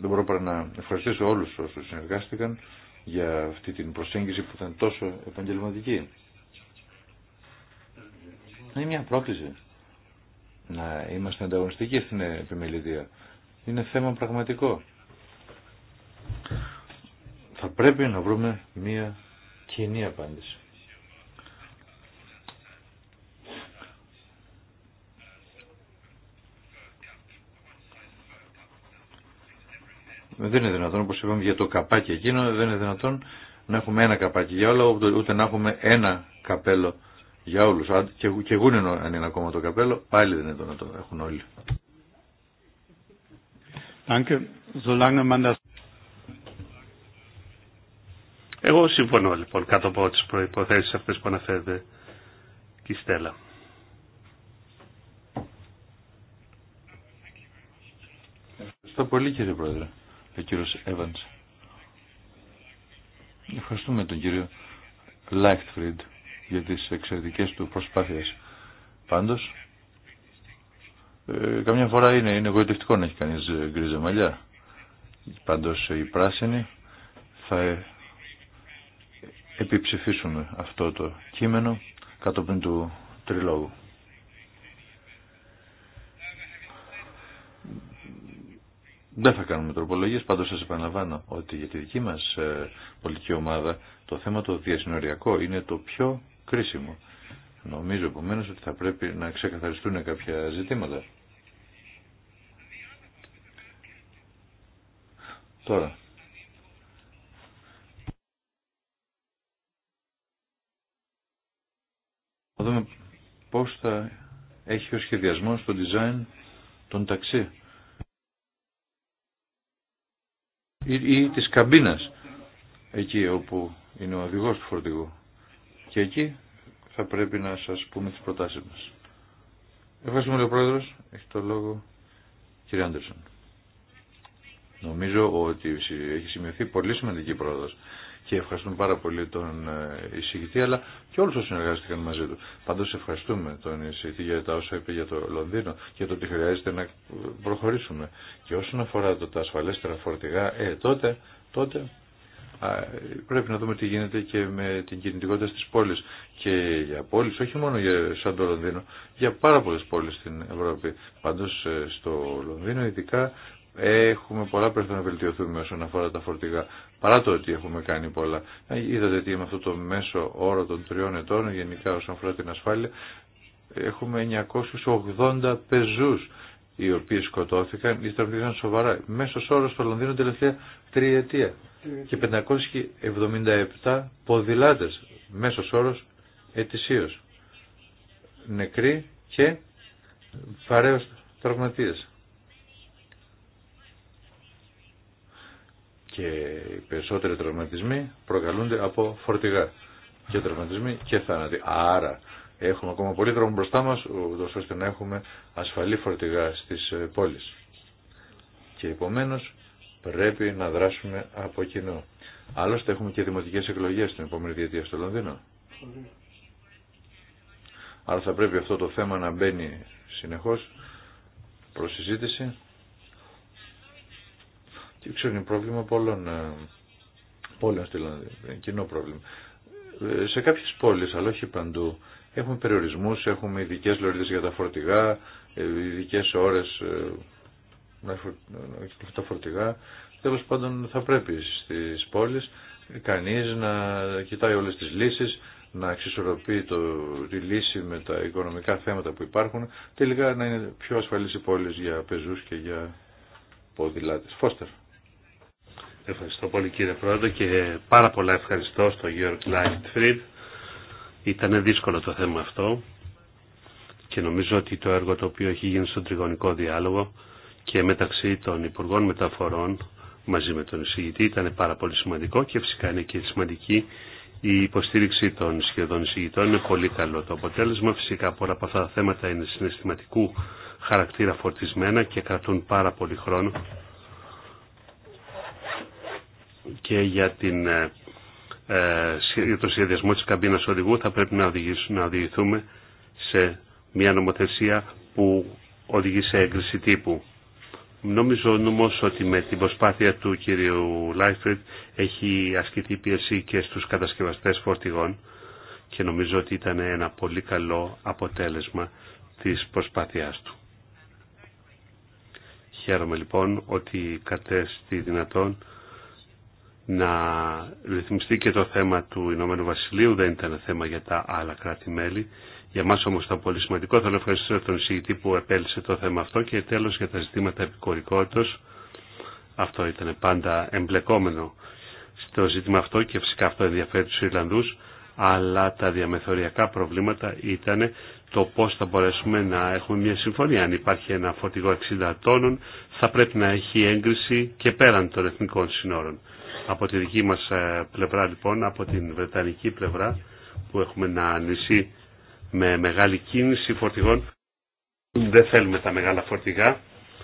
Δεν μπορώ παρά να ευχαριστήσω όλους όσους συνεργάστηκαν για αυτή την προσέγγιση που ήταν τόσο επαγγελματική. Είναι μια πρόκληση να είμαστε ανταγωνιστικοί στην επιμελητία. Είναι θέμα πραγματικό. Θα πρέπει να βρούμε μια κοινή απάντηση. Δεν είναι δυνατόν, όπως είπαμε, για το καπάκι εκείνο, δεν είναι δυνατόν να έχουμε ένα καπάκι για όλα, ούτε να έχουμε ένα καπέλο για όλους. Και, και εγώ αν είναι ακόμα το καπέλο, πάλι δεν είναι το να το έχουν όλοι. Εγώ συμφωνώ λοιπόν κάτω από τις προϋποθέσεις αυτές που αναφέρεται και η Στέλλα. Ευχαριστώ πολύ κύριε Πρόεδρε. Ε, ο Evans. Ευχαριστούμε τον κύριο Λάιχτφριντ για τις εξαιρετικές του προσπάθειες. Πάντως, ε, καμιά φορά είναι, είναι εγωιτευτικό να έχει κανείς ε, γκρίζα μαλλιά. Πάντως ε, οι πράσινοι θα επιψηφίσουν αυτό το κείμενο κατόπιν του τριλόγου. Δεν θα κάνουμε τροπολογίε, πάντω σας επαναλαμβάνω ότι για τη δική μας ε, πολιτική ομάδα το θέμα το διασυνοριακό είναι το πιο κρίσιμο. Νομίζω επομένω ότι θα πρέπει να ξεκαθαριστούν κάποια ζητήματα. Τώρα. Θα δούμε πώς θα έχει ο σχεδιασμός το design των ταξί. ή, ή της καμπίνας εκεί όπου είναι ο οδηγό του φορτηγού. Και εκεί θα πρέπει να σας πούμε τις προτάσεις μας. Ευχαριστούμε ο Πρόεδρος. Έχει το λόγο κύριε Άντερσον. Νομίζω ότι έχει σημειωθεί πολύ σημαντική πρόοδο και ευχαριστούμε πάρα πολύ τον ε, εισηγητή αλλά και όλου όσου συνεργάστηκαν μαζί του. Πάντω ευχαριστούμε τον εισηγητή για τα όσα είπε για το Λονδίνο και το ότι χρειάζεται να προχωρήσουμε. Και όσον αφορά το τα ασφαλέστερα φορτηγά, ε, τότε, τότε πρέπει να δούμε τι γίνεται και με την κινητικότητα στι πόλει και για πόλεις, όχι μόνο για, σαν το Λονδίνο, για πάρα πολλέ πόλει στην Ευρώπη. Πάντω ε, στο Λονδίνο ειδικά Έχουμε πολλά πρέπει να βελτιωθούμε όσον αφορά τα φορτηγά. Παρά το ότι έχουμε κάνει πολλά. Ε, είδατε τι με αυτό το μέσο όρο των τριών ετών, γενικά όσον αφορά την ασφάλεια, έχουμε 980 πεζούς οι οποίοι σκοτώθηκαν ή στραφτήκαν σοβαρά. Μέσο όρο στο Λονδίνο τελευταία τριετία. Και 577 ποδηλάτε. μέσο όρο ετησίω. Νεκροί και βαρέω τραυματίε. και οι περισσότεροι τραυματισμοί προκαλούνται από φορτηγά και τραυματισμοί και θάνατοι. Άρα έχουμε ακόμα πολύ δρόμο μπροστά μας ώστε να έχουμε ασφαλή φορτηγά στις πόλεις. Και επομένως πρέπει να δράσουμε από κοινό. Άλλωστε έχουμε και δημοτικές εκλογές την επόμενη διετία στο Λονδίνο. Άρα θα πρέπει αυτό το θέμα να μπαίνει συνεχώς προς συζήτηση και ξέρω πρόβλημα πολλών ε, πόλεων στη κοινό πρόβλημα. Ε, σε κάποιες πόλεις, αλλά όχι παντού, έχουμε περιορισμούς, έχουμε ειδικέ λωρίδες για τα φορτηγά, ε, ειδικέ ώρες για τα φορτηγά. Τέλο πάντων θα πρέπει στις πόλεις κανείς να κοιτάει όλες τις λύσεις, να αξισορροπεί το, τη λύση με τα οικονομικά θέματα που υπάρχουν, τελικά να είναι πιο ασφαλής η πόλη για πεζούς και για ποδηλάτες. Φώστερ. Ευχαριστώ πολύ κύριε Πρόεδρο και πάρα πολλά ευχαριστώ στο Γιώργο Λάιντφριντ. Ήταν δύσκολο το θέμα αυτό και νομίζω ότι το έργο το οποίο έχει γίνει στον τριγωνικό διάλογο και μεταξύ των Υπουργών Μεταφορών μαζί με τον εισηγητή ήταν πάρα πολύ σημαντικό και φυσικά είναι και σημαντική η υποστήριξη των σχεδόν εισηγητών. Είναι πολύ καλό το αποτέλεσμα. Φυσικά πολλά από αυτά τα θέματα είναι συναισθηματικού χαρακτήρα φορτισμένα και κρατούν πάρα πολύ χρόνο και για, την, ε, ε, το σχεδιασμό της καμπίνας οδηγού θα πρέπει να, να οδηγηθούμε σε μια νομοθεσία που οδηγεί σε έγκριση τύπου. Νομίζω όμω ότι με την προσπάθεια του κύριου Λάιφρυντ έχει ασκηθεί πίεση και στους κατασκευαστές φορτηγών και νομίζω ότι ήταν ένα πολύ καλό αποτέλεσμα της προσπάθειάς του. Χαίρομαι λοιπόν ότι κατέστη δυνατόν να ρυθμιστεί και το θέμα του Ηνωμένου Βασιλείου, δεν ήταν θέμα για τα άλλα κράτη-μέλη. Για μας όμως ήταν πολύ σημαντικό. Θέλω να ευχαριστήσω τον εισηγητή που επέλυσε το θέμα αυτό και τέλος για τα ζητήματα επικορικότητας. Αυτό ήταν πάντα εμπλεκόμενο στο ζήτημα αυτό και φυσικά αυτό ενδιαφέρει τους Ιρλανδούς, αλλά τα διαμεθοριακά προβλήματα ήταν το πώς θα μπορέσουμε να έχουμε μια συμφωνία. Αν υπάρχει ένα φορτηγό 60 τόνων θα πρέπει να έχει έγκριση και πέραν των εθνικών συνόρων. Από τη δική μας ε, πλευρά λοιπόν, από την Βρετανική πλευρά που έχουμε ένα νησί με μεγάλη κίνηση φορτηγών, δεν θέλουμε τα μεγάλα φορτηγά.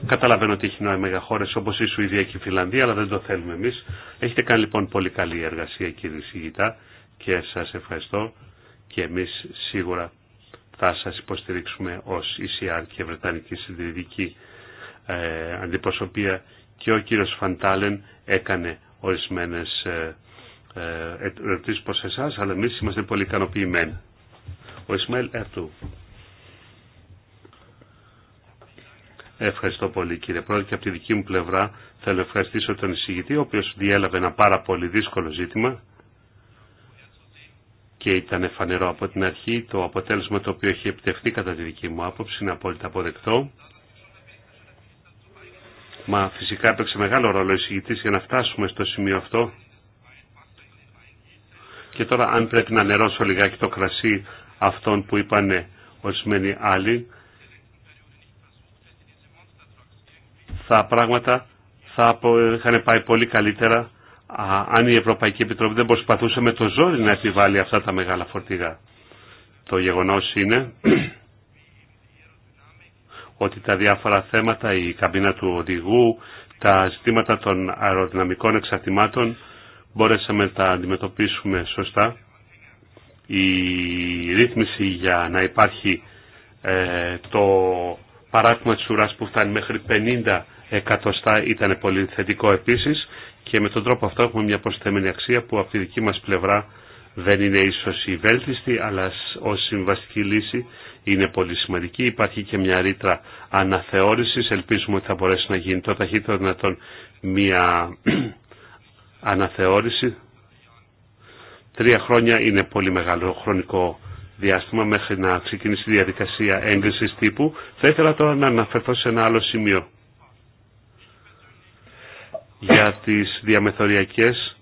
Καταλαβαίνω ότι έχει νόημα για χώρε όπω η Σουηδία και η Φιλανδία, αλλά δεν το θέλουμε εμεί. Έχετε κάνει λοιπόν πολύ καλή εργασία, κύριε Σιγητά, και σα ευχαριστώ και εμεί σίγουρα θα σα υποστηρίξουμε ω ECR και Βρετανική Συντηρητική ε, Αντιπροσωπεία και ο κύριο Φαντάλεν έκανε ορισμένε ε, ε, ερωτήσει προ εσά, αλλά εμεί είμαστε πολύ ικανοποιημένοι. Ο Ισμαήλ Ευχαριστώ πολύ κύριε Πρόεδρε και από τη δική μου πλευρά θέλω να ευχαριστήσω τον εισηγητή ο οποίος διέλαβε ένα πάρα πολύ δύσκολο ζήτημα και ήταν φανερό από την αρχή το αποτέλεσμα το οποίο έχει επιτευχθεί κατά τη δική μου άποψη είναι απόλυτα αποδεκτό Μα φυσικά έπαιξε μεγάλο ρόλο η για να φτάσουμε στο σημείο αυτό. Και τώρα αν πρέπει να νερώσω λιγάκι το κρασί αυτών που είπαν ορισμένοι άλλοι, τα πράγματα θα είχαν πάει πολύ καλύτερα αν η Ευρωπαϊκή Επιτροπή δεν προσπαθούσε με το ζόρι να επιβάλλει αυτά τα μεγάλα φορτηγά. Το γεγονός είναι ότι τα διάφορα θέματα, η καμπίνα του οδηγού, τα ζητήματα των αεροδυναμικών εξαρτημάτων μπόρεσαμε να τα αντιμετωπίσουμε σωστά. Η ρύθμιση για να υπάρχει ε, το παράδειγμα της ουράς που φτάνει μέχρι 50 εκατοστά ήταν πολύ θετικό επίσης και με τον τρόπο αυτό έχουμε μια προσθέμενη αξία που από τη δική μας πλευρά δεν είναι ίσως η βέλτιστη αλλά ως συμβαστική λύση είναι πολύ σημαντική. Υπάρχει και μια ρήτρα αναθεώρησης. Ελπίζουμε ότι θα μπορέσει να γίνει το ταχύτερο δυνατόν μια *clears throat* αναθεώρηση. Τρία χρόνια είναι πολύ μεγάλο χρονικό διάστημα μέχρι να ξεκινήσει η διαδικασία έγκριση τύπου. Θα ήθελα τώρα να αναφερθώ σε ένα άλλο σημείο για τις διαμεθοριακές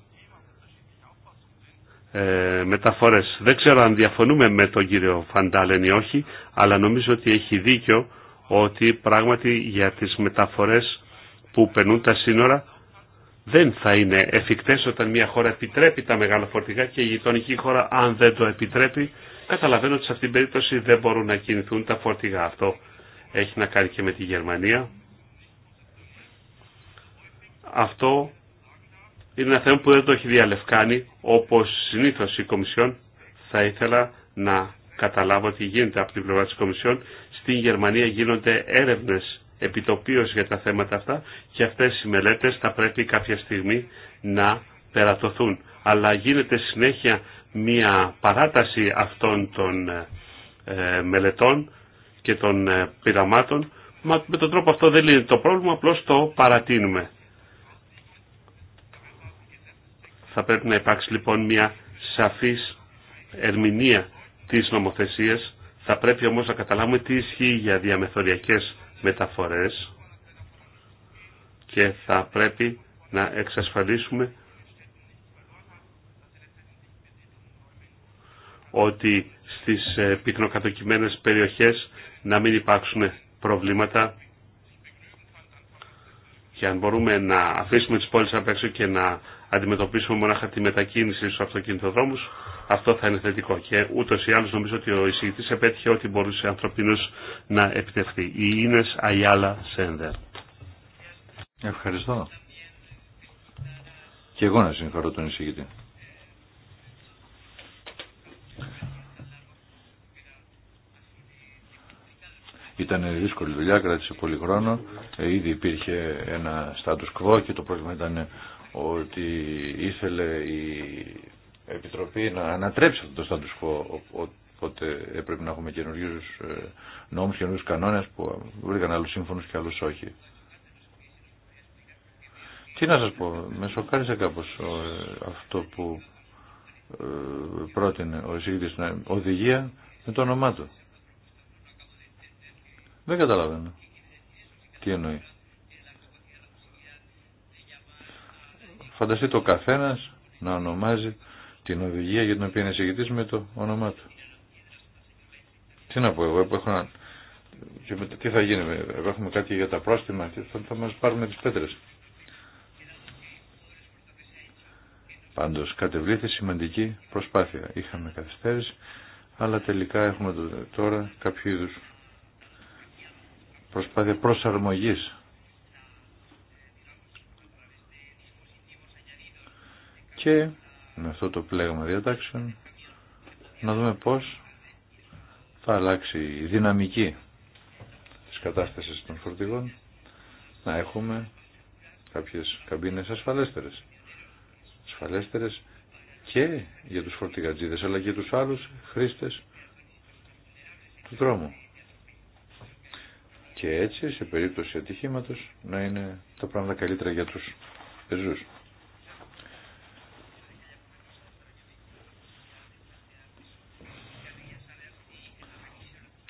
ε, μεταφορές. Δεν ξέρω αν διαφωνούμε με τον κύριο Φαντάλεν ή όχι, αλλά νομίζω ότι έχει δίκιο ότι πράγματι για τις μεταφορές που περνούν τα σύνορα δεν θα είναι εφικτές όταν μια χώρα επιτρέπει τα μεγάλα φορτηγά και η γειτονική χώρα αν δεν το επιτρέπει καταλαβαίνω ότι σε αυτήν την περίπτωση δεν μπορούν να κινηθούν τα φορτηγά. Αυτό έχει να κάνει και με τη Γερμανία. Αυτό είναι ένα θέμα που δεν το έχει διαλευκάνει όπως συνήθως η Κομισιόν θα ήθελα να καταλάβω τι γίνεται από την πλευρά της Κομισιόν. Στην Γερμανία γίνονται έρευνες επιτοπίως για τα θέματα αυτά και αυτές οι μελέτες θα πρέπει κάποια στιγμή να περατωθούν. Αλλά γίνεται συνέχεια μία παράταση αυτών των ε, μελετών και των ε, πειραμάτων. Μα με τον τρόπο αυτό δεν λύνει. το πρόβλημα, απλώς το παρατείνουμε. Θα πρέπει να υπάρξει λοιπόν μια σαφής ερμηνεία της νομοθεσίας. Θα πρέπει όμως να καταλάβουμε τι ισχύει για διαμεθοριακές μεταφορές και θα πρέπει να εξασφαλίσουμε ότι στις ε, πυκνοκατοικημένες περιοχές να μην υπάρξουν προβλήματα και αν μπορούμε να αφήσουμε τις πόλεις απ' έξω και να αντιμετωπίσουμε μονάχα τη μετακίνηση στου αυτοκινητοδρόμου, αυτό θα είναι θετικό. Και ούτως ή άλλως νομίζω ότι ο εισηγητής επέτυχε ό,τι μπορούσε ανθρωπίνως να επιτευχθεί. Η Ίνες Αιάλα ο εισηγητή Ευχαριστώ. Και ανθρωπίνω να επιτευχθει η Ινε Αγιάλα σεντερ ευχαριστω και εγω να συγχαρω τον εισηγητή. Ήταν δύσκολη δουλειά, κράτησε πολύ χρόνο. Ε, ήδη υπήρχε ένα status quo και το πρόβλημα ήταν ότι ήθελε η Επιτροπή να ανατρέψει αυτό το status quo, οπότε έπρεπε να έχουμε καινούριου ε, νόμου, καινούριου κανόνε που βρήκαν άλλου σύμφωνου και άλλου όχι. Τι να σας πω, με σοκάρισε κάπως ε, αυτό που ε, πρότεινε ο εισηγητής στην οδηγία με το όνομά του. Δεν καταλαβαίνω. Τι εννοεί. φανταστείτε ο καθένας να ονομάζει την οδηγία για την οποία είναι εισηγητής με το όνομά του. Τι να πω εγώ, που έχω να... Και τι θα γίνει, εγώ έχουμε κάτι για τα πρόστιμα, θα, θα μας πάρουμε τις πέτρες. Πάντως κατεβλήθη σημαντική προσπάθεια. Είχαμε καθυστέρηση, αλλά τελικά έχουμε τώρα κάποιο είδου προσπάθεια προσαρμογής και με αυτό το πλέγμα διατάξεων να δούμε πώς θα αλλάξει η δυναμική της κατάστασης των φορτηγών να έχουμε κάποιες καμπίνες ασφαλέστερες. Ασφαλέστερες και για τους φορτηγατζίδες αλλά και για τους άλλους χρήστες του δρόμου. Και έτσι σε περίπτωση ατυχήματος να είναι τα πράγματα καλύτερα για τους πεζούς.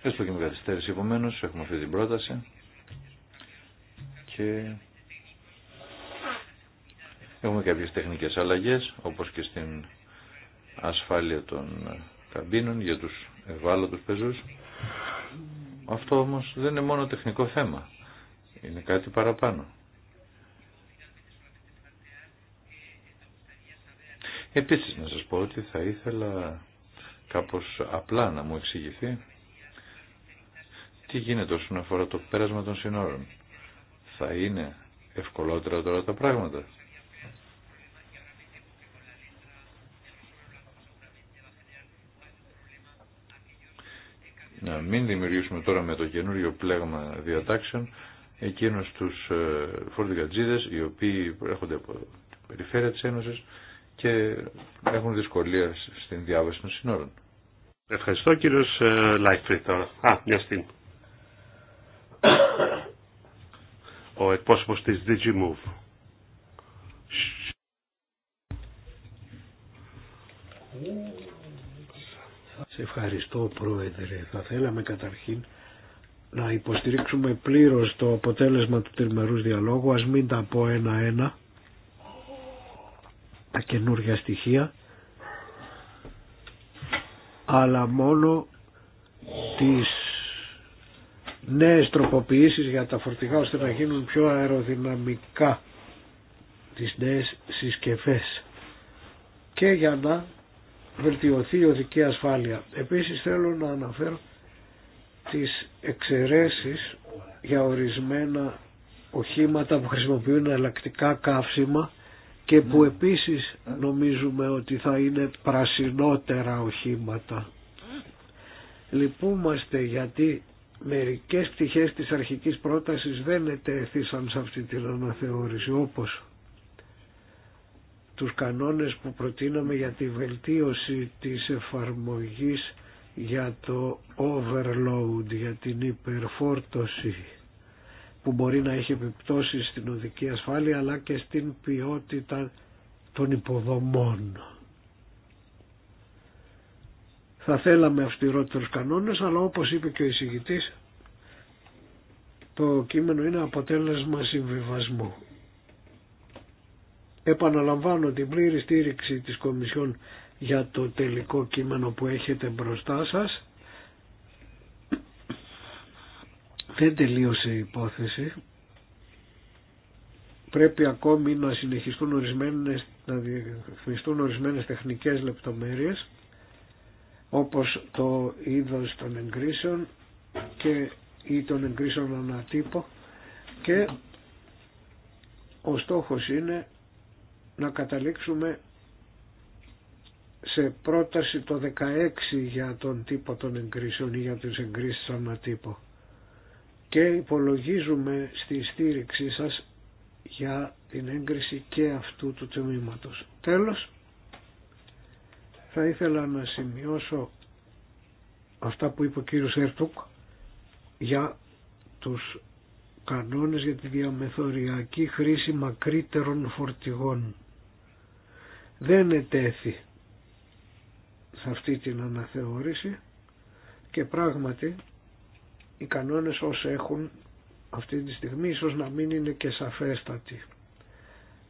Έστω και με καθυστέρηση επομένω, έχουμε αυτή την πρόταση και έχουμε κάποιες τεχνικές αλλαγές όπως και στην ασφάλεια των καμπίνων για τους ευάλωτους πεζούς. Αυτό όμως δεν είναι μόνο τεχνικό θέμα. Είναι κάτι παραπάνω. Επίσης να σας πω ότι θα ήθελα κάπως απλά να μου εξηγηθεί τι γίνεται όσον αφορά το πέρασμα των συνόρων. Θα είναι ευκολότερα τώρα τα πράγματα. Να μην δημιουργήσουμε τώρα με το καινούριο πλέγμα διατάξεων εκείνους τους ε, φορτηγατζίδες οι οποίοι έρχονται από την περιφέρεια της Ένωσης και έχουν δυσκολία στην διάβαση των συνόρων. Ευχαριστώ κύριος ε, Λάιφρυ Α, μια στιγμή. ο εκπρόσωπος της DigiMove. Σε ευχαριστώ πρόεδρε. Θα θέλαμε καταρχήν να υποστηρίξουμε πλήρως το αποτέλεσμα του τριμερούς διαλόγου. Ας μην τα πω ένα-ένα τα καινούργια στοιχεία αλλά μόνο τις νέες τροποποιήσεις για τα φορτηγά ώστε να γίνουν πιο αεροδυναμικά τις νέες συσκευές και για να βελτιωθεί η οδική ασφάλεια. Επίσης θέλω να αναφέρω τις εξαιρέσεις για ορισμένα οχήματα που χρησιμοποιούν ελακτικά καύσιμα και που ναι. επίσης νομίζουμε ότι θα είναι πρασινότερα οχήματα. Ναι. Λυπούμαστε γιατί μερικές πτυχές της αρχικής πρότασης δεν ετέθησαν σε αυτή την αναθεώρηση όπως τους κανόνες που προτείναμε για τη βελτίωση της εφαρμογής για το overload, για την υπερφόρτωση που μπορεί να έχει επιπτώσει στην οδική ασφάλεια αλλά και στην ποιότητα των υποδομών. Θα θέλαμε αυστηρότερους κανόνες, αλλά όπως είπε και ο εισηγητής, το κείμενο είναι αποτέλεσμα συμβιβασμού. Επαναλαμβάνω την πλήρη στήριξη της Κομισιόν για το τελικό κείμενο που έχετε μπροστά σας. Δεν τελείωσε η υπόθεση. Πρέπει ακόμη να συνεχιστούν ορισμένες, να ορισμένες τεχνικές λεπτομέρειες όπως το είδος των εγκρίσεων και ή των εγκρίσεων ανατύπω και ο στόχος είναι να καταλήξουμε σε πρόταση το 16 για τον τύπο των εγκρίσεων ή για τους εγκρίσεις ανατύπω και υπολογίζουμε στη στήριξή σας για την έγκριση και αυτού του τμήματος. Τέλος, θα ήθελα να σημειώσω αυτά που είπε ο κύριος Έρτουκ για τους κανόνες για τη διαμεθοριακή χρήση μακρύτερων φορτηγών. Δεν ετέθη σε αυτή την αναθεώρηση και πράγματι οι κανόνες όσοι έχουν αυτή τη στιγμή ίσως να μην είναι και σαφέστατοι.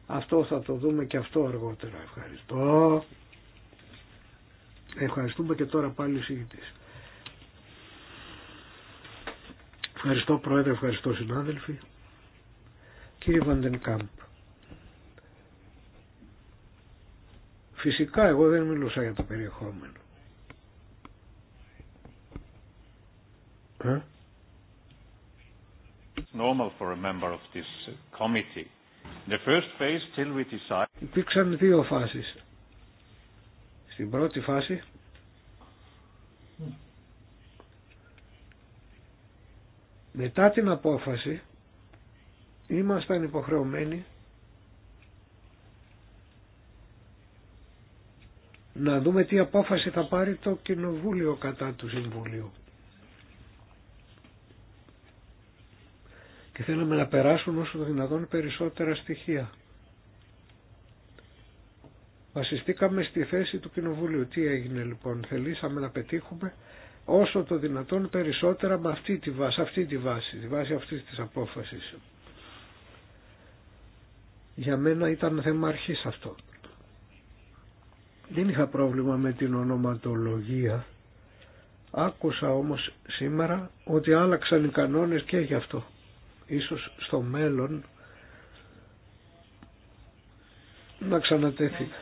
Αυτό θα το δούμε και αυτό αργότερα. Ευχαριστώ. Ευχαριστούμε και τώρα πάλι ο συγητής. Ευχαριστώ Πρόεδρε, ευχαριστώ συνάδελφοι. Κύριε Βαντενκάμπ, φυσικά εγώ δεν μιλούσα για το περιεχόμενο. Ε? normal for a member of this committee. The first phase till we decide. Υπήρξαν δύο φάσεις. Στην πρώτη φάση μετά την απόφαση ήμασταν υποχρεωμένοι να δούμε τι απόφαση θα πάρει το Κοινοβούλιο κατά του Συμβουλίου. Και θέλαμε να περάσουν όσο το δυνατόν περισσότερα στοιχεία. Βασιστήκαμε στη θέση του Κοινοβουλίου. Τι έγινε λοιπόν, θελήσαμε να πετύχουμε όσο το δυνατόν περισσότερα με αυτή τη βάση, αυτή τη βάση, τη βάση αυτής της απόφασης. Για μένα ήταν θέμα αρχή αυτό. Δεν είχα πρόβλημα με την ονοματολογία. Άκουσα όμως σήμερα ότι άλλαξαν οι κανόνες και γι' αυτό. Ίσως στο μέλλον να ξανατέθηκα.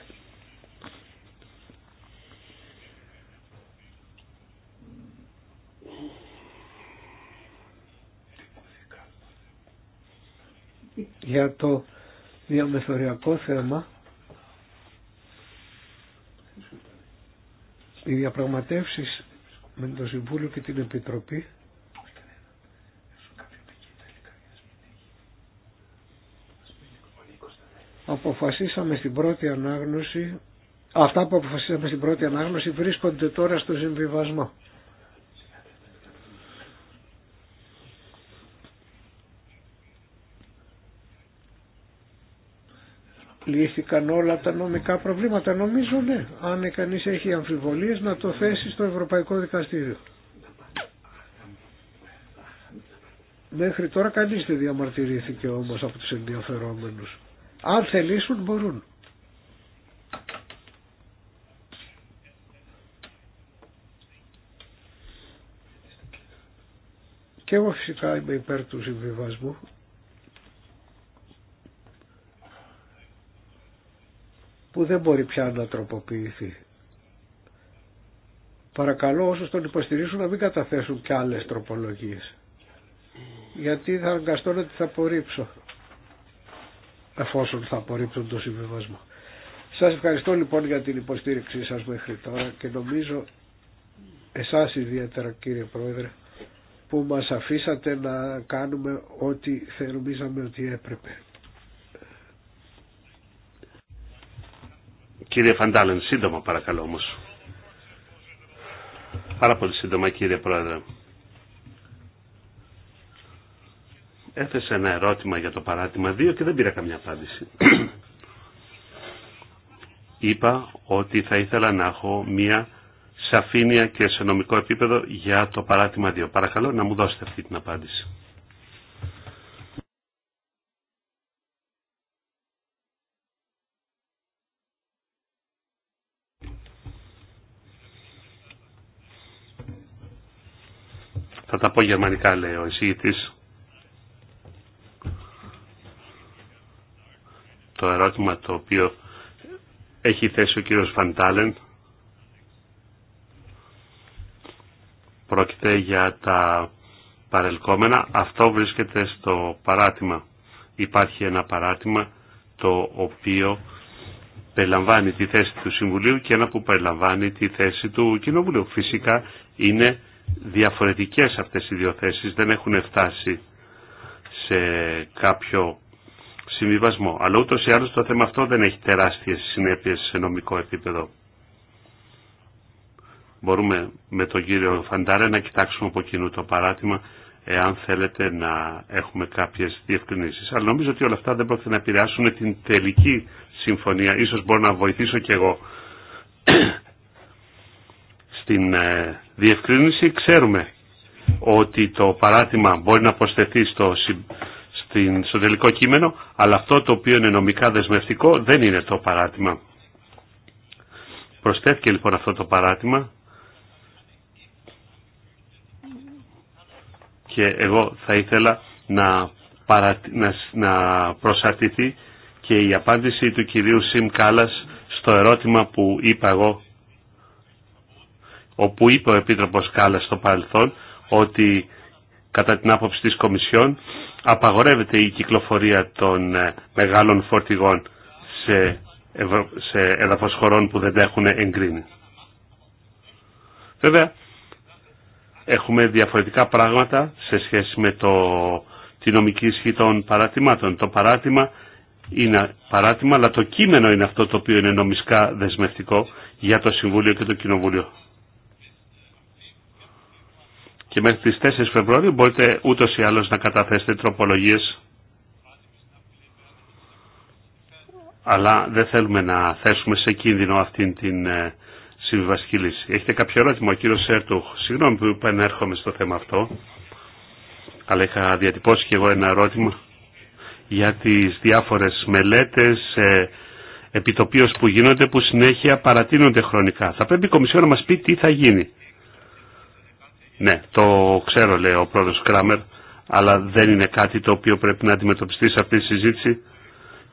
για το διαμεθοριακό θέμα οι διαπραγματεύσεις με το Συμβούλιο και την Επιτροπή αποφασίσαμε στην πρώτη ανάγνωση αυτά που αποφασίσαμε στην πρώτη ανάγνωση βρίσκονται τώρα στο συμβιβασμό Λύθηκαν όλα τα νομικά προβλήματα. Νομίζω ναι. Αν κανεί έχει αμφιβολίες να το θέσει στο Ευρωπαϊκό Δικαστήριο. Μέχρι τώρα κανείς δεν διαμαρτυρήθηκε όμως από τους ενδιαφερόμενους. Αν θελήσουν μπορούν. Και εγώ φυσικά είμαι υπέρ του συμβιβασμού που δεν μπορεί πια να τροποποιηθεί. Παρακαλώ όσους τον υποστηρίζουν να μην καταθέσουν και άλλες τροπολογίες. Γιατί θα αγκαστώ να θα απορρίψω. Εφόσον θα απορρίψουν το συμβιβασμό. Σας ευχαριστώ λοιπόν για την υποστήριξή σας μέχρι τώρα και νομίζω εσάς ιδιαίτερα κύριε Πρόεδρε που μας αφήσατε να κάνουμε ό,τι θεωρήσαμε ότι έπρεπε. Κύριε Φαντάλεν, σύντομα παρακαλώ όμω. Πάρα πολύ σύντομα κύριε Πρόεδρε. Έθεσε ένα ερώτημα για το παράτημα 2 και δεν πήρα καμιά απάντηση. *clears throat* Είπα ότι θα ήθελα να έχω μία σαφήνεια και σε νομικό επίπεδο για το παράτημα 2. Παρακαλώ να μου δώσετε αυτή την απάντηση. Θα τα πω γερμανικά λέει ο Το ερώτημα το οποίο έχει θέσει ο κύριος Φαντάλεν πρόκειται για τα παρελκόμενα. Αυτό βρίσκεται στο παράτημα. Υπάρχει ένα παράτημα το οποίο περιλαμβάνει τη θέση του Συμβουλίου και ένα που περιλαμβάνει τη θέση του Κοινοβουλίου. Φυσικά είναι διαφορετικές αυτές οι δύο θέσεις, δεν έχουν φτάσει σε κάποιο συμβιβασμό. Αλλά ούτως ή άλλως το θέμα αυτό δεν έχει τεράστιες συνέπειες σε νομικό επίπεδο. Μπορούμε με τον κύριο Φαντάρε να κοιτάξουμε από κοινού το παράδειγμα εάν θέλετε να έχουμε κάποιες διευκρινήσεις. Αλλά νομίζω ότι όλα αυτά δεν πρόκειται να επηρεάσουν την τελική συμφωνία. Ίσως μπορώ να βοηθήσω κι εγώ στην ε, διευκρίνηση. Ξέρουμε ότι το παράτημα μπορεί να προσθεθεί στο, στην, στο τελικό κείμενο, αλλά αυτό το οποίο είναι νομικά δεσμευτικό δεν είναι το παράτημα. Προσθέθηκε λοιπόν αυτό το παράτημα και εγώ θα ήθελα να, να, να προσαρτηθεί και η απάντηση του κυρίου Σιμ Κάλλας στο ερώτημα που είπα εγώ όπου είπε ο Επίτροπος Κάλλας στο παρελθόν ότι κατά την άποψη της Κομισιόν απαγορεύεται η κυκλοφορία των ε, μεγάλων φορτηγών σε, ευρω... έδαφος χωρών που δεν έχουν εγκρίνει. Βέβαια, έχουμε διαφορετικά πράγματα σε σχέση με το, τη νομική ισχύ των παράτημάτων. Το παράτημα είναι παράτημα, αλλά το κείμενο είναι αυτό το οποίο είναι νομισκά δεσμευτικό για το Συμβούλιο και το Κοινοβούλιο και μέχρι τις 4 Φεβρουαρίου μπορείτε ούτως ή άλλως να καταθέσετε τροπολογίες αλλά δεν θέλουμε να θέσουμε σε κίνδυνο αυτήν την ε, συμβιβαστική λύση. Έχετε κάποιο ερώτημα, ο κύριος Σέρτουχ. Συγγνώμη που επανέρχομαι στο θέμα αυτό, αλλά είχα διατυπώσει και εγώ ένα ερώτημα για τις διάφορες μελέτες ε, επιτοπίως που γίνονται που συνέχεια παρατείνονται χρονικά. Θα πρέπει η Κομισιόν να μας πει τι θα γίνει. Ναι, το ξέρω λέει ο πρόεδρος Κράμερ, αλλά δεν είναι κάτι το οποίο πρέπει να αντιμετωπιστεί σε αυτή τη συζήτηση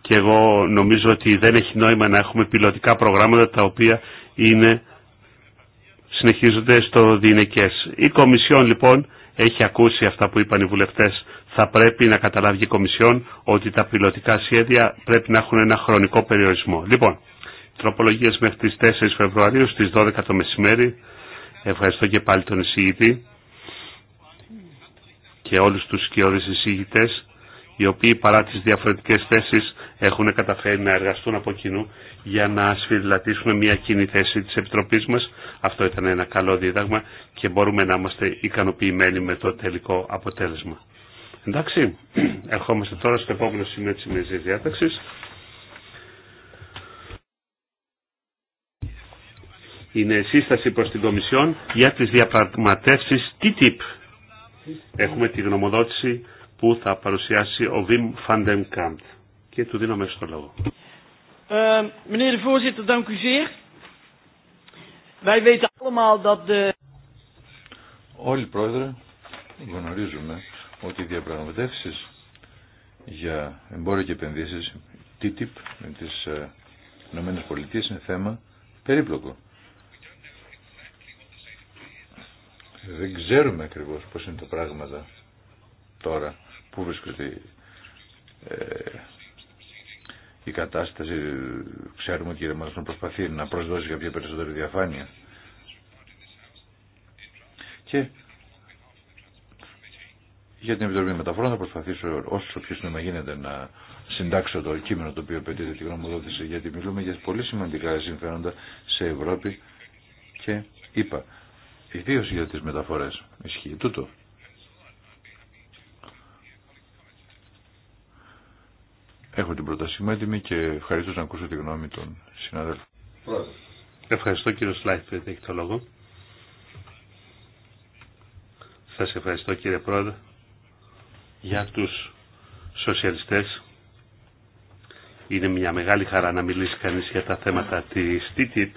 και εγώ νομίζω ότι δεν έχει νόημα να έχουμε πιλωτικά προγράμματα τα οποία είναι, συνεχίζονται στο διηνεκές. Η Κομισιόν λοιπόν έχει ακούσει αυτά που είπαν οι βουλευτές. Θα πρέπει να καταλάβει η Κομισιόν ότι τα πιλωτικά σχέδια πρέπει να έχουν ένα χρονικό περιορισμό. Λοιπόν, τροπολογίες μέχρι τις 4 Φεβρουαρίου στις 12 το μεσημέρι Ευχαριστώ και πάλι τον εισηγητή και όλους τους σκιώδες εισηγητές οι οποίοι παρά τις διαφορετικές θέσεις έχουν καταφέρει να εργαστούν από κοινού για να σφυριλατήσουν μια κοινή θέση της Επιτροπής μας. Αυτό ήταν ένα καλό δίδαγμα και μπορούμε να είμαστε ικανοποιημένοι με το τελικό αποτέλεσμα. Εντάξει, *clears throat* ερχόμαστε τώρα στο επόμενο σημείο της διάταξης. είναι σύσταση προς την Κομισιόν για τις διαπραγματεύσεις TTIP. Έχουμε τη γνωμοδότηση που θα παρουσιάσει ο Βιμ Φαντεμκάμπ. Και του δίνω μέσα το λόγο. Ε, Όλοι, Πρόεδρε, γνωρίζουμε ότι οι διαπραγματεύσεις για εμπόριο και επενδύσεις TTIP με τις ε, ΗΠΑ είναι θέμα περίπλοκο. δεν ξέρουμε ακριβώς πώς είναι τα πράγματα τώρα, πού βρίσκεται ε, η κατάσταση. Ξέρουμε ότι η Ρεμόνας προσπαθεί να προσδώσει κάποια περισσότερη διαφάνεια. Και για την Επιτροπή Μεταφορών θα προσπαθήσω όσο πιο σύντομα γίνεται να συντάξω το κείμενο το οποίο απαιτείται τη γνωμοδότηση γιατί μιλούμε για πολύ σημαντικά συμφέροντα σε Ευρώπη και είπα Ιδίω για τις μεταφορές. Ισχύει τούτο. Έχω την πρόταση μου έτοιμη και ευχαριστώ να ακούσω τη γνώμη των συναδέλφων. Ευχαριστώ κύριο που έχει το λόγο. Σα ευχαριστώ κύριε Πρόεδρε για τους σοσιαλιστές. Είναι μια μεγάλη χαρά να μιλήσει κανείς για τα θέματα της TTIP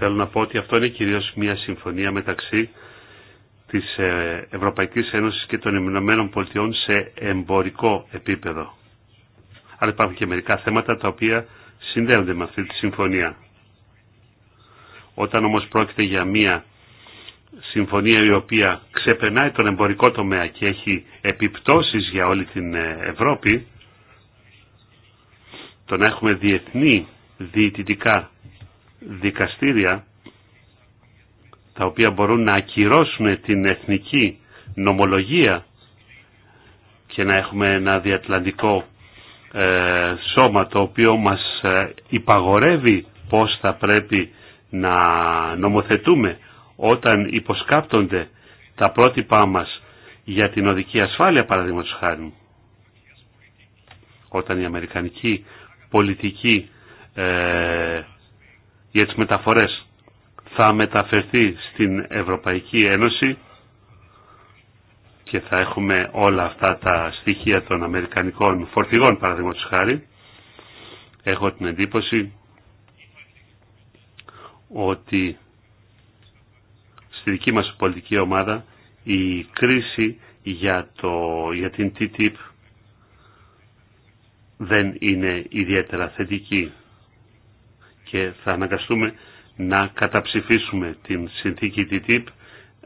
Θέλω να πω ότι αυτό είναι κυρίως μια συμφωνία μεταξύ της ε, Ευρωπαϊκής Ένωσης και των Ηνωμένων Πολιτειών σε εμπορικό επίπεδο. Αλλά υπάρχουν και μερικά θέματα τα οποία συνδέονται με αυτή τη συμφωνία. Όταν όμως πρόκειται για μια συμφωνία η οποία ξεπερνάει τον εμπορικό τομέα και έχει επιπτώσεις για όλη την ε, Ευρώπη, το να έχουμε διεθνή διαιτητικά δικαστήρια τα οποία μπορούν να ακυρώσουν την εθνική νομολογία και να έχουμε ένα διατλαντικό ε, σώμα το οποίο μας ε, υπαγορεύει πώς θα πρέπει να νομοθετούμε όταν υποσκάπτονται τα πρότυπά μας για την οδική ασφάλεια παραδείγματος χάρη όταν η αμερικανική πολιτική ε, για τις μεταφορές θα μεταφερθεί στην Ευρωπαϊκή Ένωση και θα έχουμε όλα αυτά τα στοιχεία των Αμερικανικών φορτηγών παραδείγματος χάρη έχω την εντύπωση ότι στη δική μας πολιτική ομάδα η κρίση για, το, για την TTIP δεν είναι ιδιαίτερα θετική και θα αναγκαστούμε να καταψηφίσουμε την συνθήκη TTIP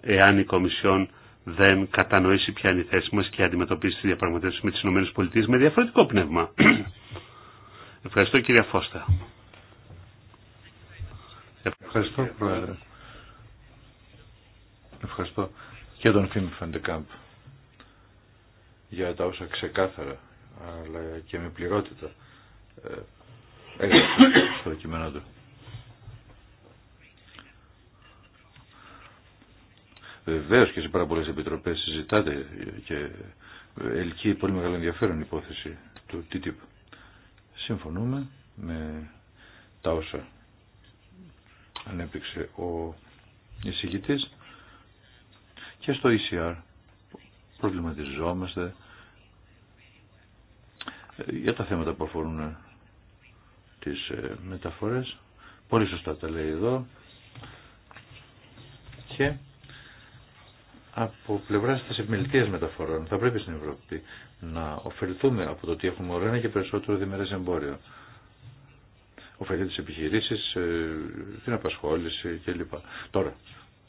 εάν η Κομισιόν δεν κατανοήσει ποια είναι η θέση μας και αντιμετωπίσει τη διαπραγματεύση με τις ΗΠΑ με διαφορετικό πνεύμα. *clears throat* Ευχαριστώ κυρία Φώστα. Ευχαριστώ Πρόεδρε. Ευχαριστώ και τον Φίμ Φαντεκάμπ για τα όσα ξεκάθαρα αλλά και με πληρότητα ε, Βεβαίω και σε πάρα πολλέ επιτροπέ συζητάτε και ελκύει πολύ μεγάλο ενδιαφέρον η υπόθεση του TTIP. Συμφωνούμε με τα όσα ανέπτυξε ο εισηγητή και στο ECR προβληματιζόμαστε για τα θέματα που αφορούν τις ε, μεταφορές. Πολύ σωστά τα λέει εδώ. Και από πλευρά της επιμελητίας μεταφορών θα πρέπει στην Ευρώπη να ωφεληθούμε από το ότι έχουμε ωραία και περισσότερο διμερές εμπόριο. Οφελεί τις επιχειρήσεις, ε, την απασχόληση κλπ. Τώρα,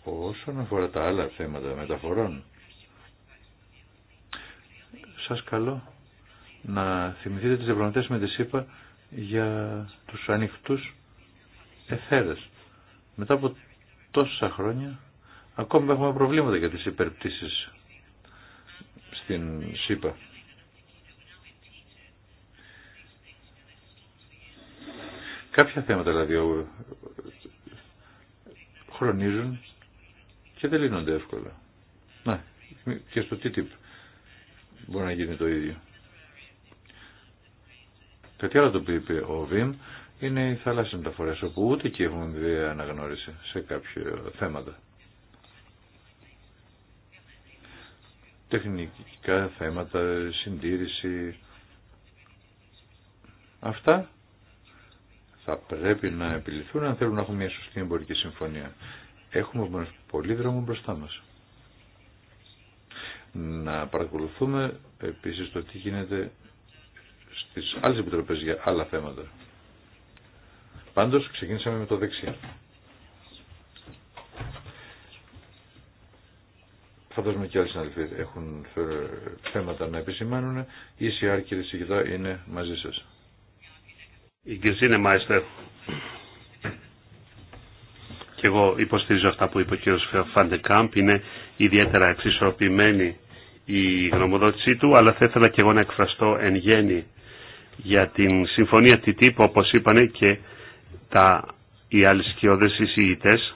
όσον αφορά τα άλλα θέματα μεταφορών, σας καλώ να θυμηθείτε τις διαπραγματεύσεις με τη ΣΥΠΑ για τους ανοιχτούς εθέρες. Μετά από τόσα χρόνια ακόμα έχουμε προβλήματα για τις υπερπτήσεις στην ΣΥΠΑ. Κάποια θέματα δηλαδή χρονίζουν και δεν λύνονται εύκολα. Να, και στο TTIP μπορεί να γίνει το ίδιο. Κάτι άλλο το οποίο είπε ο Βιμ είναι οι θαλάσσιες μεταφορές, όπου ούτε και έχουν δει αναγνώριση σε κάποια θέματα. Τεχνικά θέματα, συντήρηση, αυτά θα πρέπει να επιληθούν αν θέλουν να έχουμε μια σωστή εμπορική συμφωνία. Έχουμε όμως πολύ δρόμο μπροστά μας. Να παρακολουθούμε επίσης το τι γίνεται στις άλλες επιτροπές για άλλα θέματα. Πάντως ξεκίνησαμε με το δεξιά. Φαντάζομαι και άλλοι συναδελφοί έχουν θέματα να επισημάνουν. Η ΣΥΑΡ κύριε Σιγητά είναι μαζί σας. Η είναι Μάιστερ. Και εγώ υποστηρίζω αυτά που είπε ο κ. Φαντεκάμπ. Είναι ιδιαίτερα εξισορροπημένη η γνωμοδότησή του, αλλά θα ήθελα και εγώ να εκφραστώ εν γέννη για την συμφωνία TTIP όπως είπανε και τα, οι άλλοι σκιώδες εισηγητές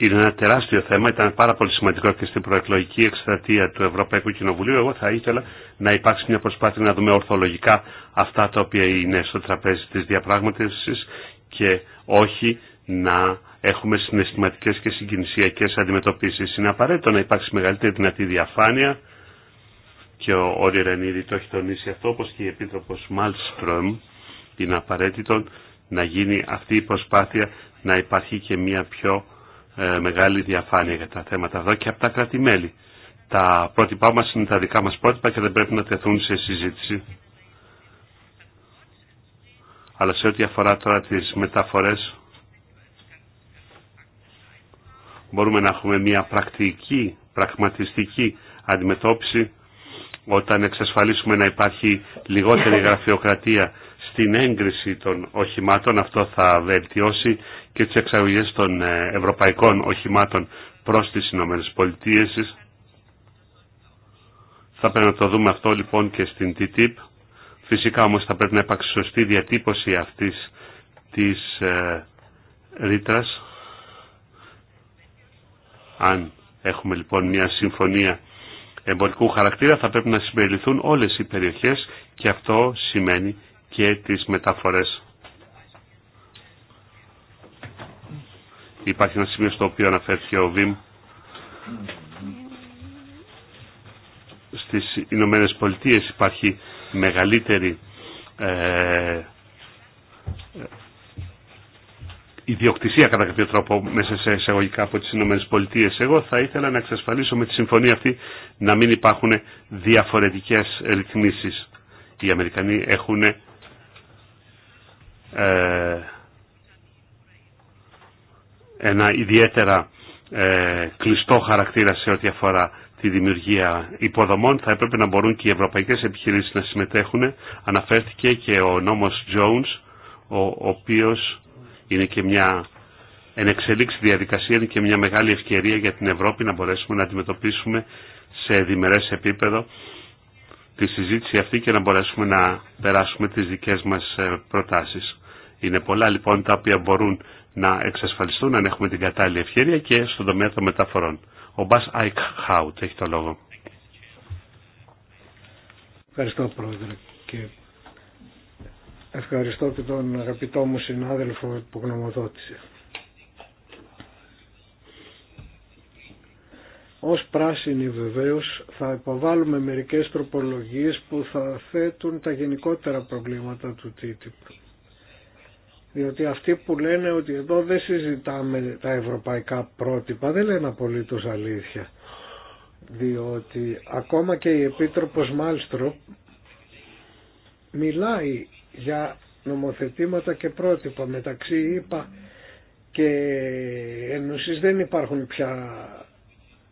είναι ένα τεράστιο θέμα, ήταν πάρα πολύ σημαντικό και στην προεκλογική εκστρατεία του Ευρωπαϊκού Κοινοβουλίου. Εγώ θα ήθελα να υπάρξει μια προσπάθεια να δούμε ορθολογικά αυτά τα οποία είναι στο τραπέζι της διαπράγματευσης και όχι να έχουμε συναισθηματικές και συγκινησιακές αντιμετωπίσεις. Είναι απαραίτητο να υπάρξει μεγαλύτερη δυνατή διαφάνεια και ο Όρι Ρενίδη το έχει τονίσει αυτό, όπως και η Επίτροπος Μάλστρομ, είναι απαραίτητο να γίνει αυτή η προσπάθεια να υπάρχει και μια πιο ε, μεγάλη διαφάνεια για τα θέματα εδώ και από τα κράτη-μέλη. Τα πρότυπά μας είναι τα δικά μας πρότυπα και δεν πρέπει να τεθούν σε συζήτηση. Αλλά σε ό,τι αφορά τώρα τις μεταφορές, μπορούμε να έχουμε μια πρακτική, πραγματιστική αντιμετώπιση όταν εξασφαλίσουμε να υπάρχει λιγότερη *laughs* γραφειοκρατία στην έγκριση των οχημάτων, αυτό θα βελτιώσει και τις εξαγωγές των ε, ευρωπαϊκών οχημάτων προς τις Ηνωμένες Πολιτείες. Θα πρέπει να το δούμε αυτό λοιπόν και στην TTIP. Φυσικά όμως θα πρέπει να υπάρξει σωστή διατύπωση αυτής της ε, ρήτρας. Αν έχουμε λοιπόν μια συμφωνία εμπορικού χαρακτήρα θα πρέπει να συμπεριληφθούν όλες οι περιοχές και αυτό σημαίνει και τις μεταφορές. Υπάρχει ένα σημείο στο οποίο αναφέρθηκε ο Βιμ στις Ηνωμένε Πολιτείες υπάρχει μεγαλύτερη ε, ιδιοκτησία κατά κάποιο τρόπο μέσα σε εισαγωγικά από τις ΗΠΑ. Πολιτείες. Εγώ θα ήθελα να εξασφαλίσω με τη συμφωνία αυτή να μην υπάρχουν διαφορετικές ρυθμίσεις. Οι Αμερικανοί έχουν ε, ένα ιδιαίτερα ε, κλειστό χαρακτήρα σε ό,τι αφορά τη δημιουργία υποδομών. Θα έπρεπε να μπορούν και οι ευρωπαϊκές επιχειρήσεις να συμμετέχουν. Αναφέρθηκε και ο νόμος Jones, ο οποίος είναι και μια ενεξελίξη διαδικασία, είναι και μια μεγάλη ευκαιρία για την Ευρώπη να μπορέσουμε να αντιμετωπίσουμε σε διμερές επίπεδο τη συζήτηση αυτή και να μπορέσουμε να περάσουμε τις δικές μας ε, προτάσεις. Είναι πολλά λοιπόν τα οποία μπορούν να εξασφαλιστούν αν έχουμε την κατάλληλη ευκαιρία και στον τομέα των μεταφορών. Ο Μπάς Άικ έχει το λόγο. Ευχαριστώ Πρόεδρε και Ευχαριστώ και τον αγαπητό μου συνάδελφο που γνωμοδότησε. Ως πράσινοι βεβαίως θα υποβάλουμε μερικές τροπολογίες που θα θέτουν τα γενικότερα προβλήματα του TTIP. Διότι αυτοί που λένε ότι εδώ δεν συζητάμε τα ευρωπαϊκά πρότυπα δεν λένε απολύτως αλήθεια. Διότι ακόμα και η Επίτροπος Μάλστρο μιλάει για νομοθετήματα και πρότυπα μεταξύ είπα και ΕΕ δεν υπάρχουν πια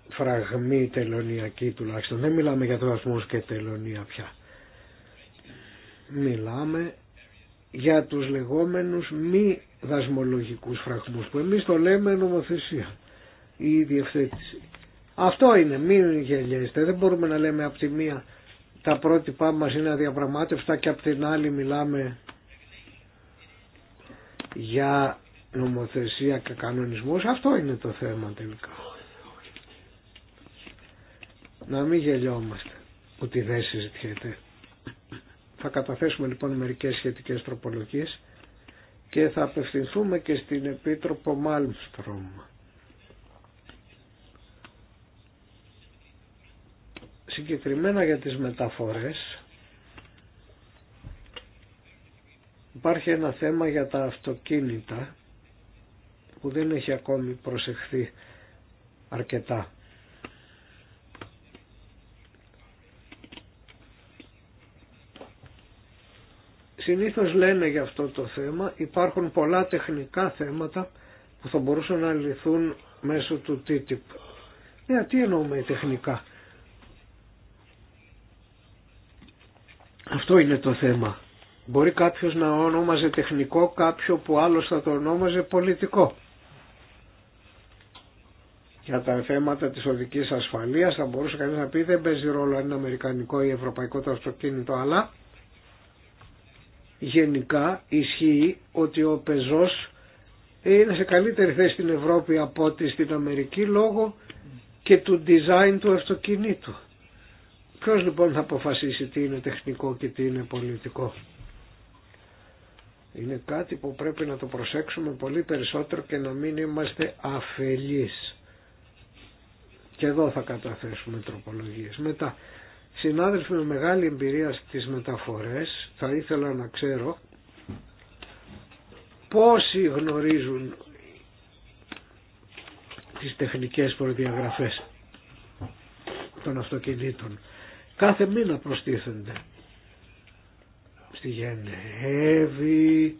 φραγμοί τελωνιακοί τουλάχιστον. Δεν μιλάμε για δρασμούς και τελωνία πια. Μιλάμε για τους λεγόμενους μη δασμολογικούς φραγμούς που εμείς το λέμε νομοθεσία ή διευθέτηση. Αυτό είναι, μην γελιέστε, δεν μπορούμε να λέμε από τη μία τα πρότυπά μας είναι αδιαπραγμάτευτα και απ' την άλλη μιλάμε για νομοθεσία και κανονισμός. Αυτό είναι το θέμα τελικά. Να μην γελιόμαστε ότι δεν συζητιέται. Θα καταθέσουμε λοιπόν μερικές σχετικές τροπολογίες και θα απευθυνθούμε και στην Επίτροπο Μάλμστρομ συγκεκριμένα για τις μεταφορές υπάρχει ένα θέμα για τα αυτοκίνητα που δεν έχει ακόμη προσεχθεί αρκετά. Συνήθως λένε για αυτό το θέμα υπάρχουν πολλά τεχνικά θέματα που θα μπορούσαν να λυθούν μέσω του TTIP. Ναι, τι εννοούμε τεχνικά. Αυτό είναι το θέμα. Μπορεί κάποιος να ονόμαζε τεχνικό, κάποιο που άλλος θα το ονόμαζε πολιτικό. Για τα θέματα της οδικής ασφαλείας θα μπορούσε κανείς να πει δεν παίζει ρόλο αν είναι αμερικανικό ή ευρωπαϊκό το αυτοκίνητο, αλλά γενικά ισχύει ότι ο πεζός είναι σε καλύτερη θέση στην Ευρώπη από ό,τι στην Αμερική λόγω και του design του αυτοκινήτου. Ποιος λοιπόν θα αποφασίσει τι είναι τεχνικό και τι είναι πολιτικό. Είναι κάτι που πρέπει να το προσέξουμε πολύ περισσότερο και να μην είμαστε αφελείς. Και εδώ θα καταθέσουμε τροπολογίες. Μετά, συνάδελφοι με μεγάλη εμπειρία στις μεταφορές, θα ήθελα να ξέρω πόσοι γνωρίζουν τις τεχνικές προδιαγραφές των αυτοκινήτων. Κάθε μήνα προστίθενται. Στη Γενέβη,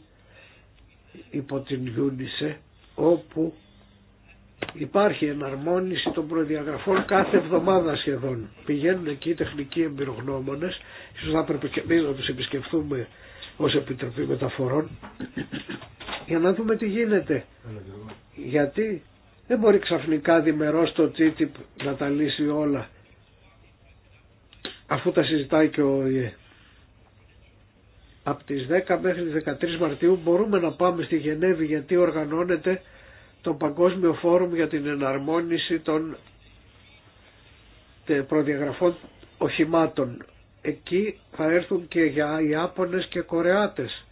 υπό την Ιούνισε, όπου υπάρχει εναρμόνιση των προδιαγραφών κάθε εβδομάδα σχεδόν. Πηγαίνουν εκεί οι τεχνικοί εμπειρογνώμονες, ίσως θα έπρεπε και εμείς να τους επισκεφθούμε ως Επιτροπή Μεταφορών, για να δούμε τι γίνεται. Γιατί δεν μπορεί ξαφνικά διμερώς το TTIP να τα λύσει όλα αφού τα συζητάει και ο ΙΕ. Από τις 10 μέχρι τις 13 Μαρτίου μπορούμε να πάμε στη Γενέβη γιατί οργανώνεται το Παγκόσμιο Φόρουμ για την εναρμόνιση των προδιαγραφών οχημάτων. Εκεί θα έρθουν και για Ιάπωνες και Κορεάτες.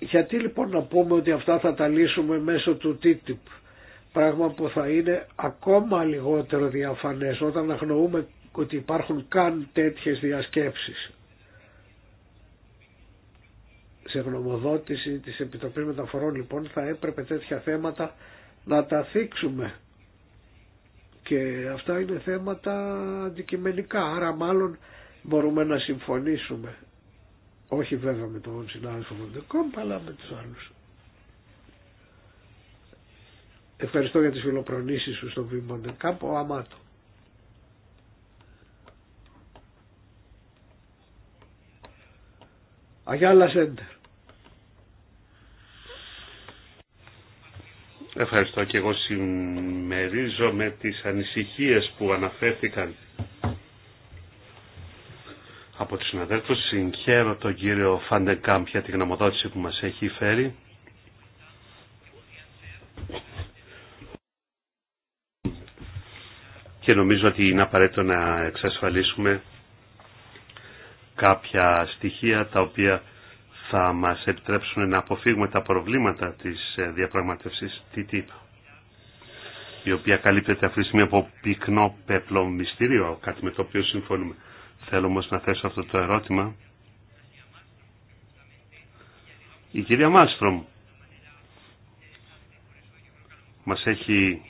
Γιατί λοιπόν να πούμε ότι αυτά θα τα λύσουμε μέσω του TTIP, πράγμα που θα είναι ακόμα λιγότερο διαφανές όταν αγνοούμε ότι υπάρχουν καν τέτοιες διασκέψεις. Σε γνωμοδότηση της Επιτροπής Μεταφορών λοιπόν θα έπρεπε τέτοια θέματα να τα θίξουμε και αυτά είναι θέματα αντικειμενικά άρα μάλλον μπορούμε να συμφωνήσουμε όχι βέβαια με τον συνάδελφο Βοντεκόμπ αλλά με τους άλλους. Ευχαριστώ για τις φιλοπρονήσεις σου στον βήμα ο Αμάτο. Αγιάλα Σέντερ. Ευχαριστώ και εγώ συμμερίζω με τις ανησυχίες που αναφέρθηκαν από τους συναδέλφους. Συγχαίρω τον κύριο Φαντεγκάμπ για τη γνωμοδότηση που μας έχει φέρει. Και νομίζω ότι είναι απαραίτητο να εξασφαλίσουμε κάποια στοιχεία τα οποία θα μας επιτρέψουν να αποφύγουμε τα προβλήματα της ε, διαπραγματεύσης TTIP η οποία καλύπτεται αυτή τη στιγμή από πυκνό πέπλο μυστήριο, κάτι με το οποίο συμφωνούμε. Θέλω όμως να θέσω αυτό το ερώτημα. Η κυρία Μάστρομ μας έχει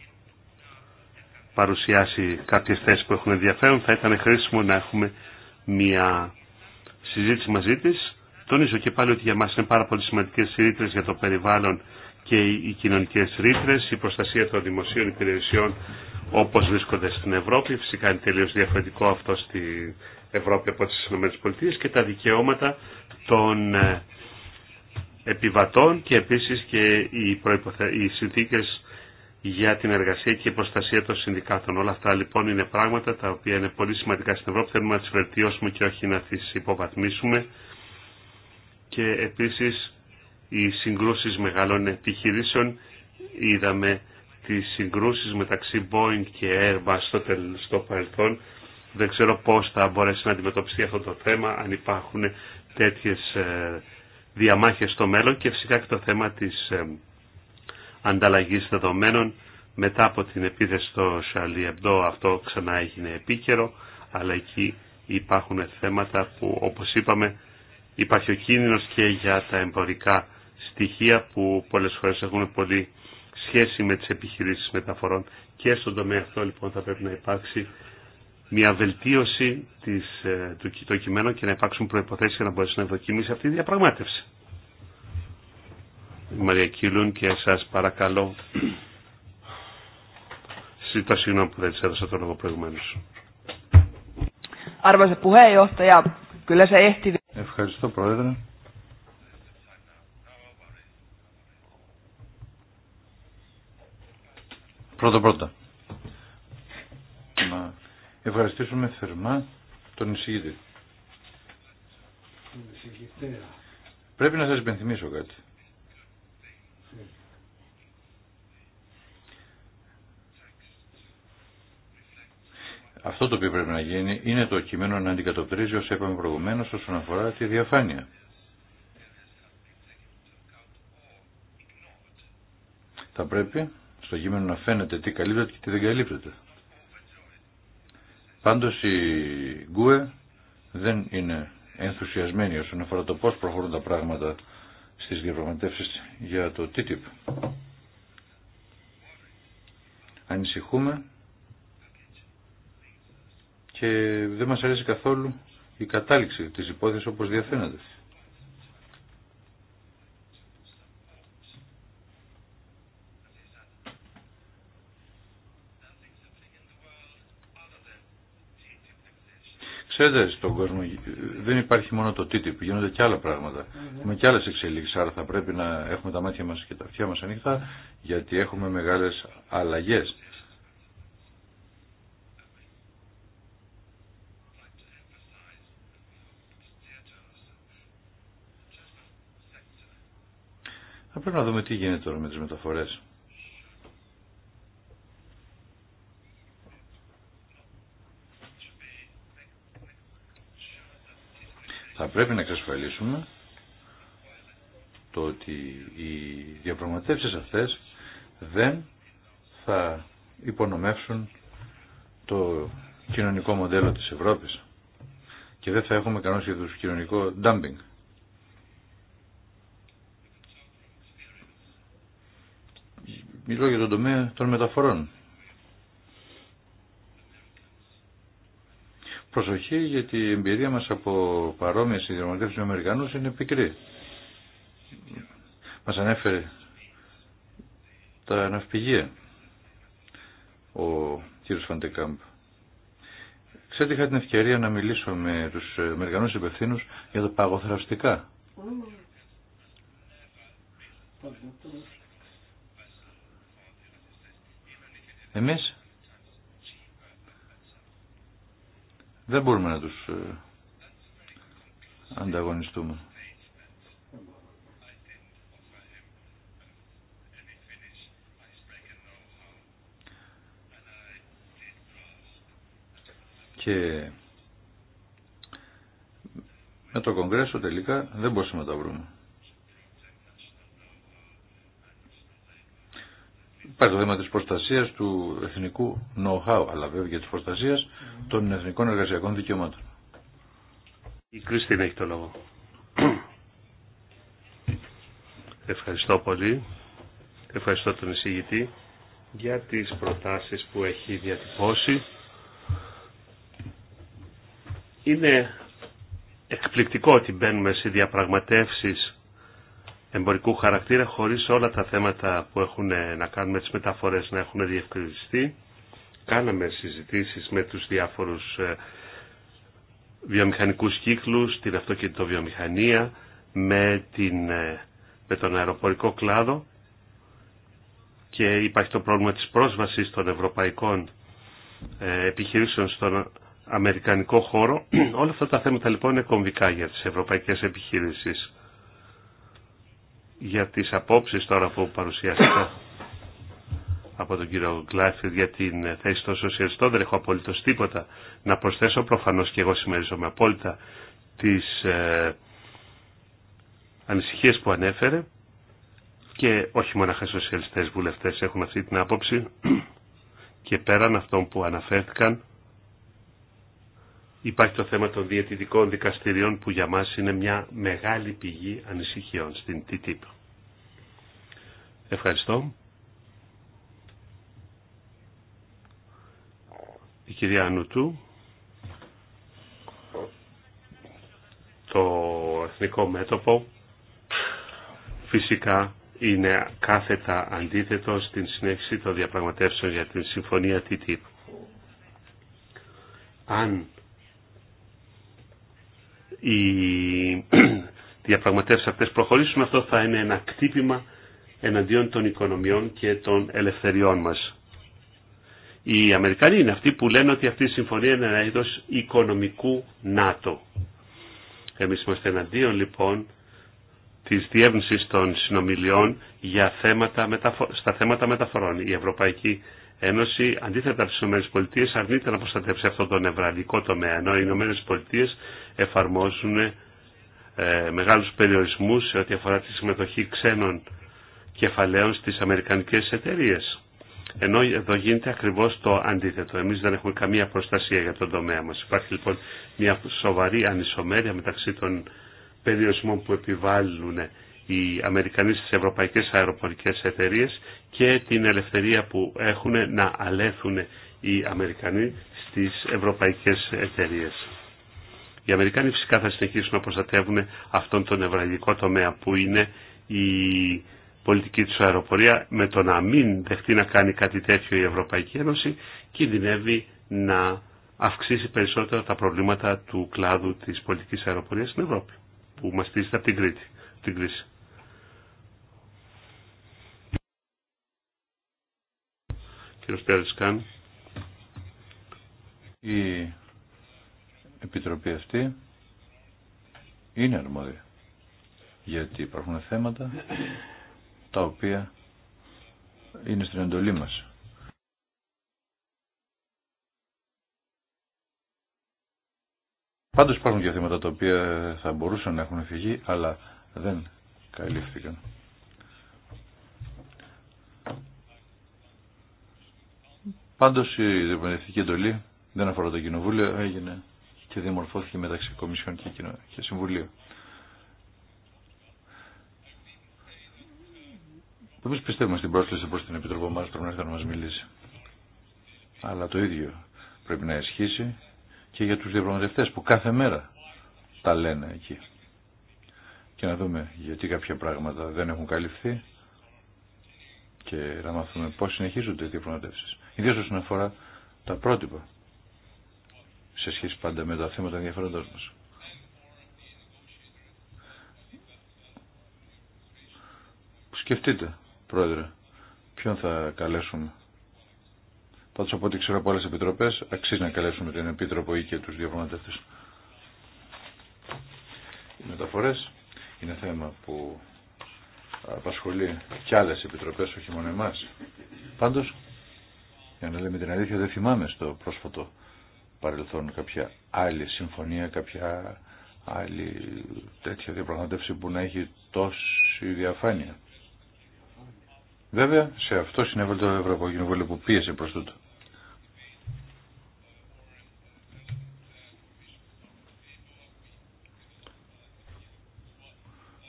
παρουσιάσει κάποιες θέσεις που έχουν ενδιαφέρον. Θα ήταν χρήσιμο να έχουμε μια συζήτηση μαζί τη. Τονίζω και πάλι ότι για μας είναι πάρα πολύ σημαντικέ οι ρήτρε για το περιβάλλον και οι κοινωνικές ρήτρε, η προστασία των δημοσίων υπηρεσιών όπως βρίσκονται στην Ευρώπη. Φυσικά είναι τελείω διαφορετικό αυτό στην Ευρώπη από τις ΗΠΑ και τα δικαιώματα των ε, επιβατών και επίσης και οι, για την εργασία και προστασία των συνδικάτων. Όλα αυτά λοιπόν είναι πράγματα τα οποία είναι πολύ σημαντικά στην Ευρώπη. Θέλουμε να τις βελτιώσουμε και όχι να τις υποβαθμίσουμε. Και επίσης οι συγκρούσεις μεγάλων επιχειρήσεων είδαμε τις συγκρούσεις μεταξύ Boeing και Airbus στο, τελ, στο παρελθόν. Δεν ξέρω πώς θα μπορέσει να αντιμετωπιστεί αυτό το θέμα, αν υπάρχουν τέτοιες ε, διαμάχες στο μέλλον και φυσικά και το θέμα της ε, ανταλλαγής δεδομένων. Μετά από την επίθεση στο Σαλιεμπτό αυτό ξανά έγινε επίκαιρο, αλλά εκεί υπάρχουν θέματα που όπως είπαμε υπάρχει ο κίνδυνο και για τα εμπορικά στοιχεία που πολλές φορές έχουν πολύ σχέση με τις επιχειρήσεις μεταφορών και στον τομέα αυτό λοιπόν θα πρέπει να υπάρξει μια βελτίωση της, ε, του, κειμένου και να υπάρξουν προϋποθέσεις για να μπορέσει να δοκιμήσει αυτή η διαπραγμάτευση. Μαρία Κίλουν και σας παρακαλώ ζητώ συγγνώμη που δεν της έδωσα το λόγο προηγουμένως. Ευχαριστώ Πρόεδρε. Πρώτα πρώτα. Να ευχαριστήσουμε θερμά τον εισηγητή. Πρέπει να σας υπενθυμίσω κάτι. Αυτό το οποίο πρέπει να γίνει είναι το κείμενο να αντικατοπτρίζει όσο είπαμε προηγουμένω όσον αφορά τη διαφάνεια. Θα πρέπει στο κείμενο να φαίνεται τι καλύπτεται και τι δεν καλύπτεται. Πάντως η Γκουε δεν είναι ενθουσιασμένη όσον αφορά το πώς προχωρούν τα πράγματα στις διαπραγματεύσεις για το TTIP. Ανησυχούμε και δεν μας αρέσει καθόλου η κατάληξη της υπόθεσης όπως διαφαίνεται. Ξέρετε στον κόσμο δεν υπάρχει μόνο το TTIP, γίνονται και άλλα πράγματα. Με και άλλες εξελίξεις, άρα θα πρέπει να έχουμε τα μάτια μας και τα αυτιά μας ανοιχτά γιατί έχουμε μεγάλες αλλαγές. πρέπει να δούμε τι γίνεται τώρα με τις μεταφορές. Θα πρέπει να εξασφαλίσουμε το ότι οι διαπραγματεύσεις αυτές δεν θα υπονομεύσουν το κοινωνικό μοντέλο της Ευρώπης και δεν θα έχουμε κανένα το κοινωνικό dumping. Μιλώ για τον τομέα των μεταφορών. Προσοχή γιατί η εμπειρία μας από παρόμοιες συνδυαματεύσεις με Αμερικανούς είναι πικρή. Μας ανέφερε τα ναυπηγεία ο κ. Φαντεκάμπ. Ξέρετε είχα την ευκαιρία να μιλήσω με τους Αμερικανούς υπευθύνους για τα παγωθραυστικά. Εμείς δεν μπορούμε να τους ε, ανταγωνιστούμε. Και με το Κογκρέσο τελικά δεν μπορούμε να τα βρούμε. Υπάρχει το θέμα της προστασίας του εθνικού know-how, αλλά βέβαια και της προστασίας των εθνικών εργασιακών δικαιωμάτων. Η Κριστίνα έχει το λόγο. Ευχαριστώ πολύ. Ευχαριστώ τον εισηγητή για τις προτάσεις που έχει διατυπώσει. Είναι εκπληκτικό ότι μπαίνουμε σε διαπραγματεύσεις εμπορικού χαρακτήρα χωρίς όλα τα θέματα που έχουν να κάνουν με τις μεταφορές να έχουν διευκρινιστεί. Κάναμε συζητήσεις με τους διάφορους ε, βιομηχανικούς κύκλους, την αυτοκινητοβιομηχανία, με, την, ε, με τον αεροπορικό κλάδο και υπάρχει το πρόβλημα της πρόσβασης των ευρωπαϊκών ε, επιχειρήσεων στον αμερικανικό χώρο. *clears throat* Όλα αυτά τα θέματα λοιπόν είναι κομβικά για τις ευρωπαϊκές επιχειρήσεις για τις απόψεις τώρα που παρουσιάστηκα από τον κύριο Γκλάφιντ για την θέση των σοσιαλιστών. Δεν έχω απολύτω τίποτα να προσθέσω. Προφανώς και εγώ συμμερίζομαι απόλυτα τις ε, ανησυχίες που ανέφερε και όχι μόνο οι σοσιαλιστές βουλευτές έχουν αυτή την άποψη *clears throat* και πέραν αυτών που αναφέρθηκαν Υπάρχει το θέμα των διαιτητικών δικαστηριών που για μας είναι μια μεγάλη πηγή ανησυχιών στην TTIP. Ευχαριστώ. Η κυρία Ανουτού, το εθνικό μέτωπο, φυσικά είναι κάθετα αντίθετο στην συνέχιση των διαπραγματεύσεων για την συμφωνία TTIP. Αν οι *clears throat* διαπραγματεύσει αυτέ προχωρήσουν, αυτό θα είναι ένα κτύπημα εναντίον των οικονομιών και των ελευθεριών μα. Οι Αμερικανοί είναι αυτοί που λένε ότι αυτή η συμφωνία είναι ένα είδο οικονομικού ΝΑΤΟ. Εμεί είμαστε εναντίον λοιπόν τη διεύνηση των συνομιλιών για θέματα μεταφο... στα θέματα μεταφορών. Η Ευρωπαϊκή Ένωση, αντίθετα από τι ΗΠΑ, αρνείται να προστατεύσει αυτόν τον νευραλικό τομέα, ενώ οι ΗΠΑ εφαρμόζουν ε, μεγάλους περιορισμούς σε ό,τι αφορά τη συμμετοχή ξένων κεφαλαίων στις αμερικανικές εταιρείες. Ενώ εδώ γίνεται ακριβώς το αντίθετο. Εμείς δεν έχουμε καμία προστασία για τον τομέα μας. Υπάρχει λοιπόν μια σοβαρή ανισομέρεια μεταξύ των περιορισμών που επιβάλλουν οι Αμερικανοί στις ευρωπαϊκές αεροπορικές εταιρείες και την ελευθερία που έχουν να αλέθουν οι Αμερικανοί στις ευρωπαϊκές εταιρείες. Οι Αμερικάνοι φυσικά θα συνεχίσουν να προστατεύουν αυτόν τον ευραγικό τομέα που είναι η πολιτική του αεροπορία με το να μην δεχτεί να κάνει κάτι τέτοιο η Ευρωπαϊκή Ένωση κινδυνεύει να αυξήσει περισσότερο τα προβλήματα του κλάδου της πολιτικής αεροπορίας στην Ευρώπη που μας στήσεται από την, Κρήτη, την κρίση. Επιτροπή αυτή είναι αρμόδια. Γιατί υπάρχουν θέματα τα οποία είναι στην εντολή μας. Πάντως υπάρχουν και θέματα τα οποία θα μπορούσαν να έχουν φυγεί, αλλά δεν καλύφθηκαν. Πάντως η διευθυντική εντολή δεν αφορά το Κοινοβούλιο, έγινε και διαμορφώθηκε μεταξύ Κομισιόν και, και Συμβουλίου. Εμεί πιστεύουμε στην πρόσκληση προ την Επιτροπή μα πρέπει να έρθει να μα μιλήσει. Αλλά το ίδιο πρέπει να ισχύσει και για του διαπραγματευτέ που κάθε μέρα τα λένε εκεί. Και να δούμε γιατί κάποια πράγματα δεν έχουν καλυφθεί και να μάθουμε πώ συνεχίζονται οι διαπραγματεύσει. Ιδίω όσον αφορά τα πρότυπα σε σχέση πάντα με τα θέματα ενδιαφέροντός μας. Σκεφτείτε, Πρόεδρε, ποιον θα καλέσουμε. Πάντως από ό,τι ξέρω από άλλες επιτροπές, αξίζει να καλέσουμε την Επίτροπο ή και τους διαπραγματεύτες. Οι μεταφορές είναι θέμα που απασχολεί και άλλες επιτροπές, όχι μόνο εμάς. Πάντως, για να λέμε την αλήθεια, δεν θυμάμαι στο πρόσφατο παρελθόν κάποια άλλη συμφωνία, κάποια άλλη τέτοια διαπραγματεύση που να έχει τόση διαφάνεια. Βέβαια, σε αυτό συνέβαλε το Ευρωπαϊκό που πίεσε προς τούτο.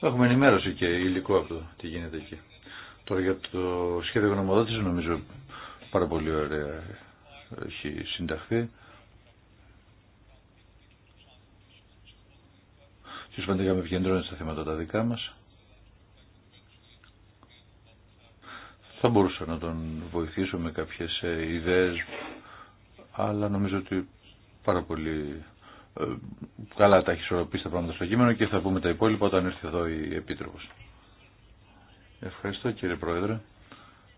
Έχουμε ενημέρωση και υλικό από το τι γίνεται εκεί. Τώρα για το σχέδιο γνωμοδότηση νομίζω πάρα πολύ ωραία έχει συνταχθεί. Στις πάντα είχαμε στα θέματα τα δικά μας. Θα μπορούσα να τον βοηθήσω με κάποιες ε, ιδέες, αλλά νομίζω ότι πάρα πολύ ε, καλά τα έχει ισορροπήσει τα πράγματα στο κείμενο και θα πούμε τα υπόλοιπα όταν έρθει εδώ η Επίτροπος. Ευχαριστώ κύριε Πρόεδρε.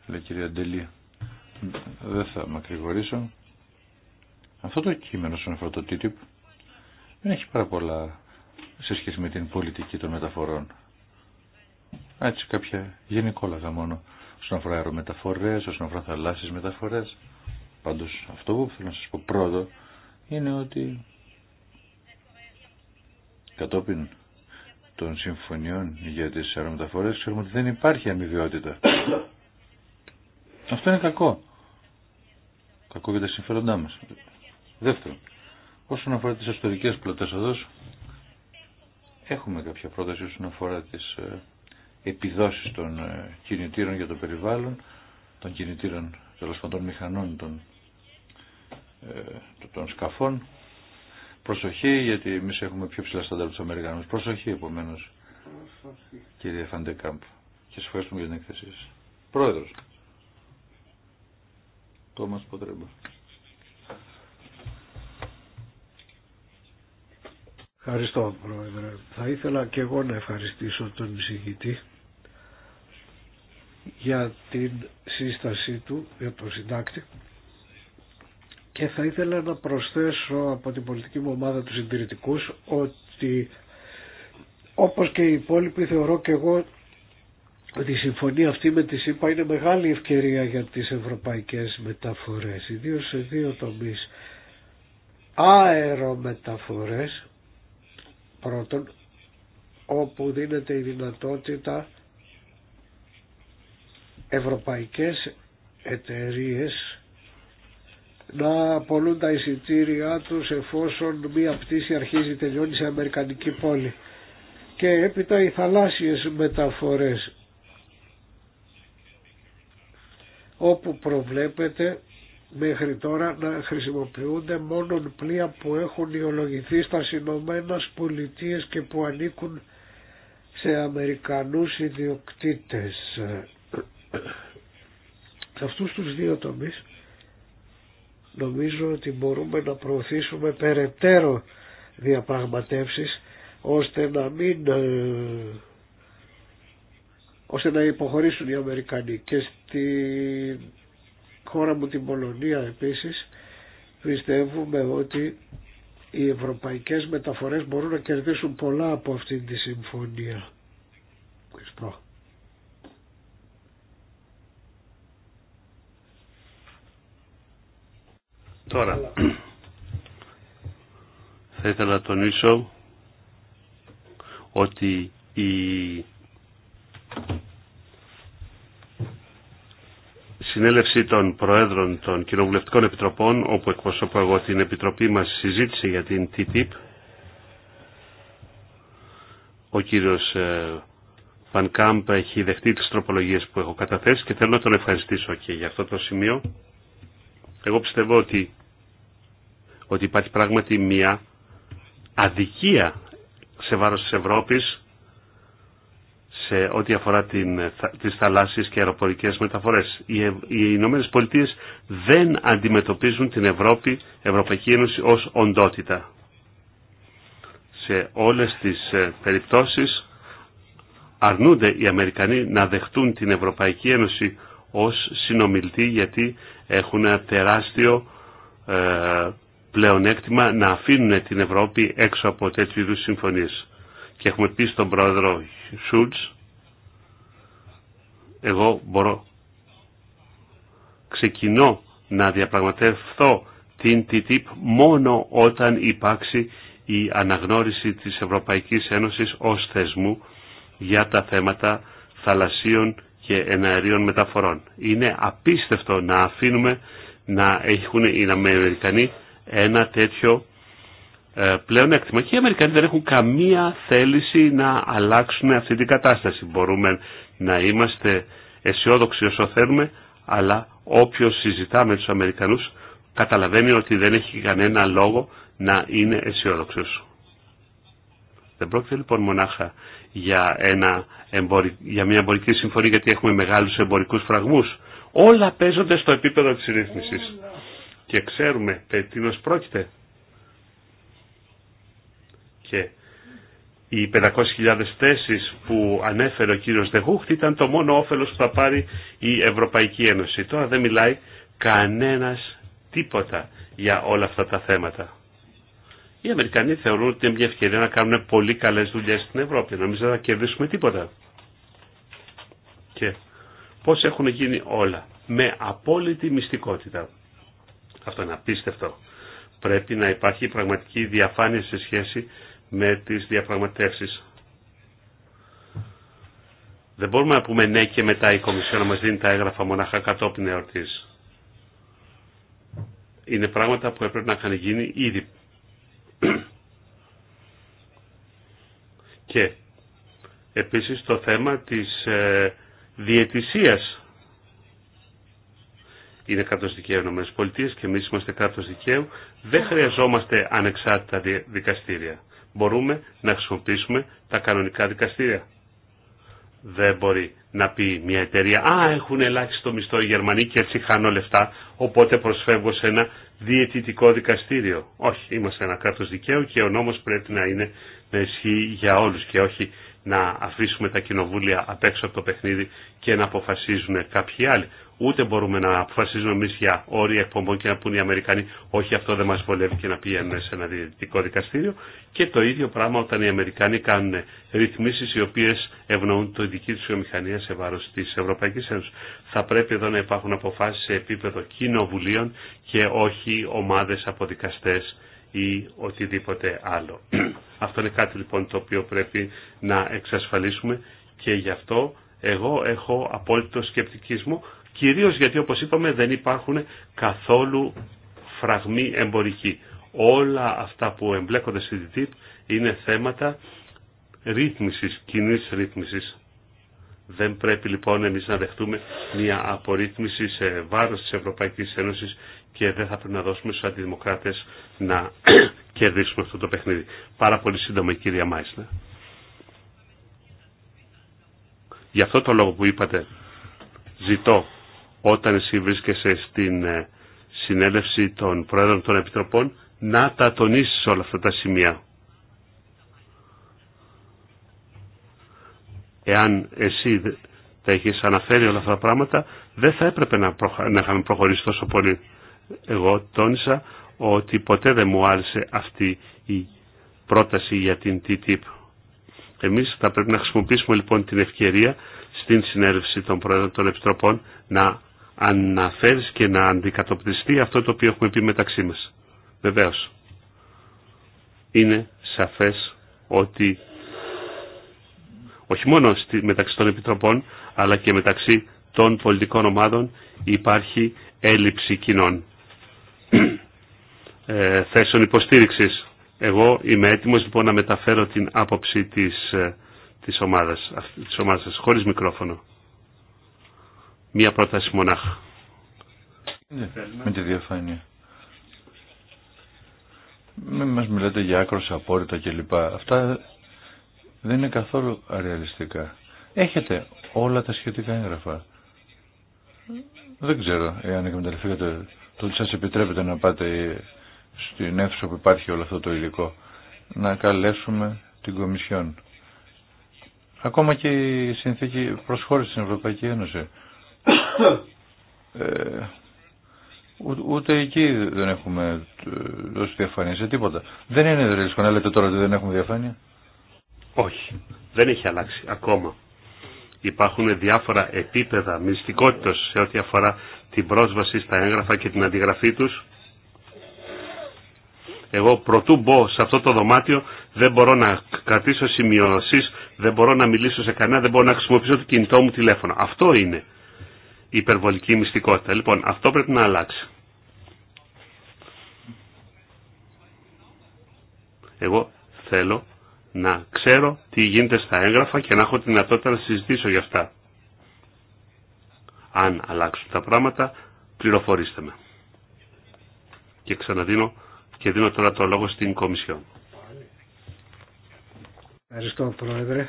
Λέει κυρία Αντελή, Δεν θα μακρηγορήσω. Αυτό το κείμενο στον αφορά TTIP δεν έχει πάρα πολλά σε σχέση με την πολιτική των μεταφορών. Έτσι κάποια γενικόλαγα μόνο όσον αφορά αερομεταφορές, όσον αφορά θαλάσσιες μεταφορές. Πάντως αυτό που θέλω να σας πω πρώτο είναι ότι κατόπιν των συμφωνιών για τις αερομεταφορές ξέρουμε ότι δεν υπάρχει αμοιβαιότητα. Αυτό είναι κακό. Κακό για τα συμφέροντά μας. Δεύτερον, όσον αφορά τις ιστορικές πλωτές εδώ, Έχουμε κάποια πρόταση όσον αφορά τις ε, επιδόσεις των ε, κινητήρων για το περιβάλλον, των κινητήρων τέλο πάντων μηχανών ε, των, των σκαφών. Προσοχή, γιατί εμεί έχουμε πιο ψηλά στάνταρ του Αμερικανού. Προσοχή, επομένω, κύριε Φαντεκάμπ. Και σα ευχαριστούμε για την εκθεσή σα. Πρόεδρο. Ευχαριστώ Πρόεδρε. Θα ήθελα και εγώ να ευχαριστήσω τον εισηγητή για την σύστασή του, για τον συντάκτη και θα ήθελα να προσθέσω από την πολιτική μου ομάδα του συντηρητικού ότι όπως και οι υπόλοιποι θεωρώ και εγώ ότι η συμφωνία αυτή με τη ΣΥΠΑ είναι μεγάλη ευκαιρία για τις ευρωπαϊκές μεταφορές, ιδίως σε δύο τομείς αερομεταφορές Πρώτον, όπου δίνεται η δυνατότητα ευρωπαϊκές εταιρείες να απολούν τα εισιτήριά τους εφόσον μία πτήση αρχίζει τελειώνει σε αμερικανική πόλη και έπειτα οι θαλάσσιες μεταφορές όπου προβλέπεται μέχρι τώρα να χρησιμοποιούνται μόνο πλοία που έχουν ιολογηθεί στα Ηνωμένα Πολιτείε και που ανήκουν σε Αμερικανούς ιδιοκτήτες. Σε αυτούς τους δύο τομείς νομίζω ότι μπορούμε να προωθήσουμε περαιτέρω διαπραγματεύσεις ώστε να μην ε, ώστε να υποχωρήσουν οι Αμερικανοί και στην χώρα μου την Πολωνία επίσης πιστεύουμε ότι οι ευρωπαϊκές μεταφορές μπορούν να κερδίσουν πολλά από αυτή τη συμφωνία. Ευχαριστώ. Τώρα, θα ήθελα να τονίσω ότι η συνέλευση των Προέδρων των Κοινοβουλευτικών Επιτροπών, όπου εκπροσωπώ εγώ την Επιτροπή μας συζήτησε για την TTIP, ο κύριος Βαν ε, έχει δεχτεί τις τροπολογίες που έχω καταθέσει και θέλω να τον ευχαριστήσω και για αυτό το σημείο. Εγώ πιστεύω ότι, ότι υπάρχει πράγματι μια αδικία σε βάρος της Ευρώπης σε ό,τι αφορά την, τις θαλάσσιες και αεροπορικές μεταφορές. Οι, οι Ηνωμένες Πολιτείες δεν αντιμετωπίζουν την Ευρώπη, Ευρωπαϊκή Ένωση ως οντότητα. Σε όλες τις ε, περιπτώσεις αρνούνται οι Αμερικανοί να δεχτούν την Ευρωπαϊκή Ένωση ως συνομιλτή γιατί έχουν ένα τεράστιο ε, πλεονέκτημα να αφήνουν την Ευρώπη έξω από τέτοιου είδους συμφωνίες. Και έχουμε πει στον πρόεδρο Σούλτς εγώ μπορώ, ξεκινώ να διαπραγματευθώ την TTIP μόνο όταν υπάρξει η αναγνώριση της Ευρωπαϊκής Ένωσης ως θεσμού για τα θέματα θαλασσίων και εναερίων μεταφορών. Είναι απίστευτο να αφήνουμε να έχουν οι Αμερικανοί ένα τέτοιο ε, πλέον έκτημα. Και οι Αμερικανοί δεν έχουν καμία θέληση να αλλάξουν αυτή την κατάσταση. Μπορούμε να είμαστε αισιόδοξοι όσο θέλουμε, αλλά όποιο συζητά με τους Αμερικανούς καταλαβαίνει ότι δεν έχει κανένα λόγο να είναι αισιόδοξο. Δεν πρόκειται λοιπόν μονάχα για, ένα μια εμπορική συμφωνία γιατί έχουμε μεγάλους εμπορικούς φραγμούς. Όλα παίζονται στο επίπεδο της ρύθμισης. Και ξέρουμε περί πρόκειται. Και οι 500.000 θέσεις που ανέφερε ο κύριος Δεγούχτη... ήταν το μόνο όφελος που θα πάρει η Ευρωπαϊκή Ένωση. Τώρα δεν μιλάει κανένας τίποτα για όλα αυτά τα θέματα. Οι Αμερικανοί θεωρούν ότι είναι μια ευκαιρία να κάνουν πολύ καλές δουλειές στην Ευρώπη. Νομίζω δεν θα κερδίσουμε τίποτα. Και πώς έχουν γίνει όλα. Με απόλυτη μυστικότητα. Αυτό είναι απίστευτο. Πρέπει να υπάρχει πραγματική διαφάνεια σε σχέση με τις διαπραγματεύσει. Δεν μπορούμε να πούμε ναι και μετά η Κομισιόν να μας δίνει τα έγγραφα μονάχα κατόπιν εορτής. Είναι πράγματα που έπρεπε να κάνει γίνει ήδη. Και επίσης το θέμα της ε, είναι κράτος δικαίου Πολιτείες και εμείς είμαστε κράτος δικαίου. Δεν χρειαζόμαστε ανεξάρτητα δικαστήρια μπορούμε να χρησιμοποιήσουμε τα κανονικά δικαστήρια. Δεν μπορεί να πει μια εταιρεία «Α, έχουν ελάχιστο μισθό οι Γερμανοί και έτσι χάνω λεφτά, οπότε προσφεύγω σε ένα διαιτητικό δικαστήριο». Όχι, είμαστε ένα κράτος δικαίου και ο νόμος πρέπει να είναι να ισχύει για όλους και όχι να αφήσουμε τα κοινοβούλια απ' έξω από το παιχνίδι και να αποφασίζουν κάποιοι άλλοι ούτε μπορούμε να αποφασίζουμε εμεί για όρια εκπομπών και να πούν οι Αμερικανοί όχι αυτό δεν μας βολεύει και να πηγαίνουν σε ένα διαιτητικό δικαστήριο και το ίδιο πράγμα όταν οι Αμερικανοί κάνουν ρυθμίσεις οι οποίες ευνοούν το δική τους βιομηχανία σε βάρος της Ευρωπαϊκής Ένωσης. Θα πρέπει εδώ να υπάρχουν αποφάσεις σε επίπεδο κοινοβουλίων και όχι ομάδες από ή οτιδήποτε άλλο. *clears throat* Αυτό είναι κάτι λοιπόν το οποίο πρέπει να εξασφαλίσουμε και γι' αυτό εγώ έχω απόλυτο σκεπτικισμό Κυρίως γιατί όπως είπαμε δεν υπάρχουν καθόλου φραγμοί εμπορικοί. Όλα αυτά που εμπλέκονται στη TTIP είναι θέματα ρύθμισης, κοινή ρύθμισης. Δεν πρέπει λοιπόν εμείς να δεχτούμε μια απορρίθμιση σε βάρος της Ευρωπαϊκής Ένωσης και δεν θα πρέπει να δώσουμε στους αντιδημοκράτες να *clears throat* κερδίσουμε αυτό το παιχνίδι. Πάρα πολύ σύντομα η κυρία Μάισνα. Γι' αυτό το λόγο που είπατε ζητώ όταν εσύ βρίσκεσαι στην ε, συνέλευση των Προέδρων των Επιτροπών να τα τονίσεις όλα αυτά τα σημεία. Εάν εσύ τα έχεις αναφέρει όλα αυτά τα πράγματα, δεν θα έπρεπε να, να είχαμε προχωρήσει τόσο πολύ. Εγώ τόνισα ότι ποτέ δεν μου άρεσε αυτή η πρόταση για την TTIP. Εμείς θα πρέπει να χρησιμοποιήσουμε λοιπόν την ευκαιρία στην συνέλευση των Προέδρων των Επιτροπών να αναφέρεις και να αντικατοπτριστεί αυτό το οποίο έχουμε πει μεταξύ μας. Βεβαίως. Είναι σαφές ότι όχι μόνο μεταξύ των επιτροπών αλλά και μεταξύ των πολιτικών ομάδων υπάρχει έλλειψη κοινών ε, θέσεων υποστήριξης. Εγώ είμαι έτοιμος λοιπόν να μεταφέρω την άποψη της, ε, της ομάδας, της ομάδας σας, χωρίς μικρόφωνο μία πρόταση μονάχα. Ναι, με τη διαφάνεια. Μην μας μιλάτε για άκρος απόρριτα κλπ. Αυτά δεν είναι καθόλου αρεαλιστικά. Έχετε όλα τα σχετικά έγγραφα. Δεν ξέρω εάν εκμεταλλευτείτε το ότι σας επιτρέπετε να πάτε στην αίθουσα που υπάρχει όλο αυτό το υλικό. Να καλέσουμε την Κομισιόν. Ακόμα και η συνθήκη προσχώρηση στην Ευρωπαϊκή Ένωση ε, ούτε εκεί δεν έχουμε ε, δώσει διαφάνεια σε τίποτα. Δεν είναι ρελίσκο να λέτε τώρα ότι δεν έχουμε διαφάνεια. Όχι. Δεν έχει αλλάξει ακόμα. Υπάρχουν διάφορα επίπεδα μυστικότητας σε ό,τι αφορά την πρόσβαση στα έγγραφα και την αντιγραφή τους. Εγώ προτού μπω σε αυτό το δωμάτιο δεν μπορώ να κρατήσω σημειώσεις, δεν μπορώ να μιλήσω σε κανένα, δεν μπορώ να χρησιμοποιήσω το κινητό μου τηλέφωνο. Αυτό είναι υπερβολική μυστικότητα. Λοιπόν, αυτό πρέπει να αλλάξει. Εγώ θέλω να ξέρω τι γίνεται στα έγγραφα και να έχω τη δυνατότητα να συζητήσω για αυτά. Αν αλλάξουν τα πράγματα, πληροφορήστε με. Και ξαναδίνω και δίνω τώρα το λόγο στην Κομισιόν. Ευχαριστώ Πρόεδρε.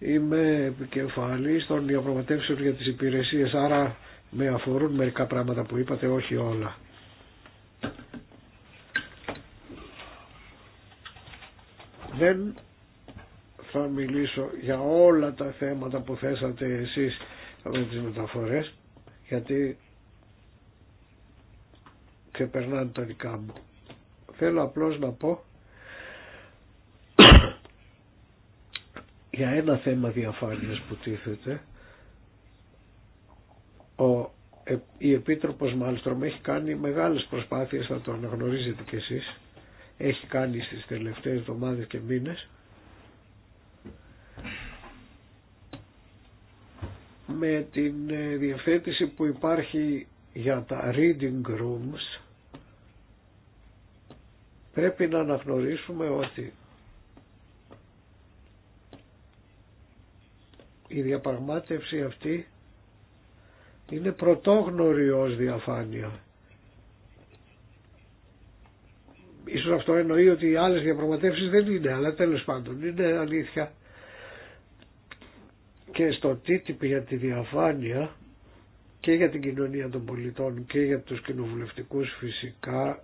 Είμαι επικεφαλής των διαπραγματεύσεων για τις υπηρεσίες, άρα με αφορούν μερικά πράγματα που είπατε, όχι όλα. Δεν θα μιλήσω για όλα τα θέματα που θέσατε εσείς με τις μεταφορές, γιατί ξεπερνάνε τα δικά μου. Θέλω απλώς να πω για ένα θέμα διαφάνειας που τίθεται. Ο, ε, η Επίτροπος Μάλστρομ έχει κάνει μεγάλες προσπάθειες, θα το αναγνωρίζετε κι εσείς, έχει κάνει στις τελευταίες εβδομάδες και μήνες, με την ε, διευθέτηση που υπάρχει για τα reading rooms πρέπει να αναγνωρίσουμε ότι Η διαπραγμάτευση αυτή είναι πρωτόγνωρη ως διαφάνεια. Ίσως αυτό εννοεί ότι οι άλλες διαπραγματεύσεις δεν είναι, αλλά τέλος πάντων είναι αλήθεια. Και στο τίτυπη για τη διαφάνεια και για την κοινωνία των πολιτών και για τους κοινοβουλευτικούς φυσικά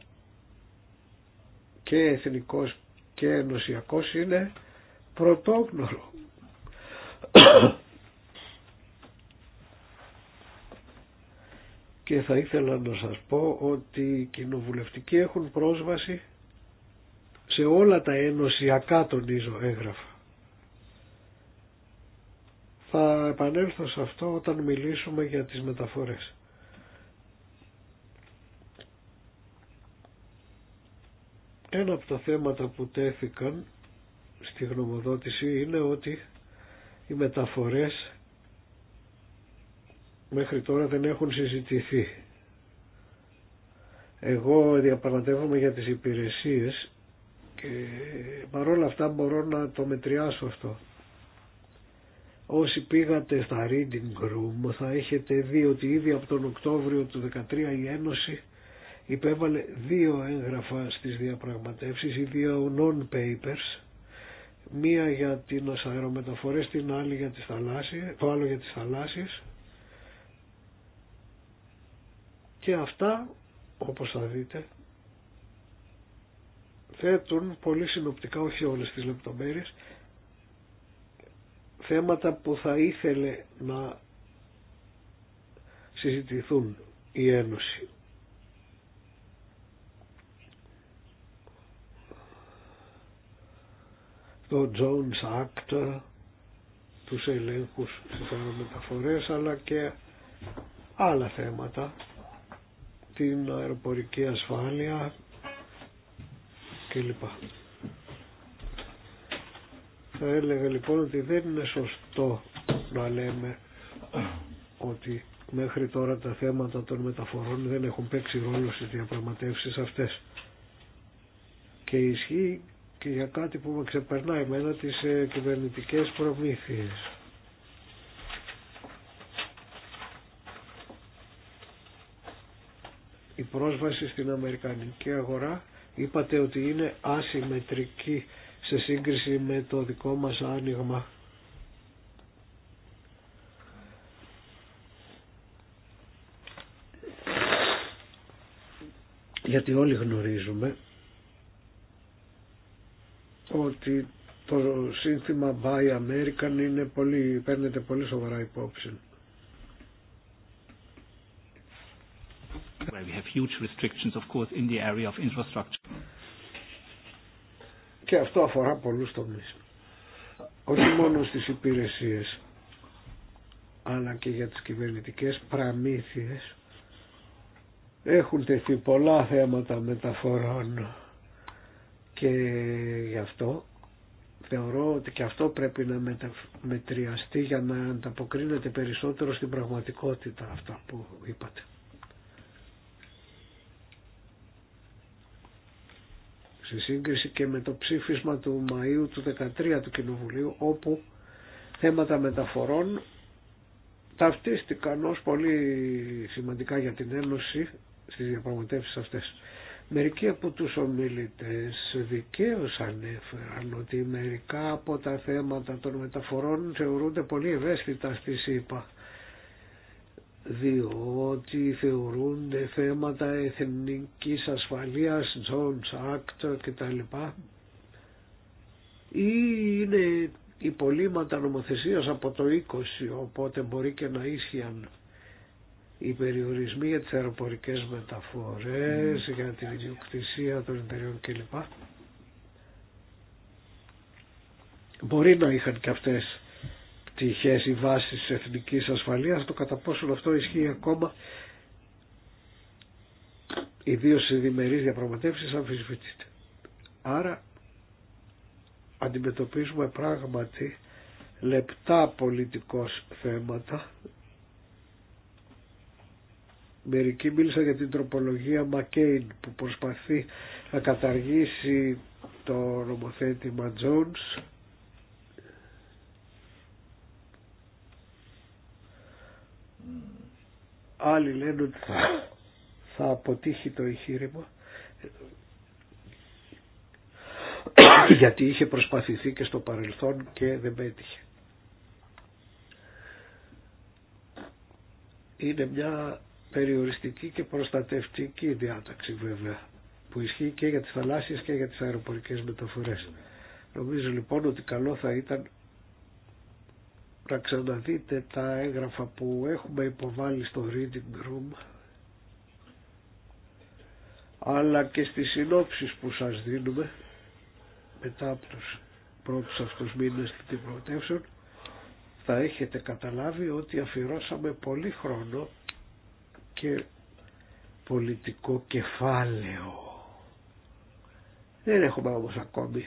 και εθνικός και ενωσιακός είναι πρωτόγνωρο και θα ήθελα να σας πω ότι οι κοινοβουλευτικοί έχουν πρόσβαση σε όλα τα ενωσιακά τονίζω έγγραφα. Θα επανέλθω σε αυτό όταν μιλήσουμε για τις μεταφορές. Ένα από τα θέματα που τέθηκαν στη γνωμοδότηση είναι ότι οι μεταφορές μέχρι τώρα δεν έχουν συζητηθεί. Εγώ διαπραγματεύομαι για τις υπηρεσίες και παρόλα αυτά μπορώ να το μετριάσω αυτό. Όσοι πήγατε στα Reading Room θα έχετε δει ότι ήδη από τον Οκτώβριο του 2013 η Ένωση υπέβαλε δύο έγγραφα στις διαπραγματεύσεις ή δύο non-papers μία για την αερομεταφορές, την άλλη για τις θαλάσσιες, το άλλο για τις θαλάσσιες και αυτά όπως θα δείτε θέτουν πολύ συνοπτικά όχι όλες τις λεπτομέρειες θέματα που θα ήθελε να συζητηθούν η Ένωση το Jones Act, τους ελέγχους στις αερομεταφορές, αλλά και άλλα θέματα, την αεροπορική ασφάλεια κλπ. Θα έλεγα λοιπόν ότι δεν είναι σωστό να λέμε ότι μέχρι τώρα τα θέματα των μεταφορών δεν έχουν παίξει ρόλο στις διαπραγματεύσεις αυτές. Και ισχύει για κάτι που με ξεπερνάει εμένα τις ε, κυβερνητικές προμήθειες. Η πρόσβαση στην Αμερικανική αγορά είπατε ότι είναι ασυμμετρική σε σύγκριση με το δικό μας άνοιγμα. Γιατί όλοι γνωρίζουμε ότι το σύνθημα Buy American είναι πολύ, παίρνεται πολύ σοβαρά υπόψη. Και αυτό αφορά πολλούς τομείς. Όχι μόνο στις υπηρεσίες, αλλά και για τις κυβερνητικές πραμήθειες. Έχουν τεθεί πολλά θέματα μεταφορών και γι' αυτό θεωρώ ότι και αυτό πρέπει να μετριαστεί για να ανταποκρίνεται περισσότερο στην πραγματικότητα αυτά που είπατε. σε σύγκριση και με το ψήφισμα του Μαΐου του 13 του Κοινοβουλίου όπου θέματα μεταφορών ταυτίστηκαν ως πολύ σημαντικά για την Ένωση στις διαπραγματεύσεις αυτές. Μερικοί από τους ομιλητές δικαίως ανέφεραν ότι μερικά από τα θέματα των μεταφορών θεωρούνται πολύ ευαίσθητα στη ΣΥΠΑ διότι θεωρούνται θέματα εθνικής ασφαλείας, Jones Act κτλ. Ή είναι υπολείμματα νομοθεσίας από το 20 οπότε μπορεί και να ίσχυαν οι περιορισμοί για τις αεροπορικές μεταφορές, για την ιδιοκτησία των εταιριών κλπ. Μπορεί να είχαν και αυτές πτυχές ή βάσεις της εθνικής ασφαλείας, το κατά πόσο αυτό ισχύει ακόμα ιδίως σε διμερείς διαπραγματεύσεις αμφισβητείται. Άρα αντιμετωπίζουμε πράγματι λεπτά πολιτικός θέματα Μερικοί μίλησαν για την τροπολογία Μακέιν που προσπαθεί να καταργήσει το νομοθέτημα Jones Άλλοι λένε ότι θα, θα αποτύχει το εγχείρημα γιατί είχε προσπαθηθεί και στο παρελθόν και δεν πέτυχε. Είναι μια περιοριστική και προστατευτική διάταξη βέβαια που ισχύει και για τις θαλάσσιες και για τις αεροπορικές μεταφορές. Νομίζω λοιπόν ότι καλό θα ήταν να ξαναδείτε τα έγγραφα που έχουμε υποβάλει στο Reading Room αλλά και στις συνόψεις που σας δίνουμε μετά από τους πρώτους αυτούς μήνες των πρωτεύσεων θα έχετε καταλάβει ότι αφιερώσαμε πολύ χρόνο και πολιτικό κεφάλαιο. Δεν έχουμε όμως ακόμη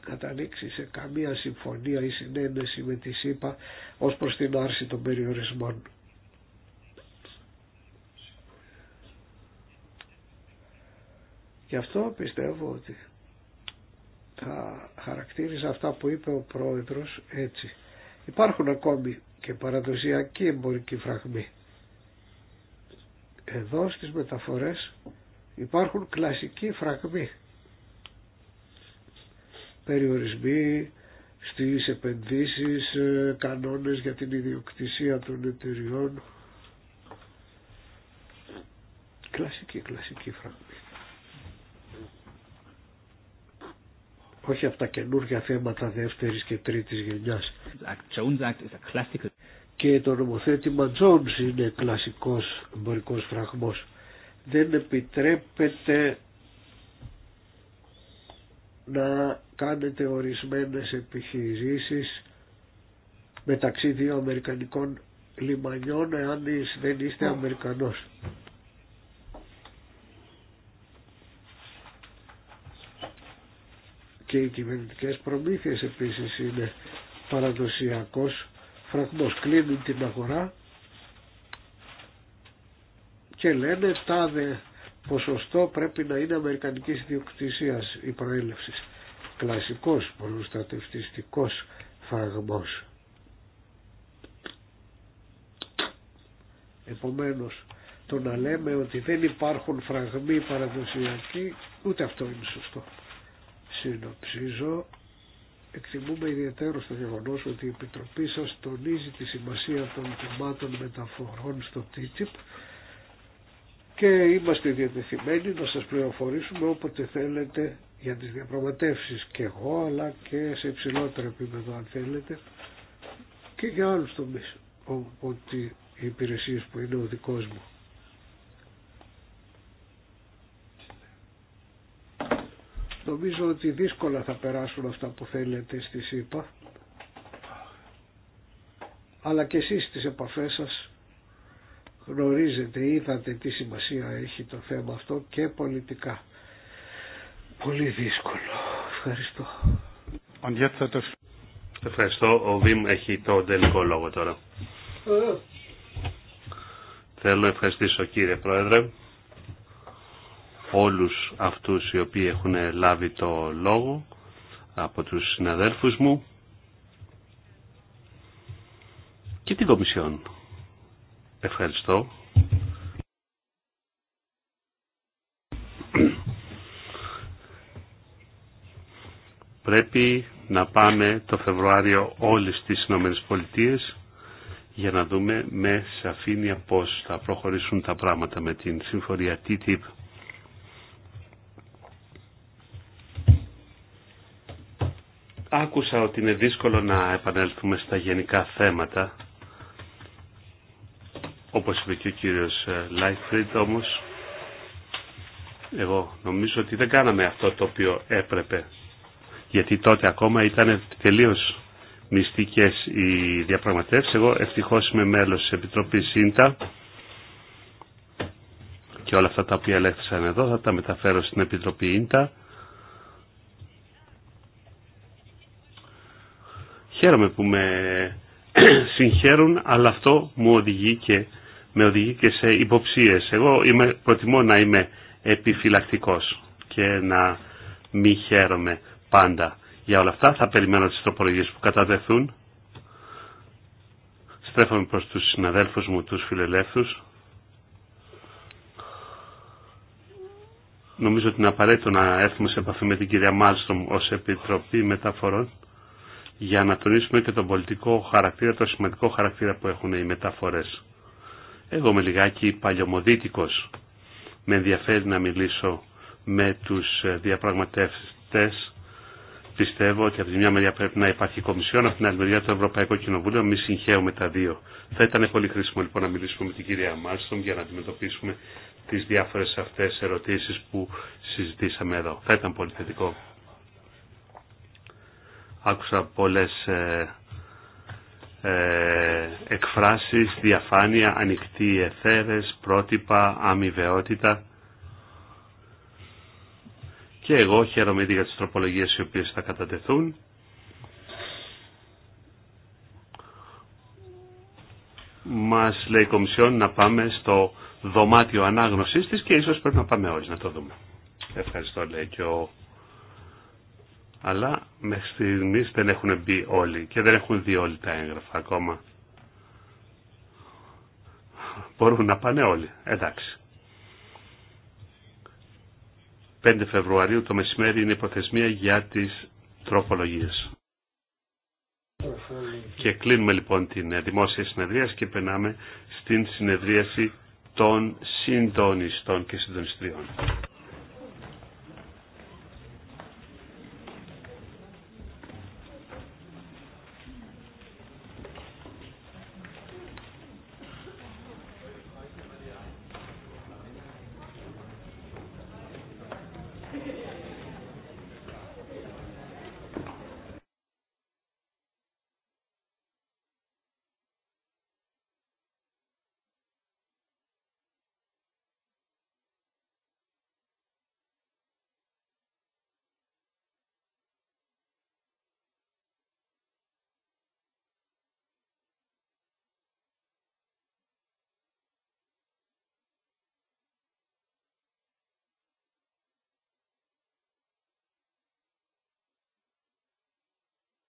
καταλήξει σε καμία συμφωνία ή συνένεση με τη ΣΥΠΑ ως προς την άρση των περιορισμών. Γι' αυτό πιστεύω ότι θα χαρακτήριζα αυτά που είπε ο πρόεδρος έτσι. Υπάρχουν ακόμη και παραδοσιακοί εμπορικοί φραγμοί. Εδώ στις μεταφορές υπάρχουν κλασικοί φραγμοί. Περιορισμοί στις επενδύσεις, ε, κανόνες για την ιδιοκτησία των εταιριών. κλασικοί κλασικοί φραγμοί. Όχι από τα καινούργια θέματα δεύτερης και τρίτης γενιάς. Jones και το νομοθέτημα Τζόνς είναι κλασικός εμπορικός φραγμός. Δεν επιτρέπεται να κάνετε ορισμένες επιχειρήσεις μεταξύ δύο Αμερικανικών λιμανιών εάν δεν είστε Αμερικανός. Και οι κυβερνητικές προμήθειες επίσης είναι παραδοσιακός φραγμός. Κλείνουν την αγορά και λένε τάδε ποσοστό πρέπει να είναι αμερικανικής ιδιοκτησίας η προέλευση. Κλασικός πολλουστατευτιστικός φραγμός. Επομένως, το να λέμε ότι δεν υπάρχουν φραγμοί παραδοσιακοί, ούτε αυτό είναι σωστό. Συνοψίζω, Εκτιμούμε ιδιαίτερο στο γεγονός ότι η Επιτροπή σας τονίζει τη σημασία των κομμάτων μεταφορών στο TTIP και είμαστε διατεθειμένοι να σας πληροφορήσουμε όποτε θέλετε για τις διαπραγματεύσεις και εγώ αλλά και σε υψηλότερο επίπεδο αν θέλετε και για άλλους τομείς ότι οι υπηρεσίες που είναι ο δικός μου. Νομίζω ότι δύσκολα θα περάσουν αυτά που θέλετε στη ΣΥΠΑ. Αλλά και εσείς στις επαφές σας γνωρίζετε, είδατε τι σημασία έχει το θέμα αυτό και πολιτικά. Πολύ δύσκολο. Ευχαριστώ. Ευχαριστώ. Ο Βίμ έχει το τελικό λόγο τώρα. Ε. Θέλω να ευχαριστήσω κύριε Πρόεδρε όλους αυτούς οι οποίοι έχουν λάβει το λόγο από τους συναδέλφους μου και την Κομισιόν. Ευχαριστώ. Πρέπει να πάμε το Φεβρουάριο όλες τις Ηνωμένες Πολιτείες για να δούμε με σαφήνεια πώς θα προχωρήσουν τα πράγματα με την συμφωνία TTIP Άκουσα ότι είναι δύσκολο να επανέλθουμε στα γενικά θέματα, όπως είπε και ο κύριος ε, Λάιφριντ όμως. Εγώ νομίζω ότι δεν κάναμε αυτό το οποίο έπρεπε, γιατί τότε ακόμα ήταν τελείως μυστικές οι διαπραγματεύσεις. Εγώ ευτυχώς είμαι μέλος της Επιτροπής ΣΥΝΤΑ και όλα αυτά τα οποία ελέγχθησαν εδώ θα τα μεταφέρω στην Επιτροπή ΙΝΤΑ Χαίρομαι που με *clears throat* συγχαίρουν, αλλά αυτό μου οδηγεί και, με οδηγεί και σε υποψίες. Εγώ είμαι, προτιμώ να είμαι επιφυλακτικός και να μη χαίρομαι πάντα. Για όλα αυτά θα περιμένω τις τροπολογίες που καταδεθούν. Στρέφομαι προς τους συναδέλφους μου, τους φιλελεύθους. Νομίζω ότι είναι απαραίτητο να έρθουμε σε επαφή με την κυρία Μάλστομ ως Επιτροπή Μεταφορών για να τονίσουμε και τον πολιτικό χαρακτήρα, το σημαντικό χαρακτήρα που έχουν οι μεταφορές. Εγώ είμαι λιγάκι παλιωμοδίτικος. Με ενδιαφέρει να μιλήσω με τους ε, διαπραγματεύτες. Πιστεύω ότι από τη μια μεριά πρέπει να υπάρχει κομισιόν, από την άλλη μεριά το Ευρωπαϊκό Κοινοβούλιο, μη συγχαίουμε τα δύο. Θα ήταν πολύ χρήσιμο λοιπόν να μιλήσουμε με την κυρία Μάλστον για να αντιμετωπίσουμε τις διάφορες αυτές ερωτήσεις που συζητήσαμε εδώ. Θα ήταν πολύ θετικό. Άκουσα πολλές ε, ε εκφράσεις, διαφάνεια, ανοιχτή εθέρες, πρότυπα, αμοιβαιότητα. Και εγώ χαίρομαι για τις τροπολογίες οι οποίες θα κατατεθούν. Μας λέει η Κομισιόν να πάμε στο δωμάτιο ανάγνωσής της και ίσως πρέπει να πάμε όλοι να το δούμε. Ευχαριστώ λέει και ο αλλά μέχρι στιγμή δεν έχουν μπει όλοι και δεν έχουν δει όλοι τα έγγραφα ακόμα. Μπορούν να πάνε όλοι. Εντάξει. 5 Φεβρουαρίου το μεσημέρι είναι η προθεσμία για τις τροπολογίες. Και κλείνουμε λοιπόν την δημόσια συνεδρία και περνάμε στην συνεδρίαση των συντονιστών και συντονιστριών.